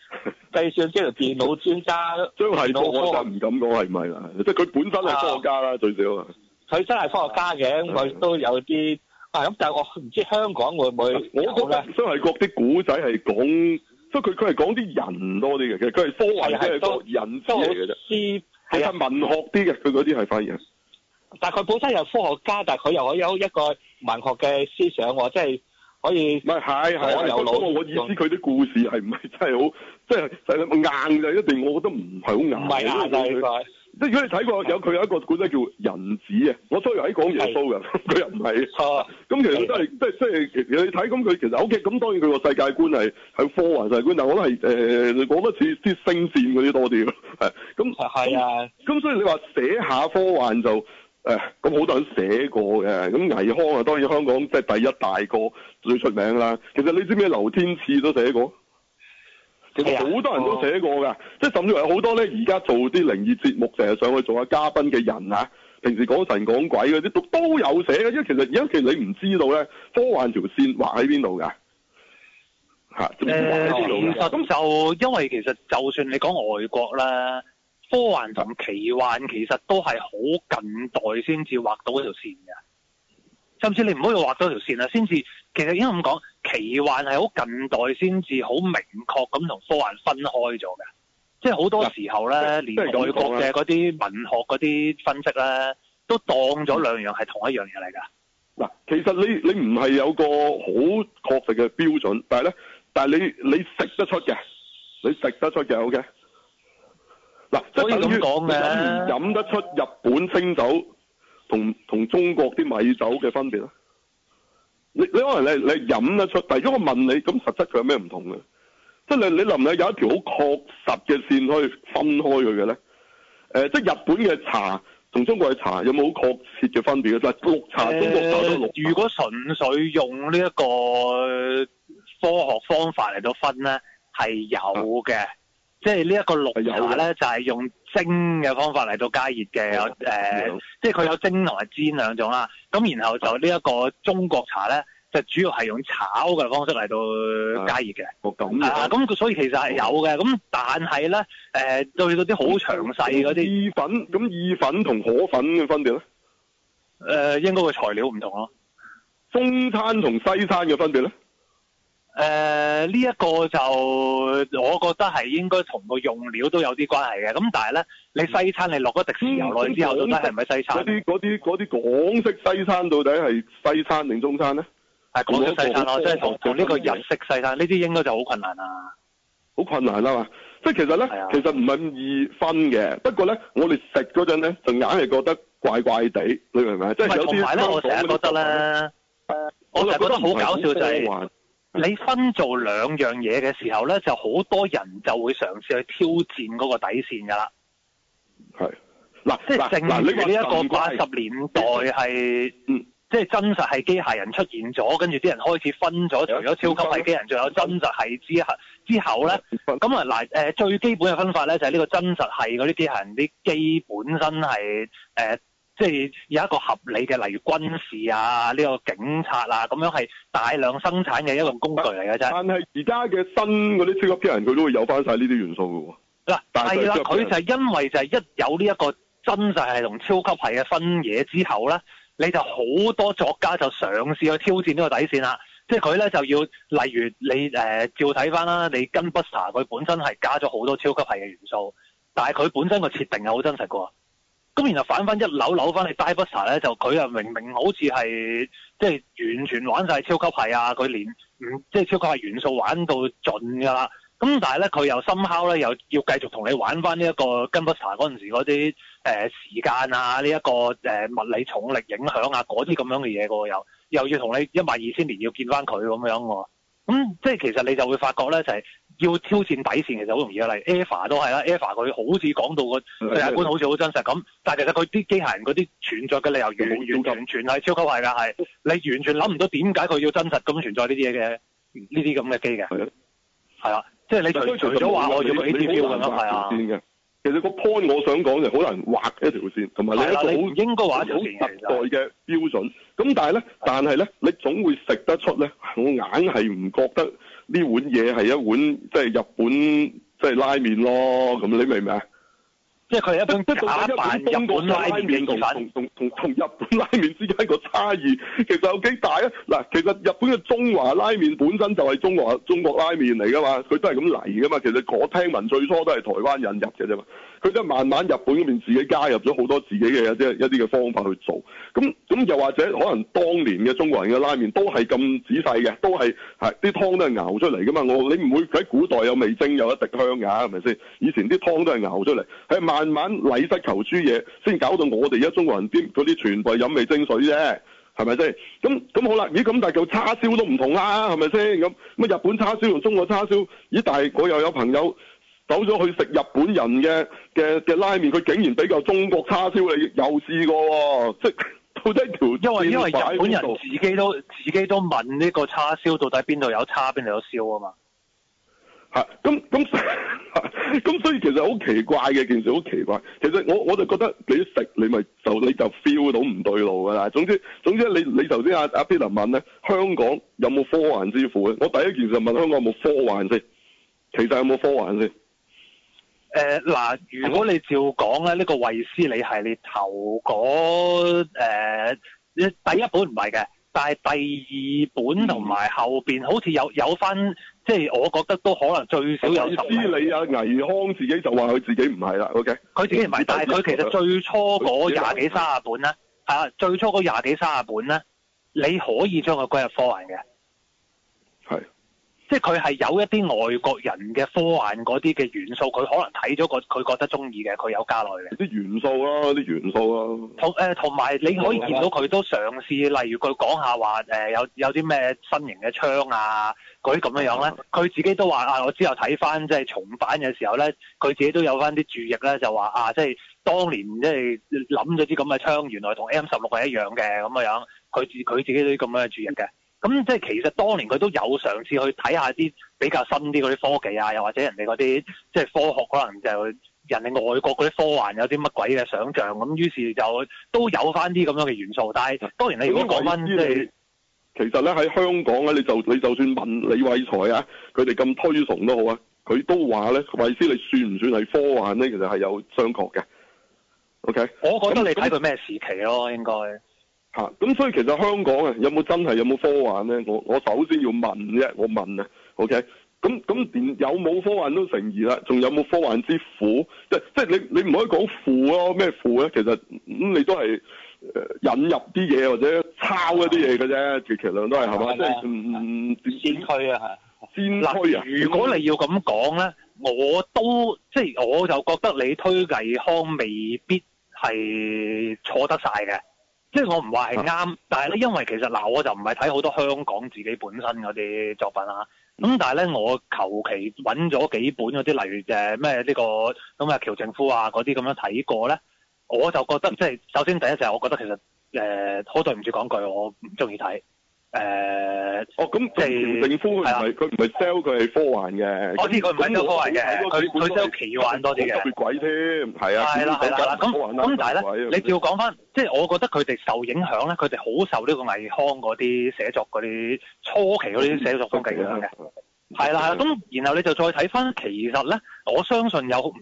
S2: 計算機同電腦專家。張係國我就唔
S1: 敢講係咪
S2: 啦，即係佢本身係作家啦最少啊。佢真係科學家嘅，佢都有啲啊咁，但係我唔知香港會唔會？我覺得
S1: 真係嗰啲啲古仔係講，都佢佢係講啲人多啲嘅，其實佢係科幻嘅，人嚟嘅啫，係啊，文學啲嘅，佢嗰啲係反而。但
S2: 係佢本身又科學家，但係佢又可以有一個文學嘅思想喎，即係可以。唔係係係我有諗過我意思，
S1: 佢啲故事係唔係真係好，即係硬就一定？我覺得唔係好硬。即係如果你睇過有佢有一個古仔叫人子所以 啊，我雖然喺講耶穌㗎，佢又唔係咁其實真係即係即係其實你睇咁佢其實 O K，咁當然佢個世界觀係喺科幻世界觀，但我都係誒講得似啲星戰嗰啲多啲咯，咁。啊，咁所以你話寫下科幻就咁好多人寫寫過嘅。咁倪匡啊，當然香港即係第一大個最出名啦。其實你知唔知劉天賜都寫過？其實好多人都寫過嘅，oh. 即係甚至乎有好多咧，而家做啲靈異節目，成日上去做下嘉賓嘅人啊，平時講神講鬼嗰啲都都有寫嘅，因為其實而家其實你唔知道咧，科幻條線畫喺邊度㗎？嚇、
S3: uh, 咁、uh, 就因為其實，就算你講外國啦，科幻同奇幻其實都係好近代先至畫到嗰條線嘅。甚至你唔可以畫多條線啊！先至其實應該咁講，奇幻係好近代先至好明確咁同科幻分開咗嘅。即係好多時候咧，連外國嘅嗰啲文學嗰啲分析咧，都當咗兩樣係同一樣嘢嚟㗎。嗱，
S1: 其實你你唔係有個好確實嘅標準，但係咧，但係你你食得出嘅，你食得出嘅 Ok，嗱，即係等於飲飲得出日本清酒，同同中國啲米酒嘅分別咧？你你可能你你飲得出，但如果我問你，咁實質佢有咩唔同嘅？即係你你諗，係有一條好確實嘅線可以分開佢嘅咧。誒，即係日本嘅茶
S3: 同中國嘅茶有冇好
S1: 確切嘅分別嘅？就係、是、綠茶，中國搞到綠,茶都綠茶、
S3: 呃。如果純粹用呢一個科學方法嚟到分咧，係有嘅，啊、即係呢一個綠茶咧，就係、是、用。蒸嘅方法嚟到加熱嘅，誒，呃嗯、即係佢有蒸同埋煎兩種啦。咁然後就呢一個中國茶咧，就主要係用炒嘅方式嚟到加熱嘅。我咁、啊、所以其實係有嘅。咁、嗯嗯、但係咧，誒、呃，對到啲好詳細嗰啲，嗯嗯、意粉，咁意粉同河粉嘅分別咧？誒、呃，應該個材料唔同咯。中餐同西餐嘅分別咧？誒、呃，呢、這、一個就我覺得係應該同個用料都有啲關係嘅。咁但係咧，你西餐你落咗啲豉油落嚟之後，嗯、到底係唔係西餐？
S1: 嗰啲啲啲港式西餐到底係西餐定中餐咧？
S3: 係港式西餐咯，即係同同呢個日
S1: 式西餐呢啲應該就好困難啦，好困難啦嘛。即係其實咧、啊，其實唔係咁易分嘅。不過咧，我哋食嗰陣咧，就硬係
S3: 覺得怪怪地，你明唔明？即係有啲咧，我成日覺得咧，我就覺得好搞笑就係、是。你分做兩樣嘢嘅時候咧，就好多人就會嘗試去挑戰嗰個底線噶啦。係，嗱、啊，即係正話呢一個八十年代係，即、嗯、係、就是、真實係機械人出現咗，跟住啲人開始分咗，除咗超級係機械人，仲有真實係之後之後咧，咁啊嗱，誒、啊啊啊、最基本嘅分法咧就係呢個真實係嗰啲機械人啲機本身係誒。啊即係有一個合理嘅，例如軍事啊、呢、呢個警察啊咁樣，係大量生產嘅一個工具嚟嘅啫。但係而家嘅新嗰啲超級 p 人，佢都會有翻
S1: 晒呢啲元素嘅喎。
S3: 但係啦，佢就係因為就係一有呢一個真實係同超級係嘅分野之後咧，你就好多作家就嘗試去挑戰呢個底線啦。即係佢咧就要，例如你誒、呃、照睇翻啦，你跟 b u Gunbuster 佢本身係加咗好多超級係嘅元素，但係佢本身個設定係好真實嘅喎。咁然後反翻一扭扭翻你 Diebuster 咧，就佢又明明好似係即係完全玩晒超級系啊，佢連唔即係超級系元素玩到盡㗎啦。咁但係咧佢又深考咧，又要繼續同你玩翻呢一個 Gunbuster 嗰陣時嗰啲、呃、時間啊，呢、這、一個、呃、物理重力影響啊，嗰啲咁樣嘅嘢嘅喎又又要同你一萬二千年要見翻佢咁樣喎、啊。咁、嗯、即係其實你就會發覺咧就係、是。要挑戰底線其實好容易嘅，例如 Ava 都係啦，Ava 佢好似講到個世界觀好似好真實咁，但係其實佢啲機械人嗰啲存在嘅理由完完全係超級廢㗎，係你完全諗唔到點解佢要真實咁存在呢啲嘢嘅呢啲咁嘅機嘅。係啊，即係你除除咗話你你好難畫條線嘅，
S1: 其實個 point 我想講就好難畫一條線，同埋你一個好應該畫一條線嘅標準。咁但係咧，但係咧，你總會食得出咧，我硬係唔覺得。呢碗嘢係一碗，一碗即係日本即係拉麵咯，咁你明唔明啊？即係佢係一間假扮日本，日本拉麵同同同同日本拉麵之間個差異，其實有幾大啊？嗱，其實日本嘅中華拉麵本身就係中華中國拉麵嚟噶嘛，佢都係咁嚟噶嘛。其實我聽聞最初都係台灣引入嘅啫嘛。佢都係慢慢日本嗰邊自己加入咗好多自己嘅一啲一啲嘅方法去做，咁咁又或者可能當年嘅中國人嘅拉麵都係咁仔細嘅，都係啲湯都係熬出嚟㗎嘛，我你唔會喺古代有味精有一滴香㗎，係咪先？以前啲湯都係熬出嚟，係慢慢禮失求諸嘢先搞到我哋而家中國人啲嗰啲全部係飲味精水啫，係咪先？咁咁好啦，咦咁但係就叉燒都唔同啦，係咪先？咁咁日本叉燒同中國叉燒咦，但係我又有朋友。走咗去食日本人嘅嘅嘅拉麵，佢竟然比較中國叉燒，你
S3: 又試過、哦？即到底條因為因為日本人自己都自己都問呢個叉燒到底邊度有叉邊度有燒啊嘛？係咁咁咁所以其實好奇怪嘅件事，好奇怪。其實我我就覺得你食你
S1: 咪就你就 feel 到唔對路噶啦。總之總之你你頭先阿阿 Peter 問咧，香港有冇科幻之父咧？我第一件事就問香港有冇科幻先，其實有冇科幻
S3: 先？誒、呃、嗱，如果你照講咧，呢、這個衛斯理系列頭嗰誒、呃、第一本唔係嘅，但係第二本同埋後邊好似有有翻，即係我覺得都可能最少有十本。衛斯理
S1: 阿倪匡自己就話佢自己唔係啦，OK，佢自己唔係，但係佢其實最初嗰廿
S3: 幾卅本咧，啊最初嗰廿幾卅本咧，你可以將佢歸入科幻嘅。即係佢係有一啲外國人嘅科幻嗰啲嘅元素，佢可能睇咗個佢覺得中意嘅，佢有加落去嘅。
S1: 啲元素啦、啊，啲元素啦、啊。
S3: 同誒同埋你可以見到佢都嘗試，例如佢講下話、呃、有有啲咩新型嘅槍啊嗰啲咁嘅樣咧，佢自己都話啊，我之後睇翻即係重版嘅時候咧，佢自己都有翻啲註譯咧，就話啊，即係當年即係諗咗啲咁嘅槍，原來同 M 十六係一樣嘅咁嘅樣，佢自佢自己都咁嘅註譯嘅。咁即係其實當年佢都有嘗試去睇下啲比較新啲嗰啲科技啊，又或者人哋嗰啲即係科學，可能就人哋外國嗰啲科幻有啲乜鬼嘅想像，咁於是就都有翻啲咁樣嘅元素。但係當然你剛剛如果講翻即係其實咧，喺
S1: 香港咧，你就你就算問李偉才啊，佢哋咁推崇好都好啊，佢都話咧，為之你算唔算係科幻咧？其實係有商榷嘅。O、okay? K，我覺得你睇佢咩時期咯，應該。吓、啊，咁所以其實香港啊，有冇真係有冇科幻咧？我我首先要問啫，我問啊，OK？咁咁點有冇科幻都成疑啦，仲有冇科幻之父？即即你你唔可以講父咯，咩父咧？其實咁、嗯、你都係引入啲嘢或者抄一啲嘢嘅啫，極其量都係係嘛？即唔
S3: 唔先驅啊，係先驅啊！如果你要咁講咧，我都即我就覺得你推藝康未必係錯得晒嘅。即係我唔話係啱，但係咧，因為其實嗱，我就唔係睇好多香港自己本身嗰啲作品啦。咁但係咧，我求其揾咗幾本嗰啲，例如誒咩呢個咁啊喬靖夫啊嗰啲咁樣睇過咧，我就覺得即係首先第一就係我覺得其實誒好、呃、對唔住講句，我唔中意睇。誒、嗯，哦，咁即
S1: 係夫佢唔係佢唔係 sell 佢係科
S3: 幻嘅，我知佢唔係得科幻嘅，佢佢 sell 奇幻多啲嘅，佢
S1: 鬼添，係啊，係啦係啦，咁咁但係咧，啊啊咧啊咧啊、你照要
S3: 講翻，即係我覺得佢哋受影響咧，佢哋好受呢個倪匡嗰啲寫作嗰啲初期嗰啲寫作風格影響嘅，係啦係啦，咁然後你就再睇翻，其實咧，我相信有唔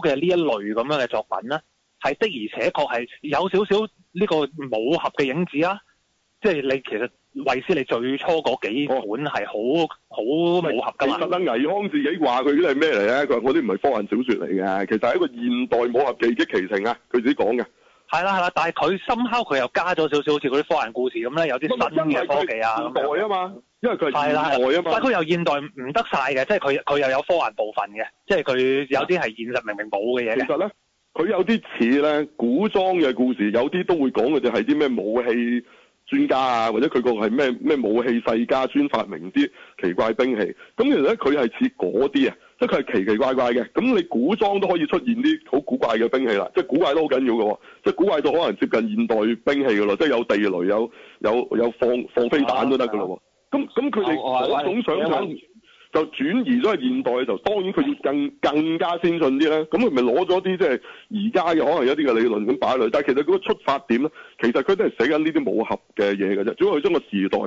S3: 少嘅呢一類咁樣嘅作品咧，係的而且確係有少少呢個武俠嘅影子啊。即係你其實維斯，你最初嗰幾本係好好武俠㗎嘛。其實倪匡自己話：佢呢
S1: 啲係咩嚟咧？佢話：我啲唔係科幻小説嚟嘅，其實係一個現代武俠技擊奇情啊！佢自己講嘅
S3: 係啦係啦，但係佢深敲佢又加咗少少，好似嗰啲科幻故事咁咧，有啲新嘅科技啊。現代啊嘛，因為佢係啦，現代啊嘛，但佢又現代唔得晒嘅，即係佢佢又有科幻部分嘅，即係佢有啲係現實明明冇嘅嘢。其實
S1: 咧，佢有啲似咧古裝嘅故事，有啲都會講嘅就係啲咩武器。專家啊，或者佢個係咩咩武器世家專發明啲奇怪兵器，咁其實咧佢係似嗰啲啊，即係佢係奇奇怪怪嘅。咁你古裝都可以出現啲好古怪嘅兵器啦，即係古怪都好緊要㗎喎，即係古怪到可能接近現代兵器㗎咯，即係有地雷、有有有放放飛彈都得㗎咯喎。咁咁佢哋嗰種想象、啊。就轉移咗去現代嘅時候，當然佢要更更加先進啲咧。咁佢咪攞咗啲即係而家嘅可能有一啲嘅理論咁擺落。但係其實嗰個出發點咧，其實佢都係寫緊呢啲武俠嘅嘢㗎啫。主要佢將個時代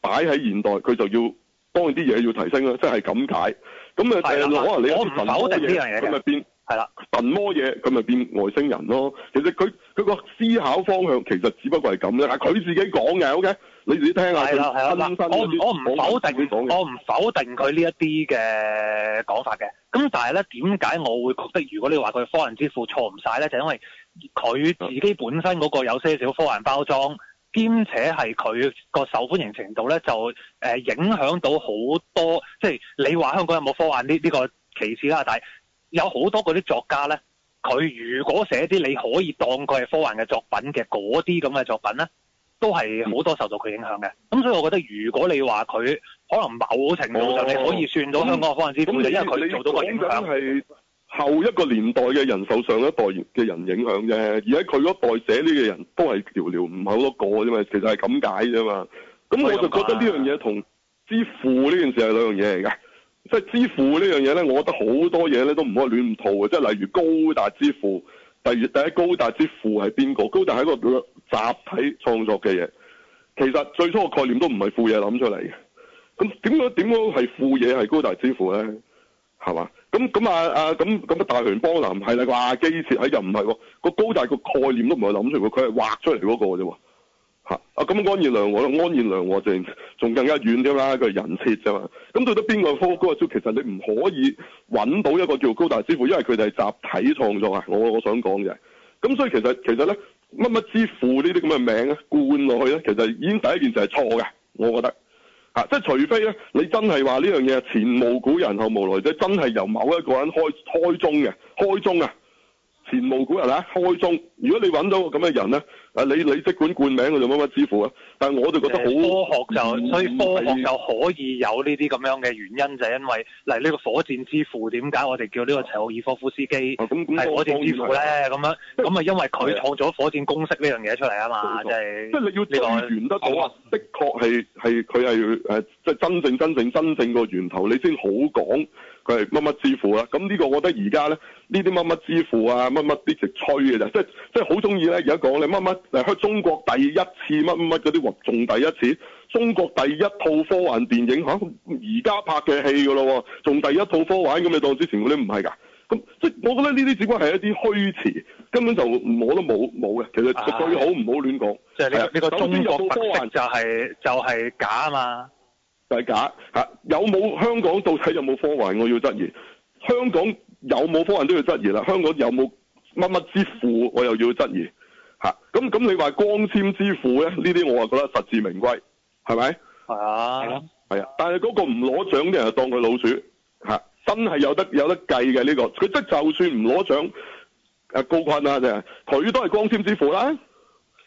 S1: 擺喺現代，佢就要當然啲嘢要提升啦，即係咁解。咁啊，誒，我唔否定呢樣嘢嘅。咁咪變係啦？神魔嘢，咁咪變外星人咯？其實佢佢個思考方向其實只不過係咁啫。佢自己講嘅，OK。你越聽啊，係啦，係啦，
S3: 我我唔否定，我唔否定佢呢一啲嘅講法嘅。咁但係咧，點解我會覺得如果你話佢科幻之父錯唔晒咧，就是、因為佢自己本身嗰個有些少科幻包裝，兼且係佢個受歡迎程度咧，就誒、呃、影響到好多。即係你話香港有冇科幻、這個這個、呢？呢個其次啦，但係有好多嗰啲作家咧，佢如果寫啲你可以當佢係科幻嘅作品嘅嗰啲咁嘅作品咧。都係好多受到佢影響嘅，咁所以我覺得如果你話佢可能某程度上你可以算到香港嘅科幻之父，因為佢做到個影
S1: 響係後一個年代嘅人受上一代嘅人影響啫，而喺佢嗰代寫呢個人都係寥寥唔係好多個啫嘛，其實係咁解啫嘛。咁我就覺得呢樣嘢同支付呢件事係兩樣嘢嚟嘅，即係支付呢樣嘢咧，我覺得好多嘢咧都唔可以亂套嘅，即係例如高達支付。第二，第一高達之父係邊個？高達係一個集體創作嘅嘢，其實最初個概念都唔係富野諗出嚟嘅。咁點解點解係富野，係高達之父咧？係嘛？咁咁啊啊咁咁啊大雄幫男係你話機設喺又唔係喎。個、啊哦、高達個概念都唔係諗出嚟，佢係畫出嚟嗰個啫喎。啊！咁安彥良和安彥良和仲仲更加遠啲啦，佢係人設啫嘛。咁到底邊個高達之父？其實你唔可以揾到一個叫高達之父，因為佢哋係集體創作啊。我我想講嘅。咁所以其實其實咧，乜乜之父呢啲咁嘅名灌落去咧，其實已經第一件事係錯嘅。我覺得、啊、即係除非咧，你真係話呢樣嘢前無古人後無來者，真係由某一個人開開宗嘅開宗啊！前無古人啊，開宗。如果你揾到個咁嘅人咧～啊！你你即管冠名
S3: 佢就乜乜之父啊？但係我就覺得好、就是、科學就，所以科學就可以有呢啲咁樣嘅原因就係、是、因為，嚟呢個火箭之父點解我哋叫呢個齊奧爾科夫斯基咁、啊啊啊啊啊、火箭之父咧？咁樣咁啊，因為佢創咗火箭公式呢樣嘢出嚟啊嘛，即係即係你要溯源
S1: 得到，這個、的確係係佢係誒即係真正真正真正個源頭，你先好講佢係乜乜之父啦。咁呢個我覺得而家咧呢啲乜乜之父啊乜乜必直吹嘅就即係即係好中意咧而家講你乜乜。嚟開中國第一次乜乜嗰啲，仲第一次？中國第一套科幻電影吓，而、啊、家拍嘅戲噶咯，仲第一套科幻，咁你當之前嗰啲唔係噶？咁即係我覺得呢啲只不過係一啲虛詞，根本就我都冇冇嘅。其實最好唔好亂講。即係呢個呢、這個中國有有科幻特
S3: 就係就係假啊嘛，
S1: 就係、是、假吓、就是。有冇香港到底有冇科幻？我要質疑。香港有冇科幻都要質疑啦。香港有冇乜乜之父？我又要質疑。吓、啊，咁咁你話光纖之父咧？呢啲我話覺得實至名歸，係咪？係啊，係咯、啊，係啊。但係嗰個唔攞獎啲人就當佢老鼠，吓、啊，真係有得有得計嘅呢個。佢即係就算唔攞獎，阿、啊、高錕啊，就佢都係光纖之父啦。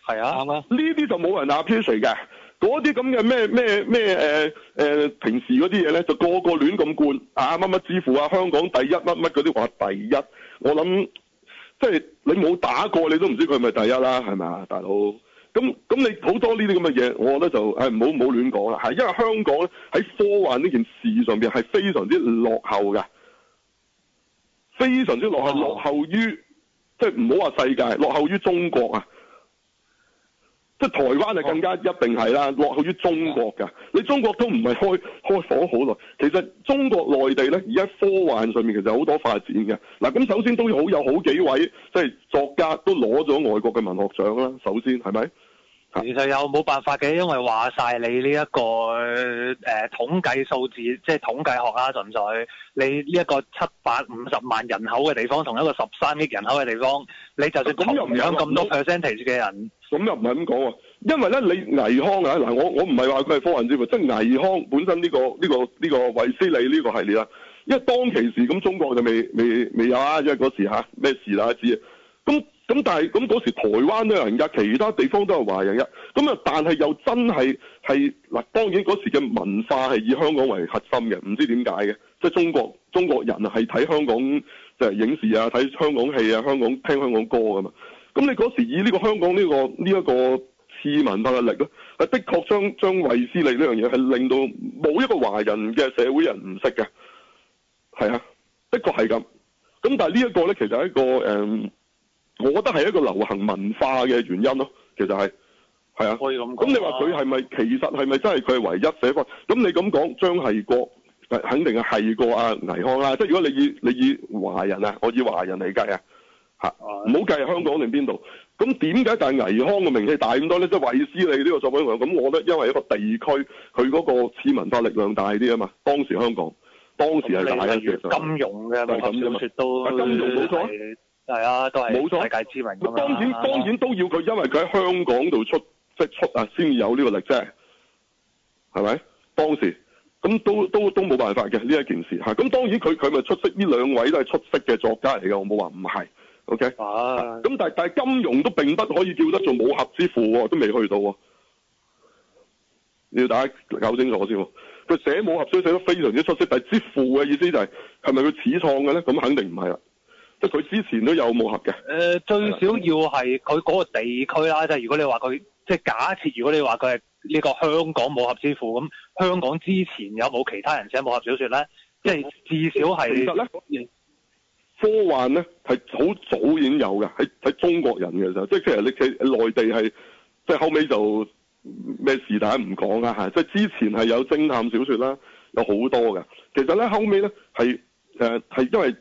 S1: 係啊，啱啊。呢啲就冇人啊 P S 嘅，嗰啲咁嘅咩咩咩誒誒，平時嗰啲嘢咧，就個個亂咁灌，啊乜乜之父啊，香港第一乜乜嗰啲話第一，我諗。即係你冇打過，你都唔知佢係咪第一啦，係咪啊，大佬？咁咁你好多呢啲咁嘅嘢，我覺得就誒唔好唔好亂講啦，係因為香港喺科幻呢件事上邊係非常之落後㗎，非常之落後，哦、落後於即係唔好話世界，落後於中國啊！即係台灣就更加一定係啦，落後於中國㗎。你中國都唔係開開火好耐，其實中國內地咧而家科幻上面其實好多發展嘅。嗱，咁首先都好有好幾位即係、就是、作家都攞咗外國嘅文學獎啦。首先係咪？是
S3: 其實有冇辦法嘅？因為話晒你呢、這、一個誒、呃、統計數字，即係統計學啦，純粹你呢一個七百五十萬人口嘅地方，同一個十三億人口嘅地方，你就算咁又唔有咁多 percentage
S1: 嘅人，咁又唔係咁講啊？因為咧，你倪匡啊！嗱，我我唔係話佢係科幻之父，即、就、係、是、倪匡本身呢、這個呢、這個呢、這個衛、這個、斯理呢個系列啊，因為當其時咁，中國就未未未有啊，因為嗰時嚇、啊、咩事啦、啊？知啊？咁。咁但係咁嗰時台灣都有人嘅，而家其他地方都係華人嘅，咁啊，但係又真係係嗱，當然嗰時嘅文化係以香港為核心嘅，唔知點解嘅，即係中國中國人啊，係睇香港即係影視啊，睇香港戲啊，香港聽香港歌㗎嘛。咁你嗰時以呢個香港呢個呢一個市民化嘅力咯，係的確將將衛斯理呢樣嘢係令到冇一個華人嘅社會人唔識嘅，係啊，的確係咁。咁但係呢一個咧，其實係一個誒。嗯.我覺得係一個流行文化嘅原因咯，其實係係啊。可以咁講。
S3: 咁、嗯、你話佢係
S1: 咪其實係咪真係佢係唯一寫法？咁、嗯、你咁講，張系國肯定係個阿倪匡啦、啊。即係如果你以你以華人啊，我以華人嚟計啊，吓唔好計香港定邊度？咁點解但係倪匡嘅名氣大咁多咧？即係衛斯理呢個作品咁、嗯嗯，我覺得因為一個地區佢嗰個次文化力量大啲啊嘛。當時香港當時係大的時、嗯、是金融嘅、就是、金融。冇錯。
S3: 係啊，都係世界知名，當然、啊、當然都
S1: 要佢、啊，因為佢喺香港度出，即、就、係、是、出啊，先有呢個力啫，係、就、咪、是？當時咁都都都冇辦法嘅呢一件事吓。咁、啊、當然佢佢咪出色呢兩位都係出色嘅作家嚟嘅，我冇話唔係。OK，咁、啊啊啊、但但係金庸都並不可以叫得做武俠之父，都未去到。你要大家搞清楚先。佢寫武俠書寫得非常之出色，但係之父嘅意思就係係咪佢始創嘅咧？咁肯定唔係啦。佢之前都有武俠嘅，呃，
S3: 誒最少要係佢嗰個地區啦。即、就、係、是、如果你話佢，即、就、係、是、假設如果你話佢係呢個香港武俠師傅咁，香港之前有冇其他人寫武俠小說咧？即、就、係、是、至少係。其
S1: 實咧，科幻咧係好早已經有嘅，喺喺中國人嘅就，即係其實你喺內地係，即係後尾就咩事大家唔講啦吓。即係之前係有偵探小說啦，有好多嘅。其實咧後尾咧係誒係因為。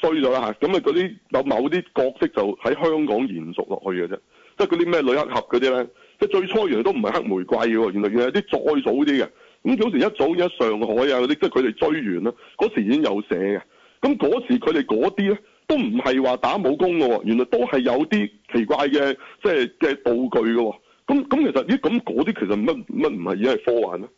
S1: 衰咗啦吓，咁啊，嗰啲有某啲角色就喺香港延續落去嘅啫，即係嗰啲咩女黑俠嗰啲咧，即係最初原來都唔係黑玫瑰喎，原來原來有啲再早啲嘅，咁有時一早已喺上海啊嗰啲，即係佢哋追完啦，嗰時已經有寫嘅，咁嗰時佢哋嗰啲咧都唔係話打武功嘅喎，原來都係有啲奇怪嘅即係嘅道具嘅喎，咁咁其實咦咁嗰啲其實乜乜唔係已經係科幻咧？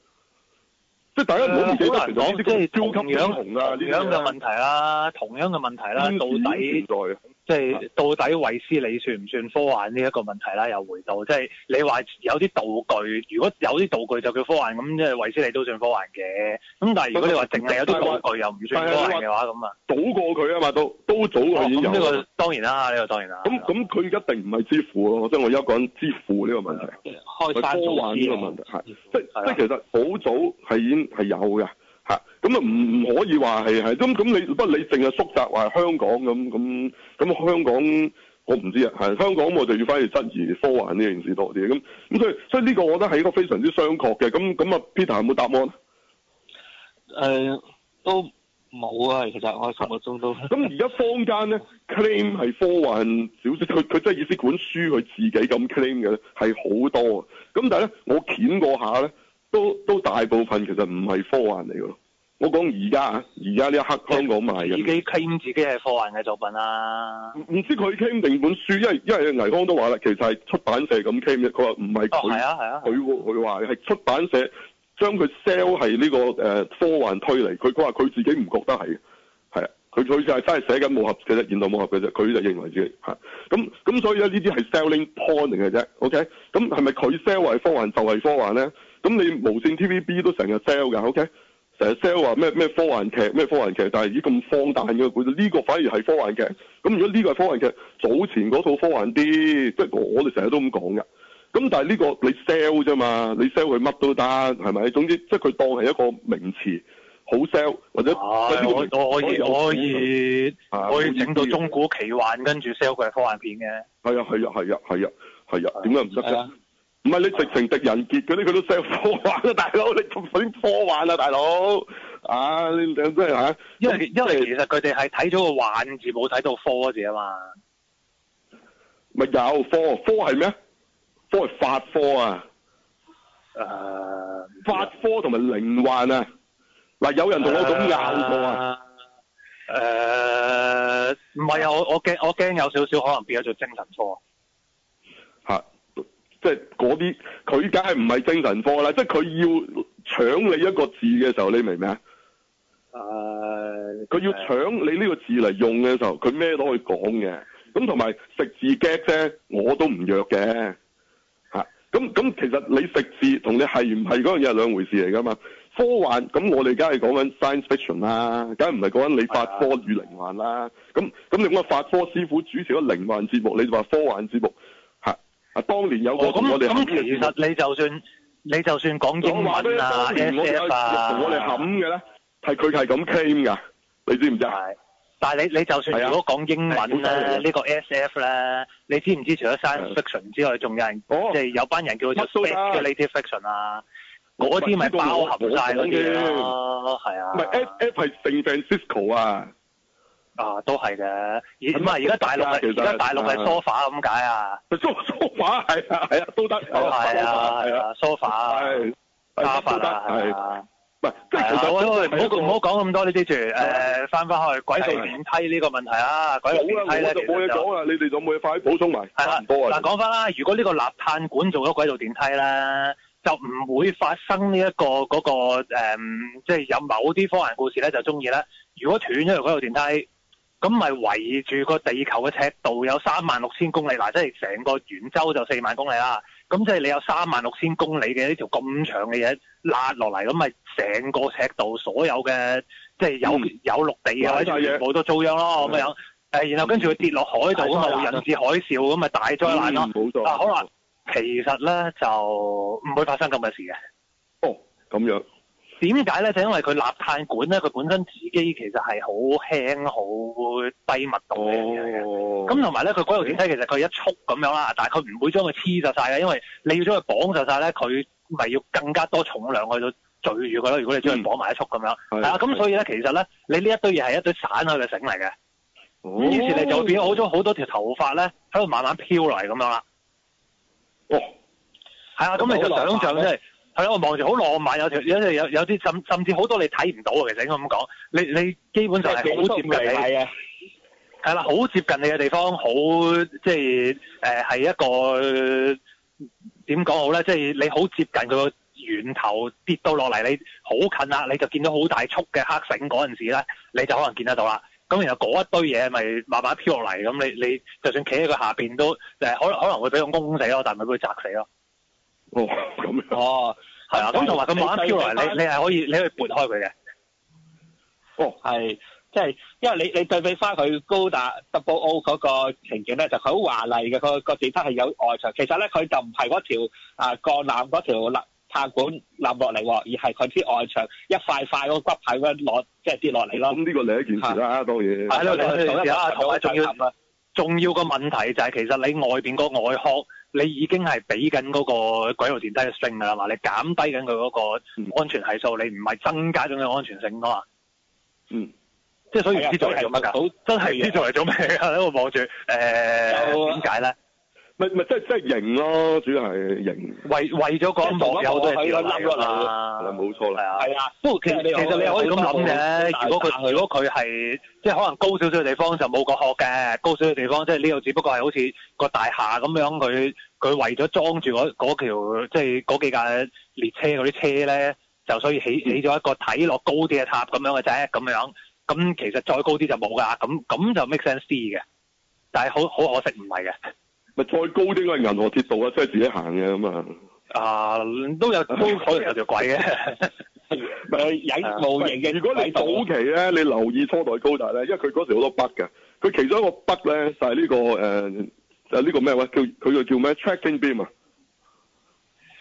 S3: 即係大家唔好自己單獨講，即係同樣嘅問題啦，同樣嘅、啊、問題啦、啊啊，到底即、就、係、是、到底衛斯理算唔算科幻呢一個問題啦？又回到即係、就是、你話有啲道具，如果有啲道具就叫科幻，咁即係衛斯理都算科幻嘅。咁但係如果你話淨係有啲道具又唔算科幻嘅話，咁啊早過佢啊嘛，都
S1: 都早啊。有、哦。呢個
S3: 當然啦，呢、這個當然啦。咁
S1: 咁佢一定唔係之父咯，即係我而家講之父呢個問題，係科幻呢個問題，係即即其實好早係已經係有㗎。吓，咁啊唔唔可以話係係咁咁，你不過你淨係縮窄話香港咁咁咁香港我唔知啊，係香港我就要返去質疑科幻呢件事多啲咁，咁所以所以呢個我覺得係一個非常之商榷嘅，咁咁啊 Peter 有冇答案？誒、
S2: 呃，都冇啊，其實我心目中都
S1: 咁，而家坊間咧 claim 係科幻小說，佢佢真係意思本書佢自己咁 claim 嘅係好多，咁但係咧我檢過下咧。都都大部分其實唔係科幻嚟喎。我講而家啊，而家呢一刻香港賣嘅，自己 claim 自
S3: 己係科幻嘅作品啦、
S1: 啊。唔知佢 claim 定本書，因為因為倪匡都話啦，其實係出版社咁 claim 嘅。佢話唔係佢，佢佢話係出版社將佢 sell 係呢、這個誒、uh, 科幻推理。佢佢話佢自己唔覺得係，係啊，佢佢就係真係寫緊武俠嘅啫，現代武俠嘅啫。佢就認為自己嚇咁咁，所以咧呢啲係 selling point 嚟嘅啫。OK，咁係咪佢 sell 係科幻就係、是、科幻咧？咁你無綫 TVB 都成日 sell 㗎 OK？成日 sell 話咩咩科幻劇，咩科幻劇，但係咦咁放誕嘅，呢、這個反而係科幻劇。咁如果呢個係科幻劇，早前嗰套科幻啲，即、就、係、是、我哋成日都咁講㗎。咁但係呢個你 sell 啫嘛，你 sell 佢乜都得，係咪？總之即係佢當係一個名詞，好 sell 或者、哎、可以，以可以可以、啊、可以整到中古
S3: 奇幻，跟住 sell 佢係科幻片
S1: 嘅。係啊係啊係啊係啊係啊，點解唔得㗎？唔
S3: 係你直情狄仁傑嗰啲，佢都識科幻啦大佬，你做啲科幻啦大佬啊，你真係吓。因為因為其實佢哋係睇咗個幻字，冇睇到科字啊嘛。咪有科科係咩？科係法科啊，誒，法科同埋靈幻
S1: 啊。嗱，uh，
S3: 有人同我咁拗過啊？誒，唔係啊，我我驚我驚有少少可能變咗做精神科。
S1: 即係嗰啲，佢梗係唔係精神科啦！即係佢要搶你一個字嘅時候，你明唔明啊？
S2: 佢、uh, 要搶
S1: 你呢個字嚟用嘅時候，佢咩都可以講嘅。咁同埋食字 gag 啫，我都唔弱嘅吓，咁咁其實你食字同你係唔係嗰樣嘢係兩回事嚟㗎嘛？科幻，咁我哋梗係講緊 science fiction 啦，梗係唔係講緊你發科與靈幻啦。咁、uh, 咁你講發科師傅主持咗靈幻節目，你就話科幻節目？啊！當年有個我哋咁咁，其實你就算
S3: 你就算講英文啊 SF 啊，啊我哋咁嘅咧，係佢係咁 claim 噶，你知唔知？但係你你就算如果講英文咧、啊，呢、啊呢個 SF 咧、啊啊，你知唔知？除咗 science fiction 之外，仲、啊、有人、哦、即係有班人叫做叫 h e a c 嘅 Native fiction 啊。嗰啲咪包含晒嗰啲咯，係啊，唔係 SF 係 San Francisco 啊。啊，都係嘅。咁啊，而家大陸係而家大陸係 sofa 咁解啊？梳化係啊，係啊，都得。係啊，係啊，sofa 係傢俬啊，係啊。唔係、啊，即係好啊，唔好唔好講咁多呢啲住。誒，翻返去軌道電梯呢個問題啊，軌道電梯咧。冇啦，我就冇嘢講啦。你哋就冇嘢發喺補充埋，發唔嗱，講翻啦，如果呢個立炭管做咗軌道電梯啦，就唔會發生呢、這、一個嗰、那個即係有某啲科幻故事咧就中意咧，如果斷咗條軌道電梯。咁咪圍住個地球嘅赤道有三萬六千公里，嗱，即係成個圓周就四萬公里啦。咁即係你有三萬六千公里嘅呢條咁長嘅嘢拉落嚟，咁咪成個赤道所有嘅即係有、嗯、有陸地嘅，全部都遭殃咯咁樣。誒、嗯，然後跟住佢跌落海度，引致海嘯咁咪大災難咯。嗱、嗯啊，好啦，其實咧就唔會發生咁嘅事嘅。哦，咁樣。點解咧？就因為佢立碳管咧，佢本身自己其實係好輕、好低密度嚟嘅。咁同埋咧，佢嗰條繩仔其實佢一束咁樣啦，但係佢唔會將佢黐實晒嘅，因為你要將佢綁實晒咧，佢咪要更加多重量去到聚住佢咯。如果你將佢綁埋一束咁樣，係啊。咁所以咧，其實咧，你呢一堆嘢係一堆散開嘅繩嚟嘅。
S2: 於是你就變咗
S3: 好咗好多條頭髮咧，喺度慢慢飄嚟咁樣啦。哦，係啊，咁你就想像即係。啊我望住好浪漫，有條有有有啲甚甚至好多你睇唔到的，其實應該咁講，你你基本上係好接近你，係啦，好接近你嘅地方，好即係誒係一個點講好咧，即係你好接近佢個源頭跌到落嚟，你好近啦，你就見到好大束嘅黑繩嗰陣時咧，你就可能見得到啦。咁然後嗰一堆嘢咪慢慢飄落嚟，咁你你就算企喺佢下邊都誒、呃，可能可能會俾個轟死
S2: 咯，但係唔會俾佢砸死咯。哦咁，哦。哦係啊，咁同埋佢慢慢飄落嚟，你你係可以，你，可以，你，可，以你可以撥開佢嘅。哦，係，即、就、係、是、因為你你對比翻佢高達 Double O 嗰個情景咧，就佢好華麗嘅，佢個地方係有外牆，其實咧佢就唔係嗰條啊鋼纜嗰條碳管冧落嚟，而係佢啲外牆一塊塊嗰骨頭咁落，即係跌落嚟咯。咁呢個另一件事啦、啊，
S1: 當然係。係咯，另一件事啊，仲
S3: 要、啊啊、重要嘅問題就係其實你外邊個外殼。你已經係俾緊嗰個軌道電梯嘅性 t r 啦嘛，你減低緊佢嗰個安全係數，你唔係增加咗佢安全性啊嘛。嗯，即係所以唔知做嚟做乜㗎、嗯，真係唔知做嚟做咩㗎，我望住誒點解咧？呃咪咪即係即係型咯，主要係型。為為咗個望一望都係啦，冇錯啦，係啊。
S2: 不過其實你其實你可以咁諗嘅，如果佢如果佢
S3: 係即係可能高少少嘅地方就冇個殼嘅，高少少嘅地方即係呢度，只不過係好似個大廈咁樣，佢佢為咗裝住嗰嗰條即係嗰幾架列車嗰啲車咧，就所以起起咗、嗯、一個睇落高啲嘅塔咁樣嘅啫，咁樣咁其實再高啲就冇噶，咁咁就 make sense 嘅，但係好好可惜唔係嘅。
S1: 咪再高啲嘅銀河鐵道啊，即、就、係、是、自己行嘅咁嘛？
S3: 啊，都有高台 也有條軌嘅，
S1: 咪 也有 隱無形嘅。如果你早期咧，你留意初代高達咧，因為佢嗰時好多 bug 嘅，佢其中一個 bug 咧就係、是、呢、這個誒、呃、就呢、是、個咩話叫佢就叫咩 tracking beam 啊？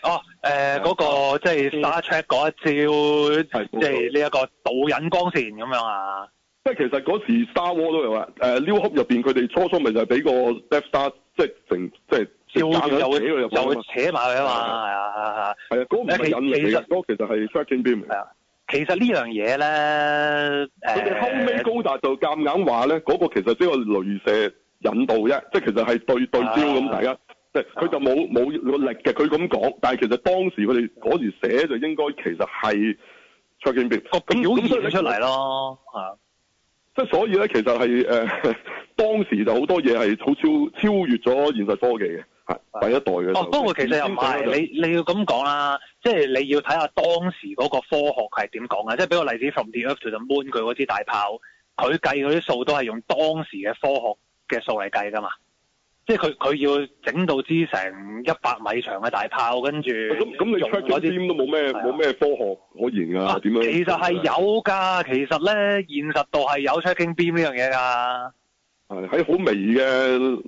S1: 哦，誒、呃、嗰、啊
S3: 那個即係、就是、Star Trek 嗰一招，即係呢一個導引光線咁樣啊？即、嗯、係其實嗰時 Star War 都有啊，
S1: 誒、呃《New Hope》入邊佢哋初初咪就俾個、Death、Star。即係成，即,即照扯佢入去
S3: 嘛，係啊係啊啊。啊，唔係、啊啊啊啊嗰個、引嚟嘅。嗰實其實係、嗰個、tracking beam。啊，其實呢樣嘢咧，誒，佢哋後尾高達就夾硬話咧，
S1: 嗰、欸嗰個其實只係雷射引導啫、啊，即係其實係對對焦咁、啊、大家，即係佢、啊、就冇冇力嘅，佢咁講，但係其實當時佢哋嗰時寫就應該其實係 tracking beam、啊。咁咁所以出嚟咯，所以咧，其實係誒、呃、當時就好多嘢係好超超越咗現實科技嘅，第一代嘅。哦，不過其實又唔係，你
S3: 你要咁講啦，即係你要睇下當時嗰個科學係點講嘅。即係俾個例子，From the Earth to the Moon，佢嗰支大炮，佢計嗰啲數都係用當時嘅科學嘅數嚟計噶嘛。即係佢佢要整到支成一百米長嘅大炮，跟住咁咁你 checking beam 都冇咩冇咩科學可言
S1: 㗎、啊？點、啊、樣其實係有
S3: 㗎，其實咧現實度係有 checking beam 呢樣嘢㗎。係喺好微嘅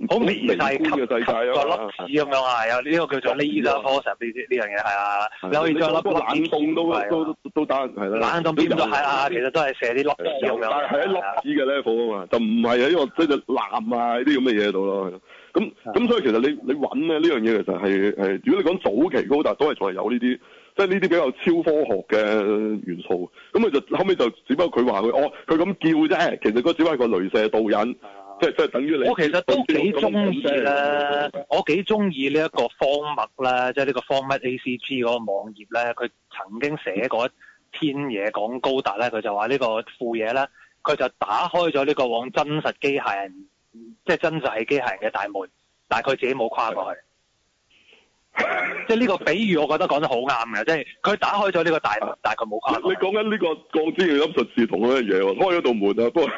S3: 好微細級級粒子咁樣啊，有呢個叫做粒、這個、子 force 呢啲呢樣嘢係啊。你可以再粒子冷凍都都都都得係啦，冷凍變咗係啊，其實都係射啲粒子咁樣係係粒子嘅 level
S1: 嘴嘛，就唔係呢我即係藍啊啲咁嘅嘢度咯。咁咁所以其實你你揾咧呢樣嘢其實係係，如果你講早期高達都係仲係有呢啲，即係呢啲比較超科學嘅元素。咁佢就後尾，就只不過佢話佢，哦佢咁叫啫，其實只不過係個雷射導引，啊、即係即係等於你。我其實都幾中意啦，
S3: 我幾中意呢一個 format 啦，即係呢個 format A C G 嗰個網頁咧，佢曾經寫過一篇嘢講高達咧，佢就話呢個富野咧，佢就打開咗呢個往真實機械人。即係真實係機械人嘅大門，但係佢自己冇跨過去。 即係呢個比喻，我覺得講得好啱嘅，即係佢打開咗呢個大門，啊、但係佢冇跨過去。
S1: 你講緊呢個《鋼之鍊金術師》同嗰樣嘢，開咗道門啊，不過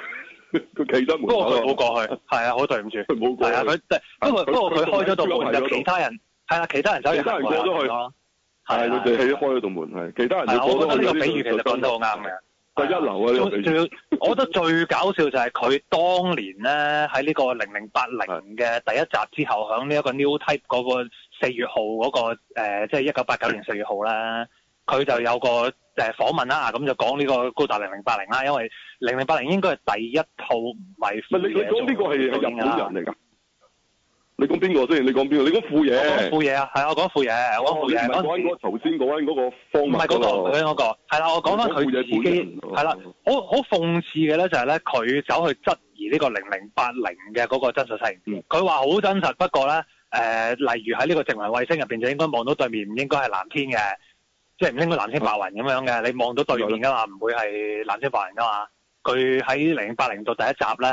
S1: 佢企 他冇過，過去。係 啊，好對唔住。佢冇過係啊，佢不過他不過佢開咗道門就其他
S3: 人係啦，其他人首先唔去咯。
S1: 係佢哋係開咗道門，
S3: 係其他人要過咗去。我覺得呢個比喻其實講得好啱嘅。 個一流啊！仲仲要， 我覺得最搞笑就係佢當年咧喺呢個零零八零嘅第一集之後，響、那個呃就是、呢 一個 Newtype 嗰個四月號嗰個誒，即係一九八九年四月號啦，佢、啊、就有個誒訪問啦，咁就講呢個高達零零八零啦，因為零零八零應該係第一套唔係。呢個係日本人嚟噶？
S1: 你講邊個先？你講邊、哦那個？你講副嘢？我講副嘢啊，係啊，
S3: 講副嘢，講副嘢。唔講我頭先講翻嗰個方唔係嗰個，講啦。我講翻佢自己係啦，好好諷刺嘅咧，就係咧佢走去質疑呢個零零八零嘅嗰個真實性。佢話好真實，不過咧誒、呃，例如喺呢個殖民衛星入邊就應該望到對面唔應該係藍天嘅，即係唔應該藍天白雲咁樣嘅、嗯。你望到對面噶嘛，唔、嗯、會係藍天白雲噶嘛。佢喺零八零到、嗯、度第一集咧，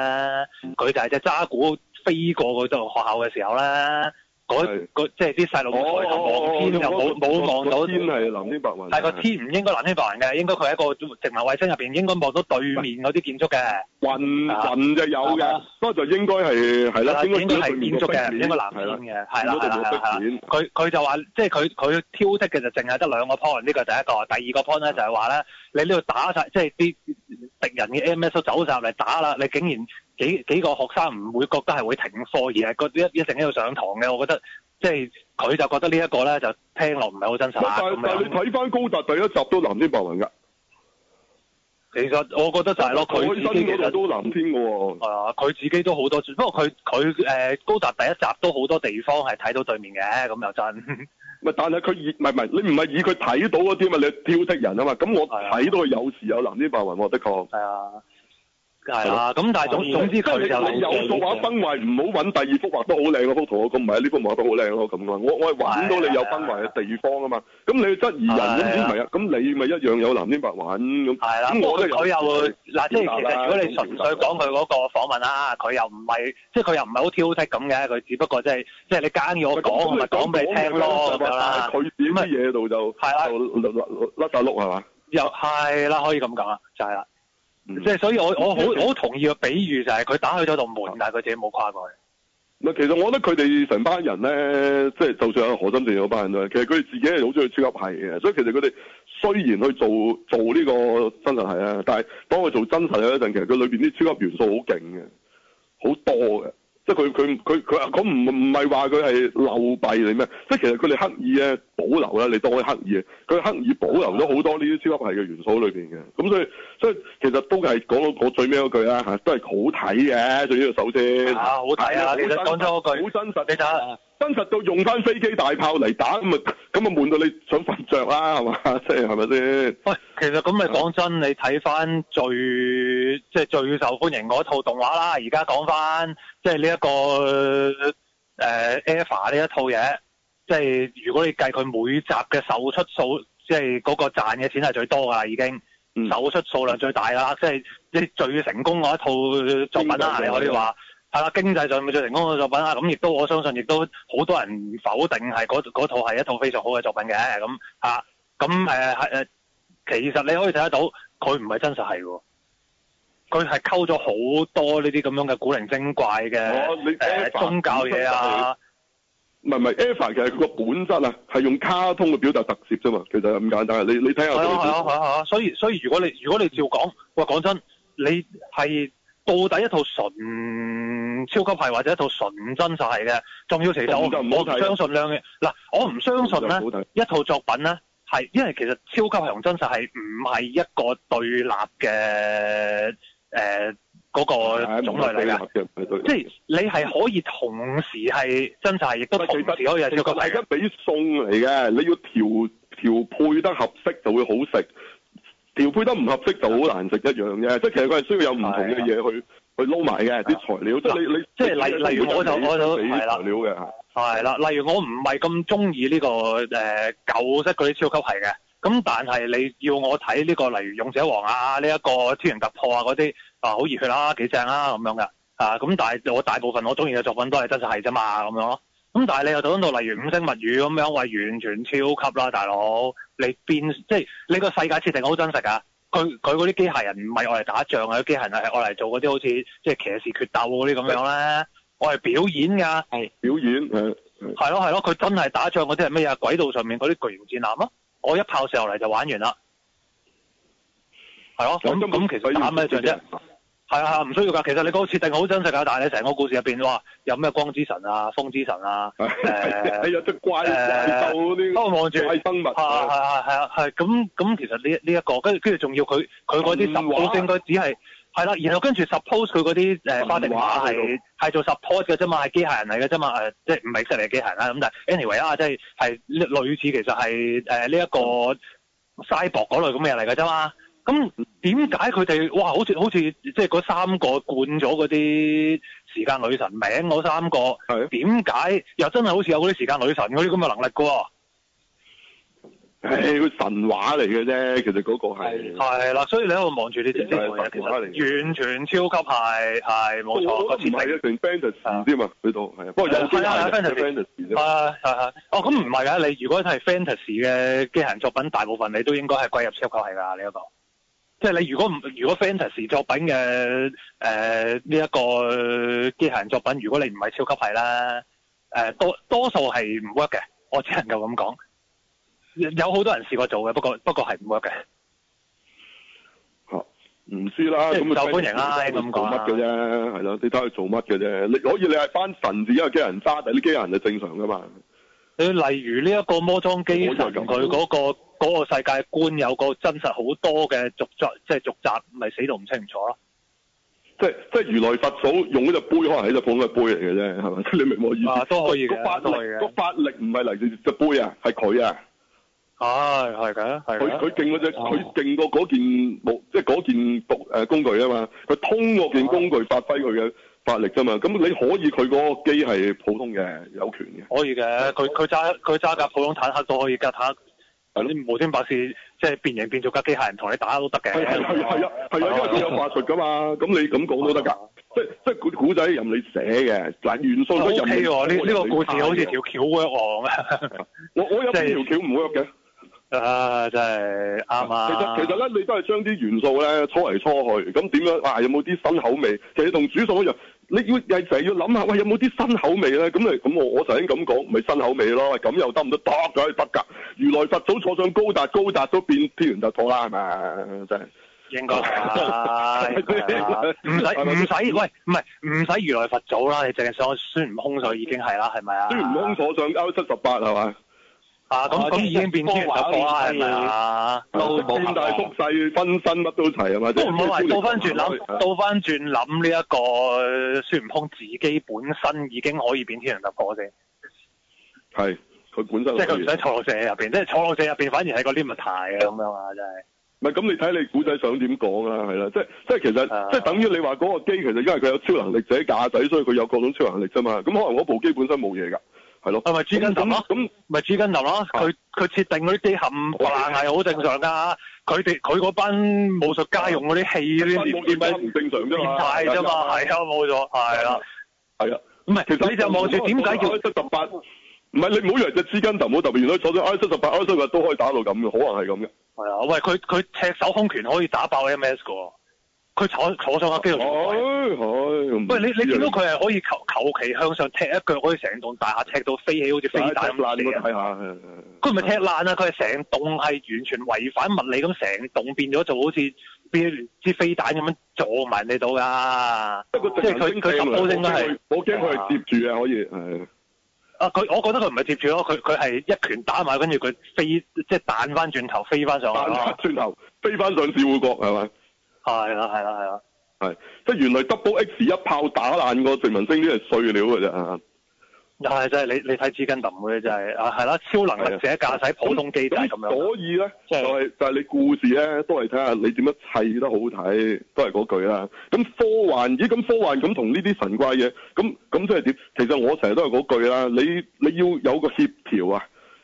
S3: 佢、嗯、就係隻渣古。飛過嗰度學校嘅時候咧，嗰個即係啲細路望天又冇冇望到。天係藍天，天白雲，但係個天唔應該藍天白雲嘅，應該佢喺一個殖民衛星入邊應該望到對面嗰啲建築嘅雲雲就有嘅，不過就應該係係啦，應該係建築嘅，應該藍天嘅，係啦啦啦，佢佢就話即係佢佢挑剔嘅就淨係得兩個 point，呢個第一個，第二個 point 咧就係話咧你呢度打晒，即係啲敵人嘅 MS 都走晒入嚟打啦，你竟然～幾幾個學生唔會覺得係會停課而係嗰一一定喺度上堂嘅，我覺得即係佢就覺得這呢一個咧就聽落唔係好真實，但咁你睇翻高達第一集都藍天白雲噶。其實我覺得就係咯，佢、哦啊，自己都藍天噶。係啊，佢自己都好多，不過佢佢，誒，高達第一集都好多地方係睇到對面嘅，咁又真。係，但係佢以唔係唔係，你唔係以佢睇到嗰啲嘛，你挑剔人啊嘛。咁我
S1: 睇到佢有時有藍天白雲，我的確。係啊。
S3: 係啦，咁但係總總之佢就有畫、就是、崩
S1: 壞，唔好揾第二幅畫都好靚嗰幅圖咁唔係呢幅畫都好靚咯，咁我我係到你有崩壞嘅地方啊嘛。咁你質疑人咁唔係啊，咁你咪一樣有藍
S3: 天白雲咁。係啦，咁我佢又嗱、啊，即係其實如果你純粹講佢嗰個訪問啦，佢又唔係，即係佢又唔係好挑剔咁嘅。佢只不過即係即係你介我講，我咪講俾你聽咯，佢
S1: 點乜嘢度就係啦，甩甩碌係嘛？
S3: 又係啦，可以咁講啊，就係、是、啦。即、嗯、係所以我，我我好我好同意個比喻，就係佢打開咗道門，但係佢自己冇跨過去。
S1: 唔係，其實我覺得佢哋成班人咧，即係就算喺何心戰嗰班人咧，其實佢哋自己係好中意超級系嘅。所以其實佢哋雖然去做做呢個真實系啦，但係當佢做真實嗰陣，其實佢裏邊啲超級元素好勁嘅，好多嘅。即係佢佢佢佢，咁唔唔係話佢係漏弊嚟咩？即係其實佢哋刻意嘅保留啦，你當佢刻意嘅，佢刻意保留咗好多呢啲超級系嘅元素裏邊嘅。咁所以所以其實都係講到最尾嗰句啦嚇，都係好睇嘅。最主要首先嚇、啊、好睇啊你！其實講真
S2: 嗰句好真實。你睇、啊。
S1: 真實到用翻飛機
S3: 大炮嚟打咁啊，咁啊悶到你想瞓着啦，係嘛？即係係咪先？喂，其實咁咪講真，你睇翻最即係、就是、最受歡迎嗰套動畫啦。而家講翻即係呢一個誒、呃、，EVA 呢一套嘢，即、就、係、是、如果你計佢每集嘅售出數，即係嗰個賺嘅錢係最多噶啦，已經售出數量最大啦，即、嗯、係、就是、最成功嗰一套作品啦。你可以話。係啦，經濟上最成功嘅作品啊，咁亦都我相信，亦都好多人否定係嗰嗰套係一套非常好嘅作品嘅，咁啊，咁、啊、係、啊啊、其實你可以睇得到，佢唔係真實係喎，佢係溝咗好多呢啲咁樣嘅古靈精怪嘅，啊啊、宗教嘢啊，唔係唔係，Eva 其
S1: 實佢個本質啊，係用卡通去表達特色啫嘛，其實咁簡單，你你睇下、啊，好好好好，
S3: 所以所以如果你如果你照講，喂講真，你係。到底一套純超級系或者一套純真實系嘅，仲要其實我唔相信兩嘅。嗱，我唔相信咧一套作品咧係，因為其實超級系同真實係唔係一個對立嘅誒嗰個種類嚟嘅，
S1: 即係、就是、
S3: 你係可以同時係真實，亦都同時可以係超級系家味餸
S1: 嚟嘅，你要調調配得合適就會好食。調配得唔合適就好難食一樣嘅，即係其實佢係需要有唔同嘅嘢去的去撈埋嘅啲材料。是即係你你即係例例如，例如我就我就係啦，材料
S3: 嘅係啦。例如我唔係咁中意呢個誒舊式啲超級係嘅，咁但係你要我睇呢，這個例如勇者王啊呢一，這個超人突破啊嗰啲啊好熱血啦，啊、幾正啦，啊、咁樣嘅啊。咁但係我大部分我中意嘅作品都係真實係啫嘛咁樣咯。咁但係你又到到例如五星物語咁樣喂，完全超級啦大佬。你變即係你個世界設定好真實㗎！佢佢嗰啲機械人唔係攞嚟打仗啊，啲機械人係攞嚟做嗰啲好似即係騎士決鬥嗰啲咁樣咧。攞嚟表演㗎，係表演，係係咯係咯，佢真係打仗嗰啲係咩呀？軌道上面嗰啲巨型戰艦咯，啊，我一炮射落嚟就玩完啦。係咯，咁咁其實打咩仗啫？係啊，唔需要㗎。其實你個設定好真實㗎，但係你成個故事入面哇，有咩光之神啊、風之神啊，係係有啲怪獸嗰啲，都望住怪物，係係係係啊，係咁咁其實呢呢一個跟跟住仲要佢佢嗰啲十，到應該只係係啦，然後跟住 suppose 佢嗰啲誒花瓶係係做 support 嘅啫嘛，係機械人嚟嘅啫嘛，即係唔係真嚟機械人啦，咁但係 anyway 啊，即係係類似其實係呢一個 cyber 嗰類咁嘅嘢嚟㗎啫嘛。咁點解佢哋哇好似好似即係嗰三個冠咗嗰啲時間女神名嗰三個？係點解又真係好似有嗰啲時間女神嗰啲咁嘅能力嘅？
S1: 哎、神話嚟嘅啫，其實嗰個係。
S3: 係係啦，所以你喺度望住啲這些、就是、完全超級係係冇錯。前係一段 fantasy 啊？你不過有啲係 fantasy, fantasy、啊、哦，咁唔係㗎。你如果係 fantasy 嘅機械人作品，大部分你都應該係歸入超級係㗎。你、這、嗰個。即係你如果唔如果 fantasy 作品嘅誒呢一個機械人作品，如果你唔係超級系啦，誒、呃、多多數係唔 work 嘅，我只能夠咁講。有好多人試過做嘅，不過不過係唔 work 嘅。
S1: 好、啊、唔
S3: 知啦，即係受歡迎啦，你咁講做
S1: 乜嘅啫，咯？你睇佢、啊、做乜嘅啫？你可以你係班神字，因為機械人揸，但啲機械人就正常噶嘛。
S3: 你例如呢一個魔裝機神佢嗰個。嗰、那個世界觀有個真實好多嘅續,續集，即係續集咪死到唔清楚咯、啊。即係即係如來佛祖
S1: 用嗰隻杯，可能係隻普通嘅杯嚟嘅啫，係咪？你明我意思？啊，都可以嘅，都可以嘅。個法力唔係嚟自隻杯啊，係佢啊。唉、
S3: 哎，係㗎，係㗎，佢佢勁隻，佢勁過
S1: 嗰件木、哦，即係件誒工具啊嘛。佢通過嗰件工具發揮佢嘅法力啫嘛。咁、哎、你可以佢個機係普通嘅，有權嘅。
S3: 可以嘅，佢佢揸佢揸架普通坦克都可以架坦嗱啲無天百事，即係變形變做架機械人同你打都得嘅，係係係啊，係啊，因為佢有法術噶嘛，咁 你咁講都得噶，即
S1: 即係古仔任你寫嘅，嗱元素都任 K 喎，呢呢、OK 哦呢個故事好似條
S3: 橋好屈啊，我我有條橋唔屈嘅，啊真係啱啊，其實其實咧
S1: 你都係將啲元素咧搓嚟搓去，咁點樣啊有冇啲新口味？其實同煮餸一樣。你要係成日要諗下，喂有冇啲新口味咧？咁嚟咁我我頭先咁講，咪新口味咯。咁又得唔得？得梗係得㗎。如來佛祖坐上高達，高達都變天元突破啦，係咪啊？真係
S3: 應該係。唔使唔使，喂唔係唔使如來佛祖啦，你淨係想孫悟空就已經係啦，係咪啊？孫悟空坐上 RX 七十八係嘛？啊咁咁，啊、已經變天人突破係啊？到大縮細分身乜
S1: 都齊係嘛？都唔好話倒翻轉諗，倒翻
S3: 轉諗呢一個孫悟空自己本身已經可以變天人突破啫。
S1: 係，佢本身即係佢唔使《西
S3: 遊記》入邊，即係《西遊記》入邊反而係個 limiter 啊！咁樣啊，真係。唔係咁，
S1: 你睇你古仔想點講啦？係啦，即係即係其實即係等於你話嗰個機其實因為佢有超能力者架仔，所以佢有各種超能力啫嘛。咁可能嗰部機本身冇嘢㗎。係咯，係咪 G Gundam
S3: 咯？咁咪 G Gundam 咯？佢佢設定嗰啲啲冚唪唥係好正常噶。佢哋佢嗰班武術家用嗰啲氣，呢啲唔正常啫嘛？變態啫嘛？係啊，冇錯，係啊，係啊，唔係，其實你就望住點解叫七十八？唔係你唔好以為
S1: 隻 G Gundam 冇特別，原來坐咗 I 七十八 I 七十八都可以打到咁嘅，可能係咁嘅。係啊，喂，佢佢、啊、赤手
S3: 空拳可以打爆 MS 個。佢坐坐上架機度，唔、
S1: 哎哎、喂，你你見到
S3: 佢係可以求求其向上踢一腳，可以成棟大廈踢到飛起，好似飛彈咁。你睇下，佢唔係踢爛啊！佢係成棟係完全違反物理咁，棟成棟變咗就好似變咗支飛彈咁樣撞埋你度噶。即係佢佢應該係我驚佢係接住啊！可以啊。佢我覺得佢唔係接住咯，佢佢係一拳打埋，跟住佢飛即係彈翻轉頭飛翻上。彈、就、轉、是、頭，飛翻上國係係啦、啊，係啦、啊，係啦、啊，係、啊，即係原來 Double X 一炮打爛個殖
S1: 民星啲係碎料嘅啫。
S3: 又係即係你你睇 Gundam 唔嘅，就係、是就是、啊係啦、啊，超能力者駕駛普通機都係咁樣。所以咧、啊、就係、是、就係、是、你故事咧都係
S1: 睇下你點樣砌得好睇，都係嗰句啦。咁科幻咦咁科幻咁同呢啲神怪嘢咁咁即係點？其實我成日都係嗰句啦，你你要有個協調啊。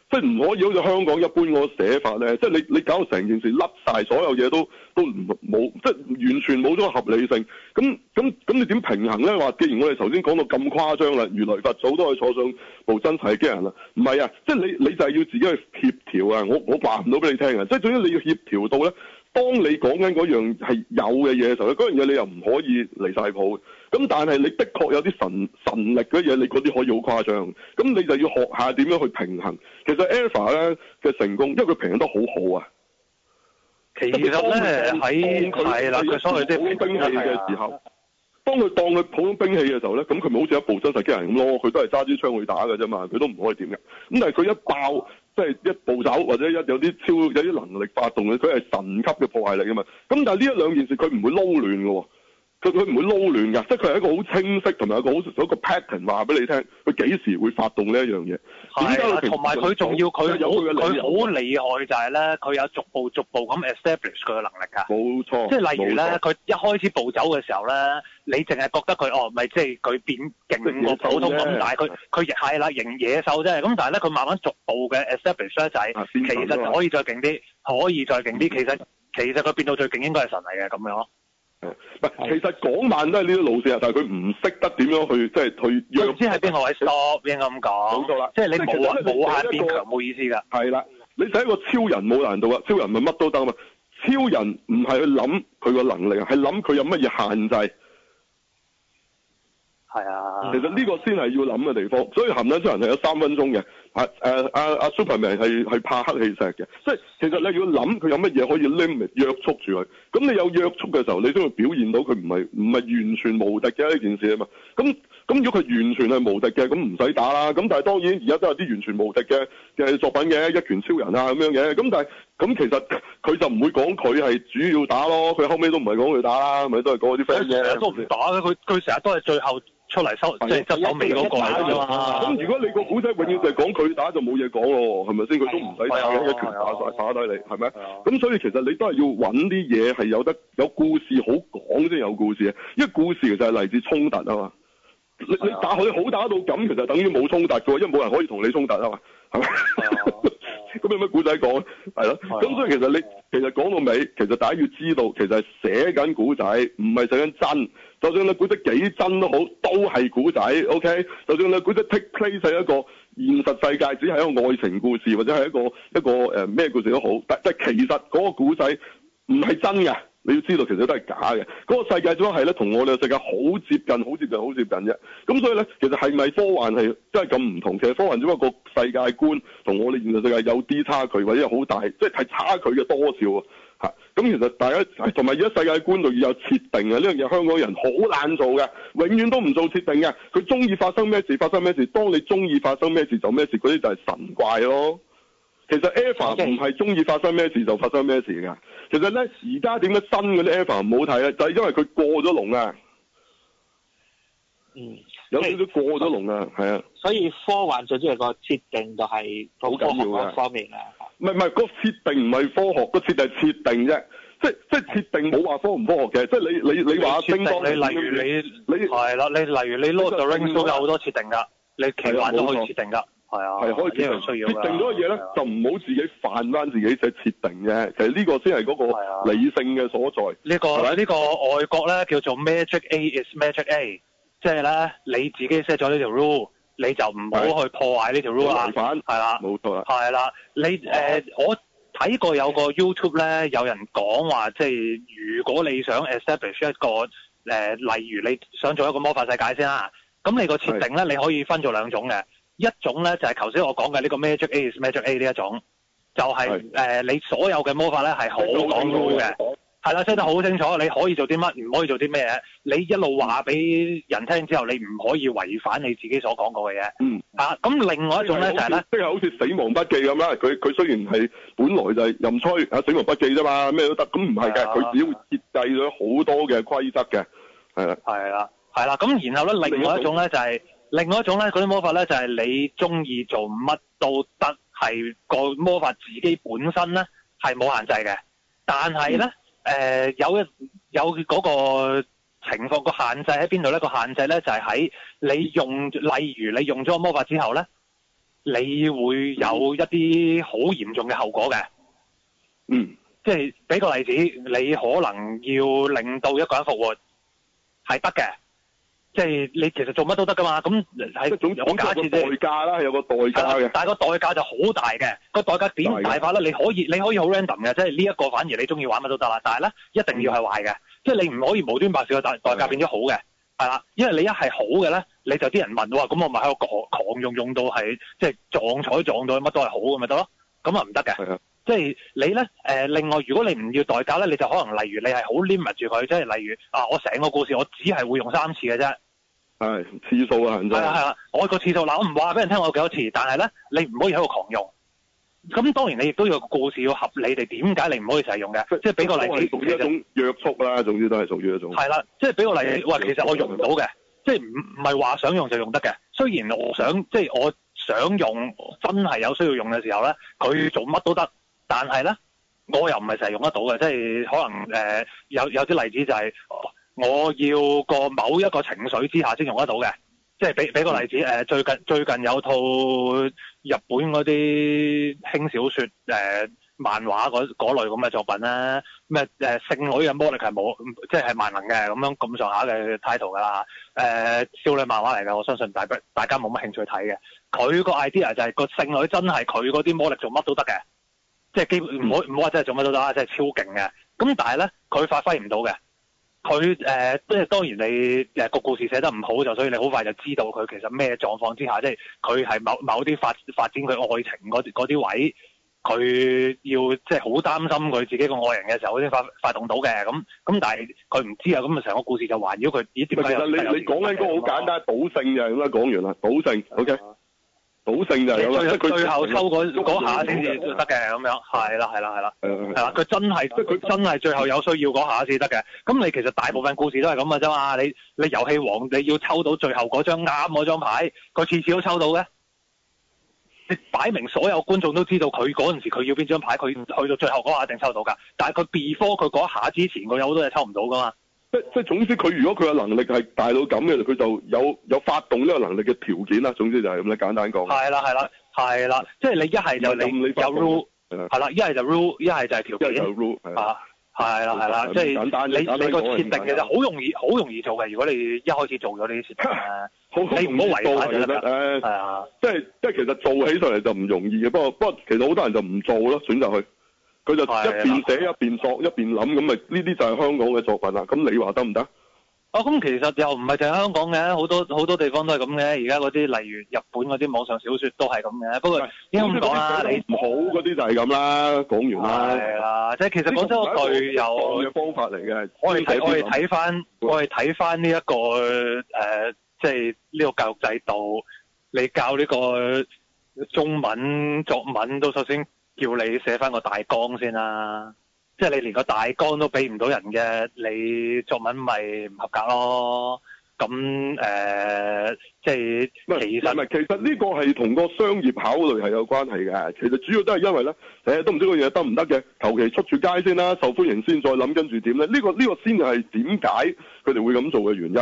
S1: 即係唔可以好似香港一般個寫法咧，即係你你搞到成件事甩晒所有嘢都都唔冇，即係完全冇咗合理性。咁咁咁你點平衡咧？話既然我哋頭先講到咁誇張啦，原來佛祖都可以坐上部真提機人啦。唔係啊，即係你你就係要自己去協調啊。我我話唔到俾你聽啊。即係總之你要協調到咧，當你講緊嗰樣係有嘅嘢嘅時候咧，嗰樣嘢你又唔可以離晒譜。咁但係你的確有啲神神力嘅嘢，你嗰啲可以好誇張。咁你就要學下點樣去平衡。其實 Eva 咧，嘅成功，因為佢平衡得好好啊。其
S2: 實咧喺係啦，佢所謂啲兵器嘅時候，
S1: 啊、當佢當佢普通兵器嘅時候咧，咁佢咪好似一部真實機人咁咯？佢都係揸支槍去打㗎啫嘛，佢都唔可以點嘅。咁但係佢一爆，即、就、係、是、一暴走或者有一有啲超有啲能力發動嘅，佢係神級嘅破壞力啊嘛。咁但係呢一兩件事，佢唔會撈亂嘅。佢佢唔會撈亂㗎，即係佢係一個好清晰同埋一個好一個 pattern 話俾你聽，佢幾時會發動呢一樣嘢？係同埋佢仲要佢有佢好
S3: 厲害就係咧，佢有逐步逐步咁 establish 佢嘅能力㗎。冇錯，即係例如咧，佢一開始暴走嘅時候咧，你淨係覺得佢哦，唔係即係佢變勁過普通咁，但係佢佢亦係啦，型野獸啫。咁但係咧，佢慢慢逐步嘅 establish 咧，就係其實可以再勁啲，可以再勁啲。其實 其實佢變到最勁應該係神嚟嘅咁樣。唔其
S1: 實講萬都係呢啲路線啊，但係佢唔識得點樣去，即係去。唔知喺邊何位 stop 應咁講。到啦，即係你冇冇下邊冇意思㗎。係啦，你就係一個超人，冇難度啊！超人咪乜都得嘛，超人唔係去諗佢個能力，係諗佢有乜嘢限制。
S3: 係啊。其實呢
S1: 個先係要諗嘅地方，所以鹹蛋超人係有三分鐘嘅。啊誒阿阿 Superman 係係怕黑氣石嘅，即係其實你如果諗佢有乜嘢可以 limit 約束住佢，咁你有約束嘅時候，你都會表現到佢唔係唔係完全無敵嘅呢件事啊嘛。咁，咁如果佢完全係無敵嘅，咁唔使打啦。咁但係當然而家都有啲完全無敵嘅嘅作品嘅，一拳超人啊咁樣嘅。咁，但係咁其實佢就唔會講佢係主要打咯，佢後尾都唔係講佢打啦，咪都係講啲 friend 嘢。
S3: 打佢佢成日都係最
S1: 後出嚟收，即係執手尾嗰個咁、啊啊、如果你個古仔永遠就係講佢打就冇嘢講咯，係咪先？佢、啊、都唔使打、啊，一拳打晒、啊、打低你，係咪？咁、啊、所以其實你都係要搵啲嘢係有得有故事好講先有故事，因為故事其實係嚟自衝突啊嘛。你打你打佢好打到咁，其實等於冇衝突噶，因為冇人可以同你衝突啊嘛，係 咪？咁有咩古仔講？係咯、啊，咁所以其實你其實講到尾，其實大家要知道，其實係寫緊古仔唔係寫緊真。就算你估得幾真都好，都係古仔，OK？就算你估得 take place 係一個現實世界，只係一個愛情故事，或者係一個一個誒咩、呃、故事都好，但但其實嗰個古仔唔係真嘅，你要知道其實都係假嘅。嗰、那個世界只不過係咧，同我哋嘅世界好接近，好接近，好接近啫。咁所以咧，其實係咪科幻係真係咁唔同？其實科幻只不過個世界觀同我哋現實世界有啲差距，或者好大，即係睇差距嘅多少。吓、嗯，咁其實大家同埋而家世界觀度要有設定啊，呢樣嘢，這個、香港人好難做嘅，永遠都唔做設定嘅。佢中意發生咩事，發生咩事。當你中意發生咩事，就咩事。嗰啲就係神怪咯。其實 Eva 唔係中意發生咩事就發生咩事㗎。其實咧，而家點解新嗰啲 Eva 唔好睇啊？就係、是、因為佢過咗龍啊。嗯，有少少過咗龍啊，係啊。所以科幻最主要個設定就係
S2: 好緊要嘅方面啊。
S1: 唔係唔係個設定唔係科學，嗰個設定係設定啫，即係
S3: 即係設定冇話科唔科學嘅，即係你你你話啊你例如你你係啦，你例如你攞到 ring 都有好多設定噶，你其實都可以設定噶，係啊，係可以你樣需要定咗嘢咧，
S1: 就唔好自己犯翻自己，就設定啫。其實呢個先係嗰個理
S3: 性嘅所在。呢、呢個呢、呢個外國咧叫做 magic A is magic A，即係咧你自己 set 咗呢條 rule。你就唔好去破壞呢條 rule 啦，係啦，冇錯啦，係啦。你誒、呃，我睇過有個 YouTube 咧，有人講話，即係如果你想 establish 一個、呃、例如你想做一個魔法世界先啦，咁你個設定咧，你可以分做兩種嘅，一種咧就係頭先我講嘅呢個 Magic A Magic A 呢一種，就係、是、誒、呃、你所有嘅魔法咧係好講 rule 嘅。係啦，寫得好清楚，你可以做啲乜，唔可以做啲咩嘢。你一路話俾人聽之後，你唔可以違反你自己所講過嘅嘢。嗯。啊，咁另外一種咧就係、是、咧，即、就、係、是就是、好似死
S1: 亡筆記咁啦。佢佢雖然係本來就係任吹啊，死亡筆記啫嘛，咩都得。咁唔係嘅，佢自己會
S3: 設計咗好多嘅規則嘅，係啦。係啦，係啦。咁然後咧，另外一種咧就係、是、另外一種咧，嗰啲魔法咧就係、是、你中意做乜都得，係個魔法自己本身咧係冇限制嘅，但係咧。嗯誒、呃、有一有嗰個情況，個限制喺邊度咧？個限制咧就係、是、喺你用，例如你用咗個魔法之後咧，你會有一啲好嚴重嘅後果嘅。嗯，即係俾個例子，你可能要令到一個人復活，係得嘅。即係你其實做乜都得噶嘛，咁係講假設啫。有個代價啦，有個代價嘅。但係個代價就好大嘅，個代價點大法咧？你可以你可以好 random 嘅，即係呢一個反而你中意玩乜都得啦。但係咧一定要係壞嘅，嗯，即係你唔可以無端白事嘅代代價變咗好嘅，係啦。因為你一係好嘅咧，你就啲人問話，咁我咪喺度狂用用到係即係撞彩撞到乜都係好咁咪得咯？咁啊唔得嘅，即係你咧、呃、另外，如果你唔要代價咧，你就可能例如你係好 limit 住佢，即係例如啊，我成個故事我只係會用三次嘅啫。係、哎、次數啊，係啊係啊，我個次數嗱，我唔話俾人聽我有幾多次，但係咧，你唔可以喺度狂用。咁當然你亦都要個故事要合理，你點解你唔可以成日用嘅？即係俾個例子，我屬於一種
S1: 約束啦，總之都係屬於一種。係啦、
S3: 啊，即係俾個例子，喂，其實我用唔到嘅，即係唔唔係話想用就用得嘅。雖然我想，嗯、即係我想用，真係有需要用嘅時候咧，佢做乜都得，但係咧，我又唔係成日用得到嘅，即係可能誒、呃，有有啲例子就係、是。我要個某一個情緒之下先用得到嘅，即係俾俾個例子，誒最近最近有套日本嗰啲輕小說、誒、呃、漫畫嗰類咁嘅作品啦，咩誒、呃、聖女嘅魔力係冇，即係萬能嘅咁樣咁上下嘅 title 㗎啦，誒、呃、少女漫畫嚟嘅，我相信大不大家冇乜興趣睇嘅。佢個 idea 就係、是、個聖女真係佢嗰啲魔力做乜都得嘅，即係基本唔好唔好話真係做乜都得啊，真係超勁嘅。咁但係咧，佢發揮唔到嘅。佢誒，即、呃、當然你誒個、呃、故事寫得唔好就，所以你好快就知道佢其實咩狀況之下，即係佢係某某啲發、發展佢愛情嗰啲位，佢要即係好擔心佢自己個愛人嘅時候先似發、發動到嘅，咁咁但係佢唔知啊，咁啊成個故事就環繞佢。唔，其實你你講緊個好簡單，
S1: 賭聖就係咁樣講完啦，賭聖，OK。Uh, 保證就有啦 prayers，佢最，
S3: 最後抽嗰下先至得嘅咁樣，係啦係啦係啦，係啦，佢真係佢真係最後有需要嗰下先得嘅。咁你其實大部分故事都係咁嘅啫嘛，那個、one, 你你遊戲王你要抽到最後嗰張啱嗰張牌，佢次次都抽到嘅。擺、啊、明所有觀眾都知道佢嗰陣時佢要邊張牌，佢去到最後嗰下一定抽到噶，但係佢 before，佢嗰下之前，佢有好多嘢抽唔到噶嘛。即係
S1: 總之，佢如果佢有能力係大到咁嘅，佢就有有發動呢個能力嘅條件啦。總之就係咁樣簡單講。係
S3: 啦，係啦，係啦。即係你一係就是你有 rule，係啦，一係就 rule，一係就係條件啊。係啦，係啦。即係簡單你你個設定其實好容易好容易做嘅。如果你一開始做咗呢啲設定咧，你唔好違法就得啦。
S1: 係啊，即係即係其實做起上嚟就唔容易嘅。不過不過其實好多人就唔做咯，選擇去。佢就一邊寫一邊作一邊諗，咁咪呢啲就係香港嘅作品啦。咁你話得唔得？
S3: 哦，咁其實又唔係淨係香港嘅，好多好多地方都係咁嘅。而家嗰啲例如日本嗰啲網上小說都係咁嘅。不過點解咁講啊，麼麼啊、你唔好嗰啲就係咁啦，講完啦。係啦，即係其實講真，我對有方法嚟嘅。我係睇我睇翻我哋睇翻呢一個誒，即係呢個教育制度。你教呢個中文作文都首先。叫你寫翻個大綱先啦，即係你連個大綱都俾唔到人嘅，你作文咪唔合格咯。咁誒，即係唔係唔係，其實呢個係同個商業考慮係有關係
S1: 嘅。其實主要都係因為咧，誒都唔知個嘢得唔得嘅，求其出住街先啦，受歡迎先再諗跟住點咧。呢個呢個先係點解佢哋會咁做嘅原因。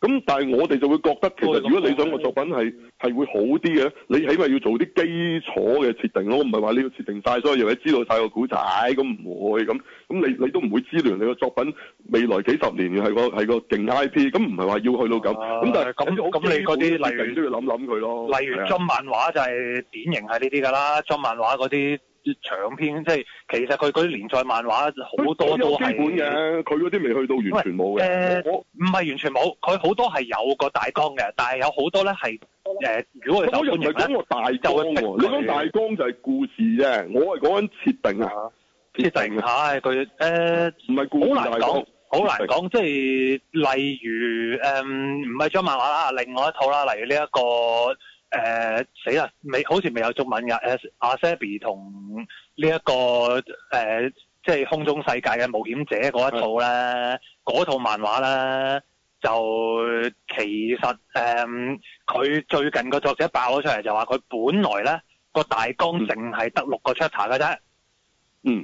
S1: 咁但係我哋就會覺得其實如果你想個作品係係會好啲嘅，你起碼要做啲基礎嘅設定咯。唔係話你要設定晒，所以又果你知道晒個古仔，咁、哎、唔會咁。咁你你都唔會知聯你個作品未來幾十年係個係個勁 IP。咁唔係話要去到咁。咁但係咁咁你嗰啲例如，都要諗
S3: 諗佢咯。例如，裝漫畫就係典型係呢啲噶啦，裝漫畫嗰啲。長篇，即係其實佢啲連載漫畫好多都係本嘅，佢嗰啲未去到完全冇嘅。誒、呃，我唔係完全冇，佢好多係有個大綱嘅，但係有好多咧係誒。如果他我哋專業咧，我唔講個大綱喎，佢大綱就係故事啫。我係講緊設定啊，設定下，唉，佢誒，唔、呃、係故事好難講好難講，即係例如誒，唔、呃、係張漫畫啦，另外一套啦，例如呢、這、一個。誒、呃，死啦，未好似未有中文噶誒、啊，阿 Saby 同呢一個誒，即、呃、係、就是、空中世界嘅冒險者嗰一套咧，嗰套漫畫咧，就其實誒，佢、呃、最近個作者爆咗出嚟，就話佢本來咧個大綱淨係得六個 chapter 嘅啫。嗯。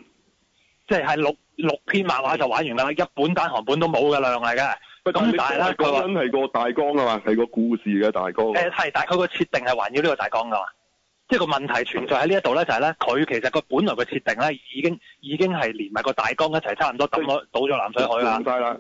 S3: 即係係六六篇漫畫就玩完啦、嗯，一本單行本都冇嘅量嚟嘅。咁大啦，係嘛？
S1: 係個大江啊嘛，係個故事嘅大江。
S3: 誒、呃，係，但係佢個設定係環繞呢個大江噶嘛？即係個問題存在喺呢一度咧，就係咧，佢其實個本來嘅設定咧，已經已經係連埋個大江一齊，差唔多抌咗倒咗南水海啦。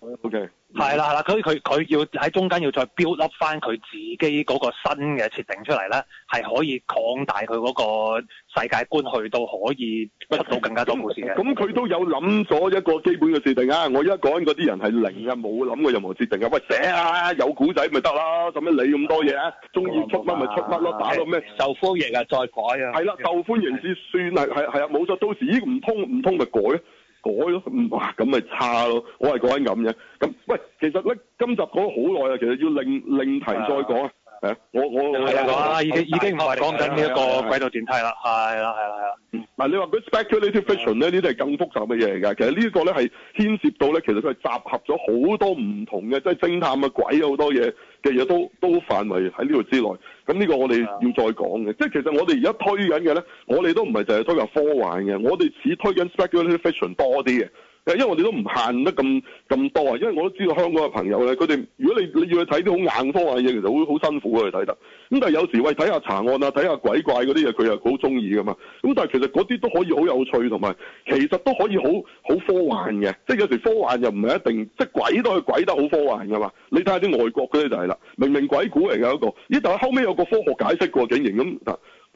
S3: 係、嗯、啦，係啦，佢佢要喺中間要再 build up 翻佢自己嗰個新嘅設定出嚟咧，係可以擴大佢嗰個世界觀，去到可以出到更加多故事嘅。咁、嗯、佢、嗯、都有諗
S1: 咗一個基本嘅設定啊！我而家講緊嗰啲人係零啊，冇、嗯、諗過任何設定啊。喂，寫啊，有古仔咪得啦，咁樣理咁多嘢啊？中意出乜咪出乜咯，打到
S2: 咩受歡迎啊，再改啊。係啦，
S1: 受歡迎先算係係係啊，冇咗到時個唔通唔通咪改啊？改咯，哇，咁咪差咯，我係講緊咁嘅。咁，喂，其實咧，今集講咗好耐啊，其實要另另題再講啊。係我我我啊，已經我已經唔係講緊呢一個軌道電梯啦。係啦，係啦，係啦。唔、啊、你話嗰 speculative fiction 咧，呢啲係更複雜嘅嘢嚟㗎。其實呢一個咧係牽涉到咧，其實佢係集合咗好多唔同嘅，即係偵探嘅鬼好多嘢。嘅嘢都都範圍喺呢度之內，咁呢個我哋要再講嘅，即係其實我哋而家推緊嘅咧，我哋都唔係淨係推緊科幻嘅，我哋只推緊 speculative fiction 多啲嘅。因為我哋都唔限得咁咁多，因為我都知道香港嘅朋友咧，佢哋如果你你要去睇啲好硬科幻嘅嘢，其實會好辛苦去睇得。咁但係有時喂，睇下查案啊，睇下鬼怪嗰啲嘢，佢又好中意噶嘛。咁但係其實嗰啲都可以好有趣，同埋其實都可以好好科幻嘅。即係有時科幻又唔係一定，即係鬼都係鬼得好科幻㗎嘛。你睇下啲外國嗰啲就係、是、啦，明明鬼故嚟嘅、那個、一個，咦？但係後尾有個科學解釋過，竟然咁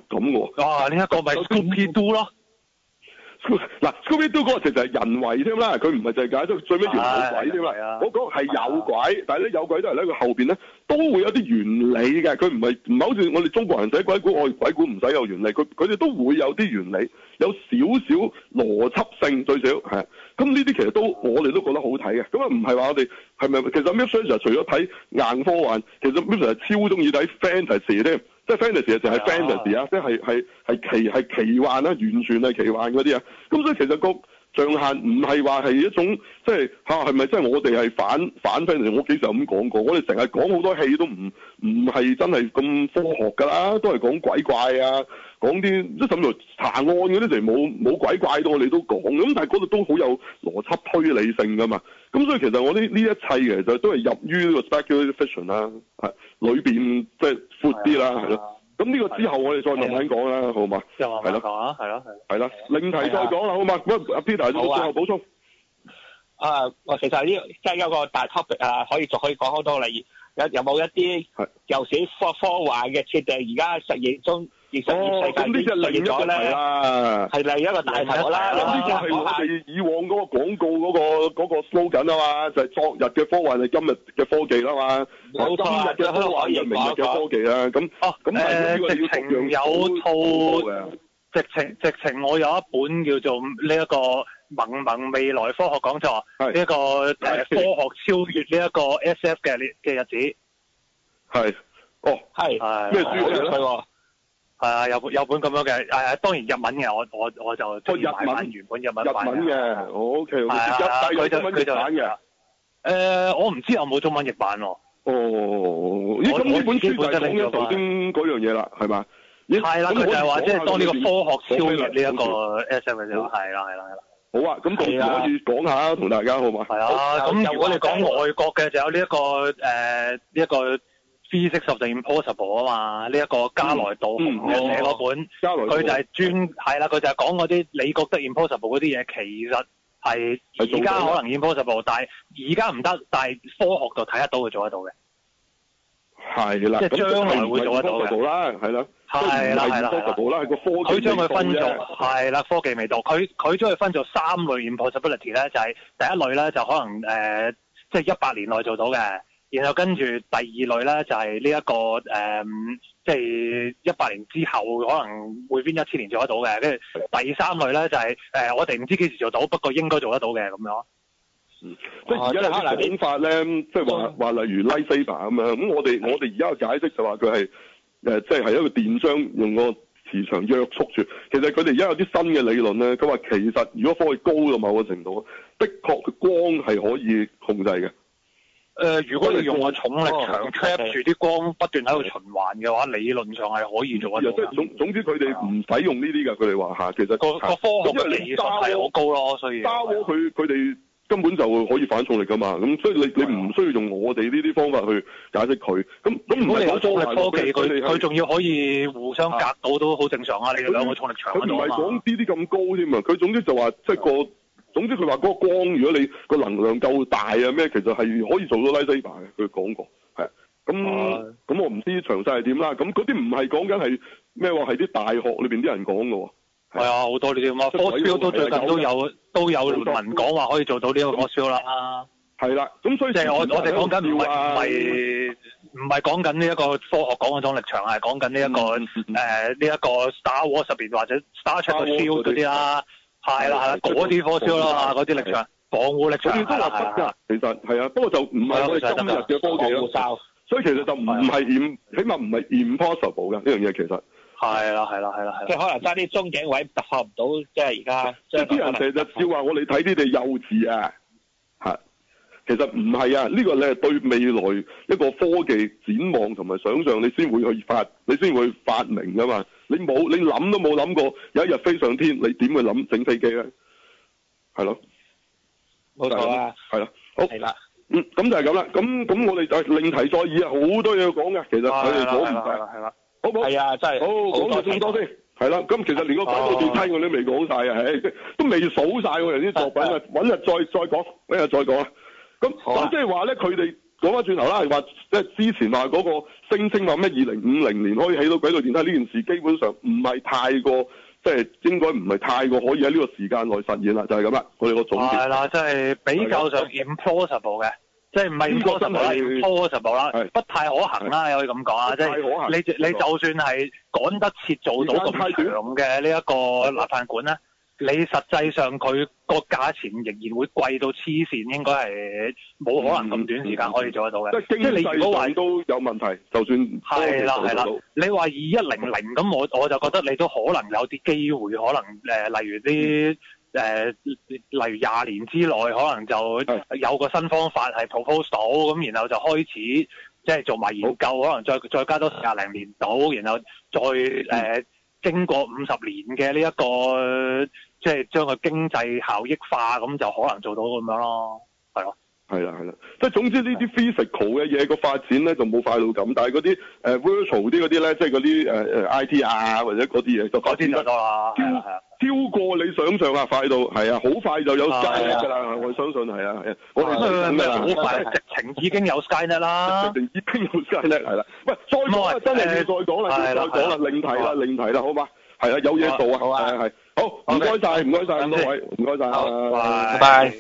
S1: 咁、哦、啊，呢一個咪 Scooby Doo 咯。嗯嗱，s 嗰啲都，嗰個其實係人為添啦，佢唔係正解，最最尾原來有鬼添啦。我講係有鬼，啊、有鬼但係咧，有鬼都係咧，佢後面咧都會有啲原理嘅，佢唔係唔係好似我哋中國人睇鬼故，我鬼故唔使有原理，佢佢哋都會有啲原理，有少少邏輯性最少係。咁呢啲其實都我哋都覺得好睇嘅，咁啊唔係話我哋係咪？其實 MythSearcker 除咗睇硬科幻，其實 MythSearcker 超中意睇 fantasy 添。即、就、係、是、fantasy 啊、yeah. 就是，就係 fantasy 啊，即係係係奇係奇幻啦，完全係奇幻嗰啲啊。咁所以其實個象限唔係話係一種，即係吓係咪即係我哋係反反 fantasy？我幾時有咁講過？我哋成日講好多戲都唔唔係真係咁科學㗎啦，都係講鬼怪啊。講啲即係甚至乎查案嗰啲，嚟，冇冇鬼怪，我哋都講。咁但係嗰度都好有邏輯推理性噶嘛。咁所以其實我呢呢一切其實都係入於呢個 speculative fiction 啦，係裏邊即係闊啲啦，係咯、啊。咁呢、啊啊啊啊、個之後我哋再慢慢講啦，好嘛？係啦、啊，係啦，係啦、啊啊啊，另題再講啦，好嘛？咁阿 Peter，你最後補充？啊，Peter,
S2: 啊啊其實呢即係有一個大 topic 啊，可以仲可以講好多啦。有有冇一啲由史科科幻嘅設定，而家實驗中？業業哦，咁呢隻另一啦，係另一個大作啦。咁呢隻係我哋以往嗰個廣告嗰、那個
S1: 嗰、啊那個 show 緊啊嘛，就係、是、昨日嘅科幻，就今日嘅科技啦嘛。好、啊，今日嘅科幻，明日嘅科技啊。咁、啊、哦，咁誒，啊啊、直情有套，
S3: 直情直情我有一本叫做呢、這、一個萌萌未來科學講座，呢一、這個科學超越呢一個 SF 嘅嘅日子。
S1: 係，
S3: 哦，係咩書？係啊，有本有本咁樣嘅，係當然日文嘅，我我我就中意買翻原本日文。日
S1: 文嘅，O K，佢就佢就佢
S3: 就版嘅。我唔知有冇中文譯版哦，呢、嗯、
S1: 本書本我樣、嗯嗯嗯嗯嗯、就講緊
S3: 頭先嗰樣嘢啦，係嘛？係啦，咁就係話即係當呢個科
S1: 學超越呢一個 S M S，係
S3: 啦係啦係啦。
S1: 好啊，咁講完可以講下啊，同大家好嘛？
S3: 係啊，咁、嗯、如果你講外國嘅、嗯，就有呢一個誒呢一個。呃呢個 Physics of the impossible 啊嘛？呢一個加來道寫嗰本，佢就係專係啦。佢就係講嗰啲你覺得 impossible 嗰啲嘢，其實係而家可能 impossible，但係而家唔得，但係科學就睇得到，做得到嘅。係
S1: 啦，即係將來會做得到嘅。不可能啦，係啦。係啦係啦。啦，科。佢將佢分做，
S3: 係啦，科技未到。佢佢將佢分做三類 impossibility 咧，就係第一類咧，就可能誒，即係一百年內做到嘅。然後跟住第二類咧就係呢一個誒，即、嗯、係、就是、一百年之後可能會邊一千年做得到嘅。跟住第三類咧就係、是、誒、呃，我哋唔知幾時做到，不過應該做得到嘅咁樣、嗯
S1: 嗯哦哦嗯、樣。即係而家例如睇法咧，即係話話例如 light saber 咁樣。咁我哋我哋而家嘅解釋就話佢係誒，即係係一個電漿用個磁場約束住。其實佢哋而家有啲新嘅理論咧，佢話其實如果科技高到某個程度，的確佢光係可以控制嘅。
S3: 誒、呃，如果你用個重力場 trap 住啲光，不斷喺度循環嘅話，理論上係可以做得到。即係總，總之用用，佢哋唔使用呢啲㗎。佢哋話嚇，其實個個科學係好高咯，所以。包括
S1: 佢佢哋根本就可以反重力噶嘛，咁所以你你唔需要用我哋呢啲方法去解釋佢。
S3: 咁咁唔可以重力科技佢佢仲要可以互相隔到都好正常啊！你兩個重力場佢唔係講
S1: 啲啲咁高添嘛
S3: 佢總之就話即、就是、個。總之佢話嗰個光，如果你
S1: 個能量夠大啊咩，其實係可以做到 Light Saber 嘅。佢講過，係咁，咁我唔知詳細係點啦。咁嗰啲唔係講緊係咩話，係啲大學裏邊啲人講噶。
S3: 係、哎、啊，好多呢啲啊，Force 都最近都有都有好多人講話可以做到呢個 Force 啦。係、啊、啦，咁所以即係、就是、我我哋講緊唔係唔係唔係講緊呢一個科學講嗰種力場，係講緊呢一個誒呢一個 Star Wars 入邊或者 Star Trek 嘅 Force 嗰啲啦。係啦，係 啦樂，嗰啲科超啦，嗰啲力量，防守力量，係啊，
S1: 其實係啊，不過就唔係佢今日嘅科技。
S3: 所以其實就唔係唔，
S1: 起碼唔係 impossible 㗎。呢樣嘢，其實
S2: 係啦，係啦，係啦，即可能爭啲中警位特效唔到，即係而家。即啲人成日笑話我哋睇啲哋幼稚啊，
S1: 其實唔係啊，呢、這個你係對未來一個科技展望，同埋想象，你先會去發，你先會發明噶嘛。你冇，你諗都冇諗過，有一日飛上天，你點會諗整飛機咧？係咯，冇錯啊，係啦，好，係啦，嗯，咁就係咁啦。咁咁，那我哋就另提再議啊，好多嘢講嘅，其實佢哋講唔晒，係嘛，好唔好？係啊，
S2: 真、就、係、是，好講咗咁多
S1: 先，係啦。咁、就是、其實連個軌道電梯我都未講晒啊，唉、哦，都未數晒我哋啲作品啊，搵日再再講，搵日再講啊。咁咁即係話咧，佢哋講翻轉頭啦，係話即係之前話嗰個聲稱話咩二零五零年可以起到軌道電梯呢件事，基本上唔係太過即係、就是、應該唔係太過可以喺呢個時間內實現啦，就係咁啦。佢哋個總結係啦，即係、
S3: 就是、比較上 impossible 嘅，即係唔係 impossible 啦，不太可行啦、啊，可以咁講啊，即係、就是、你你就算係趕得切做到咁長嘅呢一個立飯館啦。你實際上佢個價錢仍然會貴到黐線，應該係冇可能咁短時間可以做得到嘅。即、嗯、係、嗯嗯、經濟上
S1: 都有問題，就算係啦係啦。
S3: 你話二一零零咁，我我就覺得你都可能有啲機會，可能、呃、例如啲、嗯呃、例如廿年之內可能就有個新方法係 proposal 到，咁然後就開始即係、就是、做埋研究、嗯，可能再再加多廿零年到，然後再誒、呃、經過五十年嘅呢一個。即係將佢經濟效益化，咁就可能做到咁樣咯，係咯，
S1: 係啦係啦，即係總之呢啲 physical 嘅嘢個發展咧就冇快到咁，但係嗰啲誒 virtual 啲嗰啲咧，即係嗰啲誒誒 IT 啊或者嗰啲嘢，就講先就多啦，係啊啊，超過你想象啊快到，係啊好快就有 Skynet 噶啦，我相信係啊係啊，我唔係唔係好快，直情已經有 Skynet 啦，直情已經有 Skynet 係啦，喂再講真係唔再講啦，唔再講啦、啊，另提啦另提啦、啊，好嘛，係啊有嘢做啊，好啊係。好，唔該晒，唔該曬，唔該晒 Okay. 各位，唔該晒，好，拜拜。Bye -bye. Bye -bye.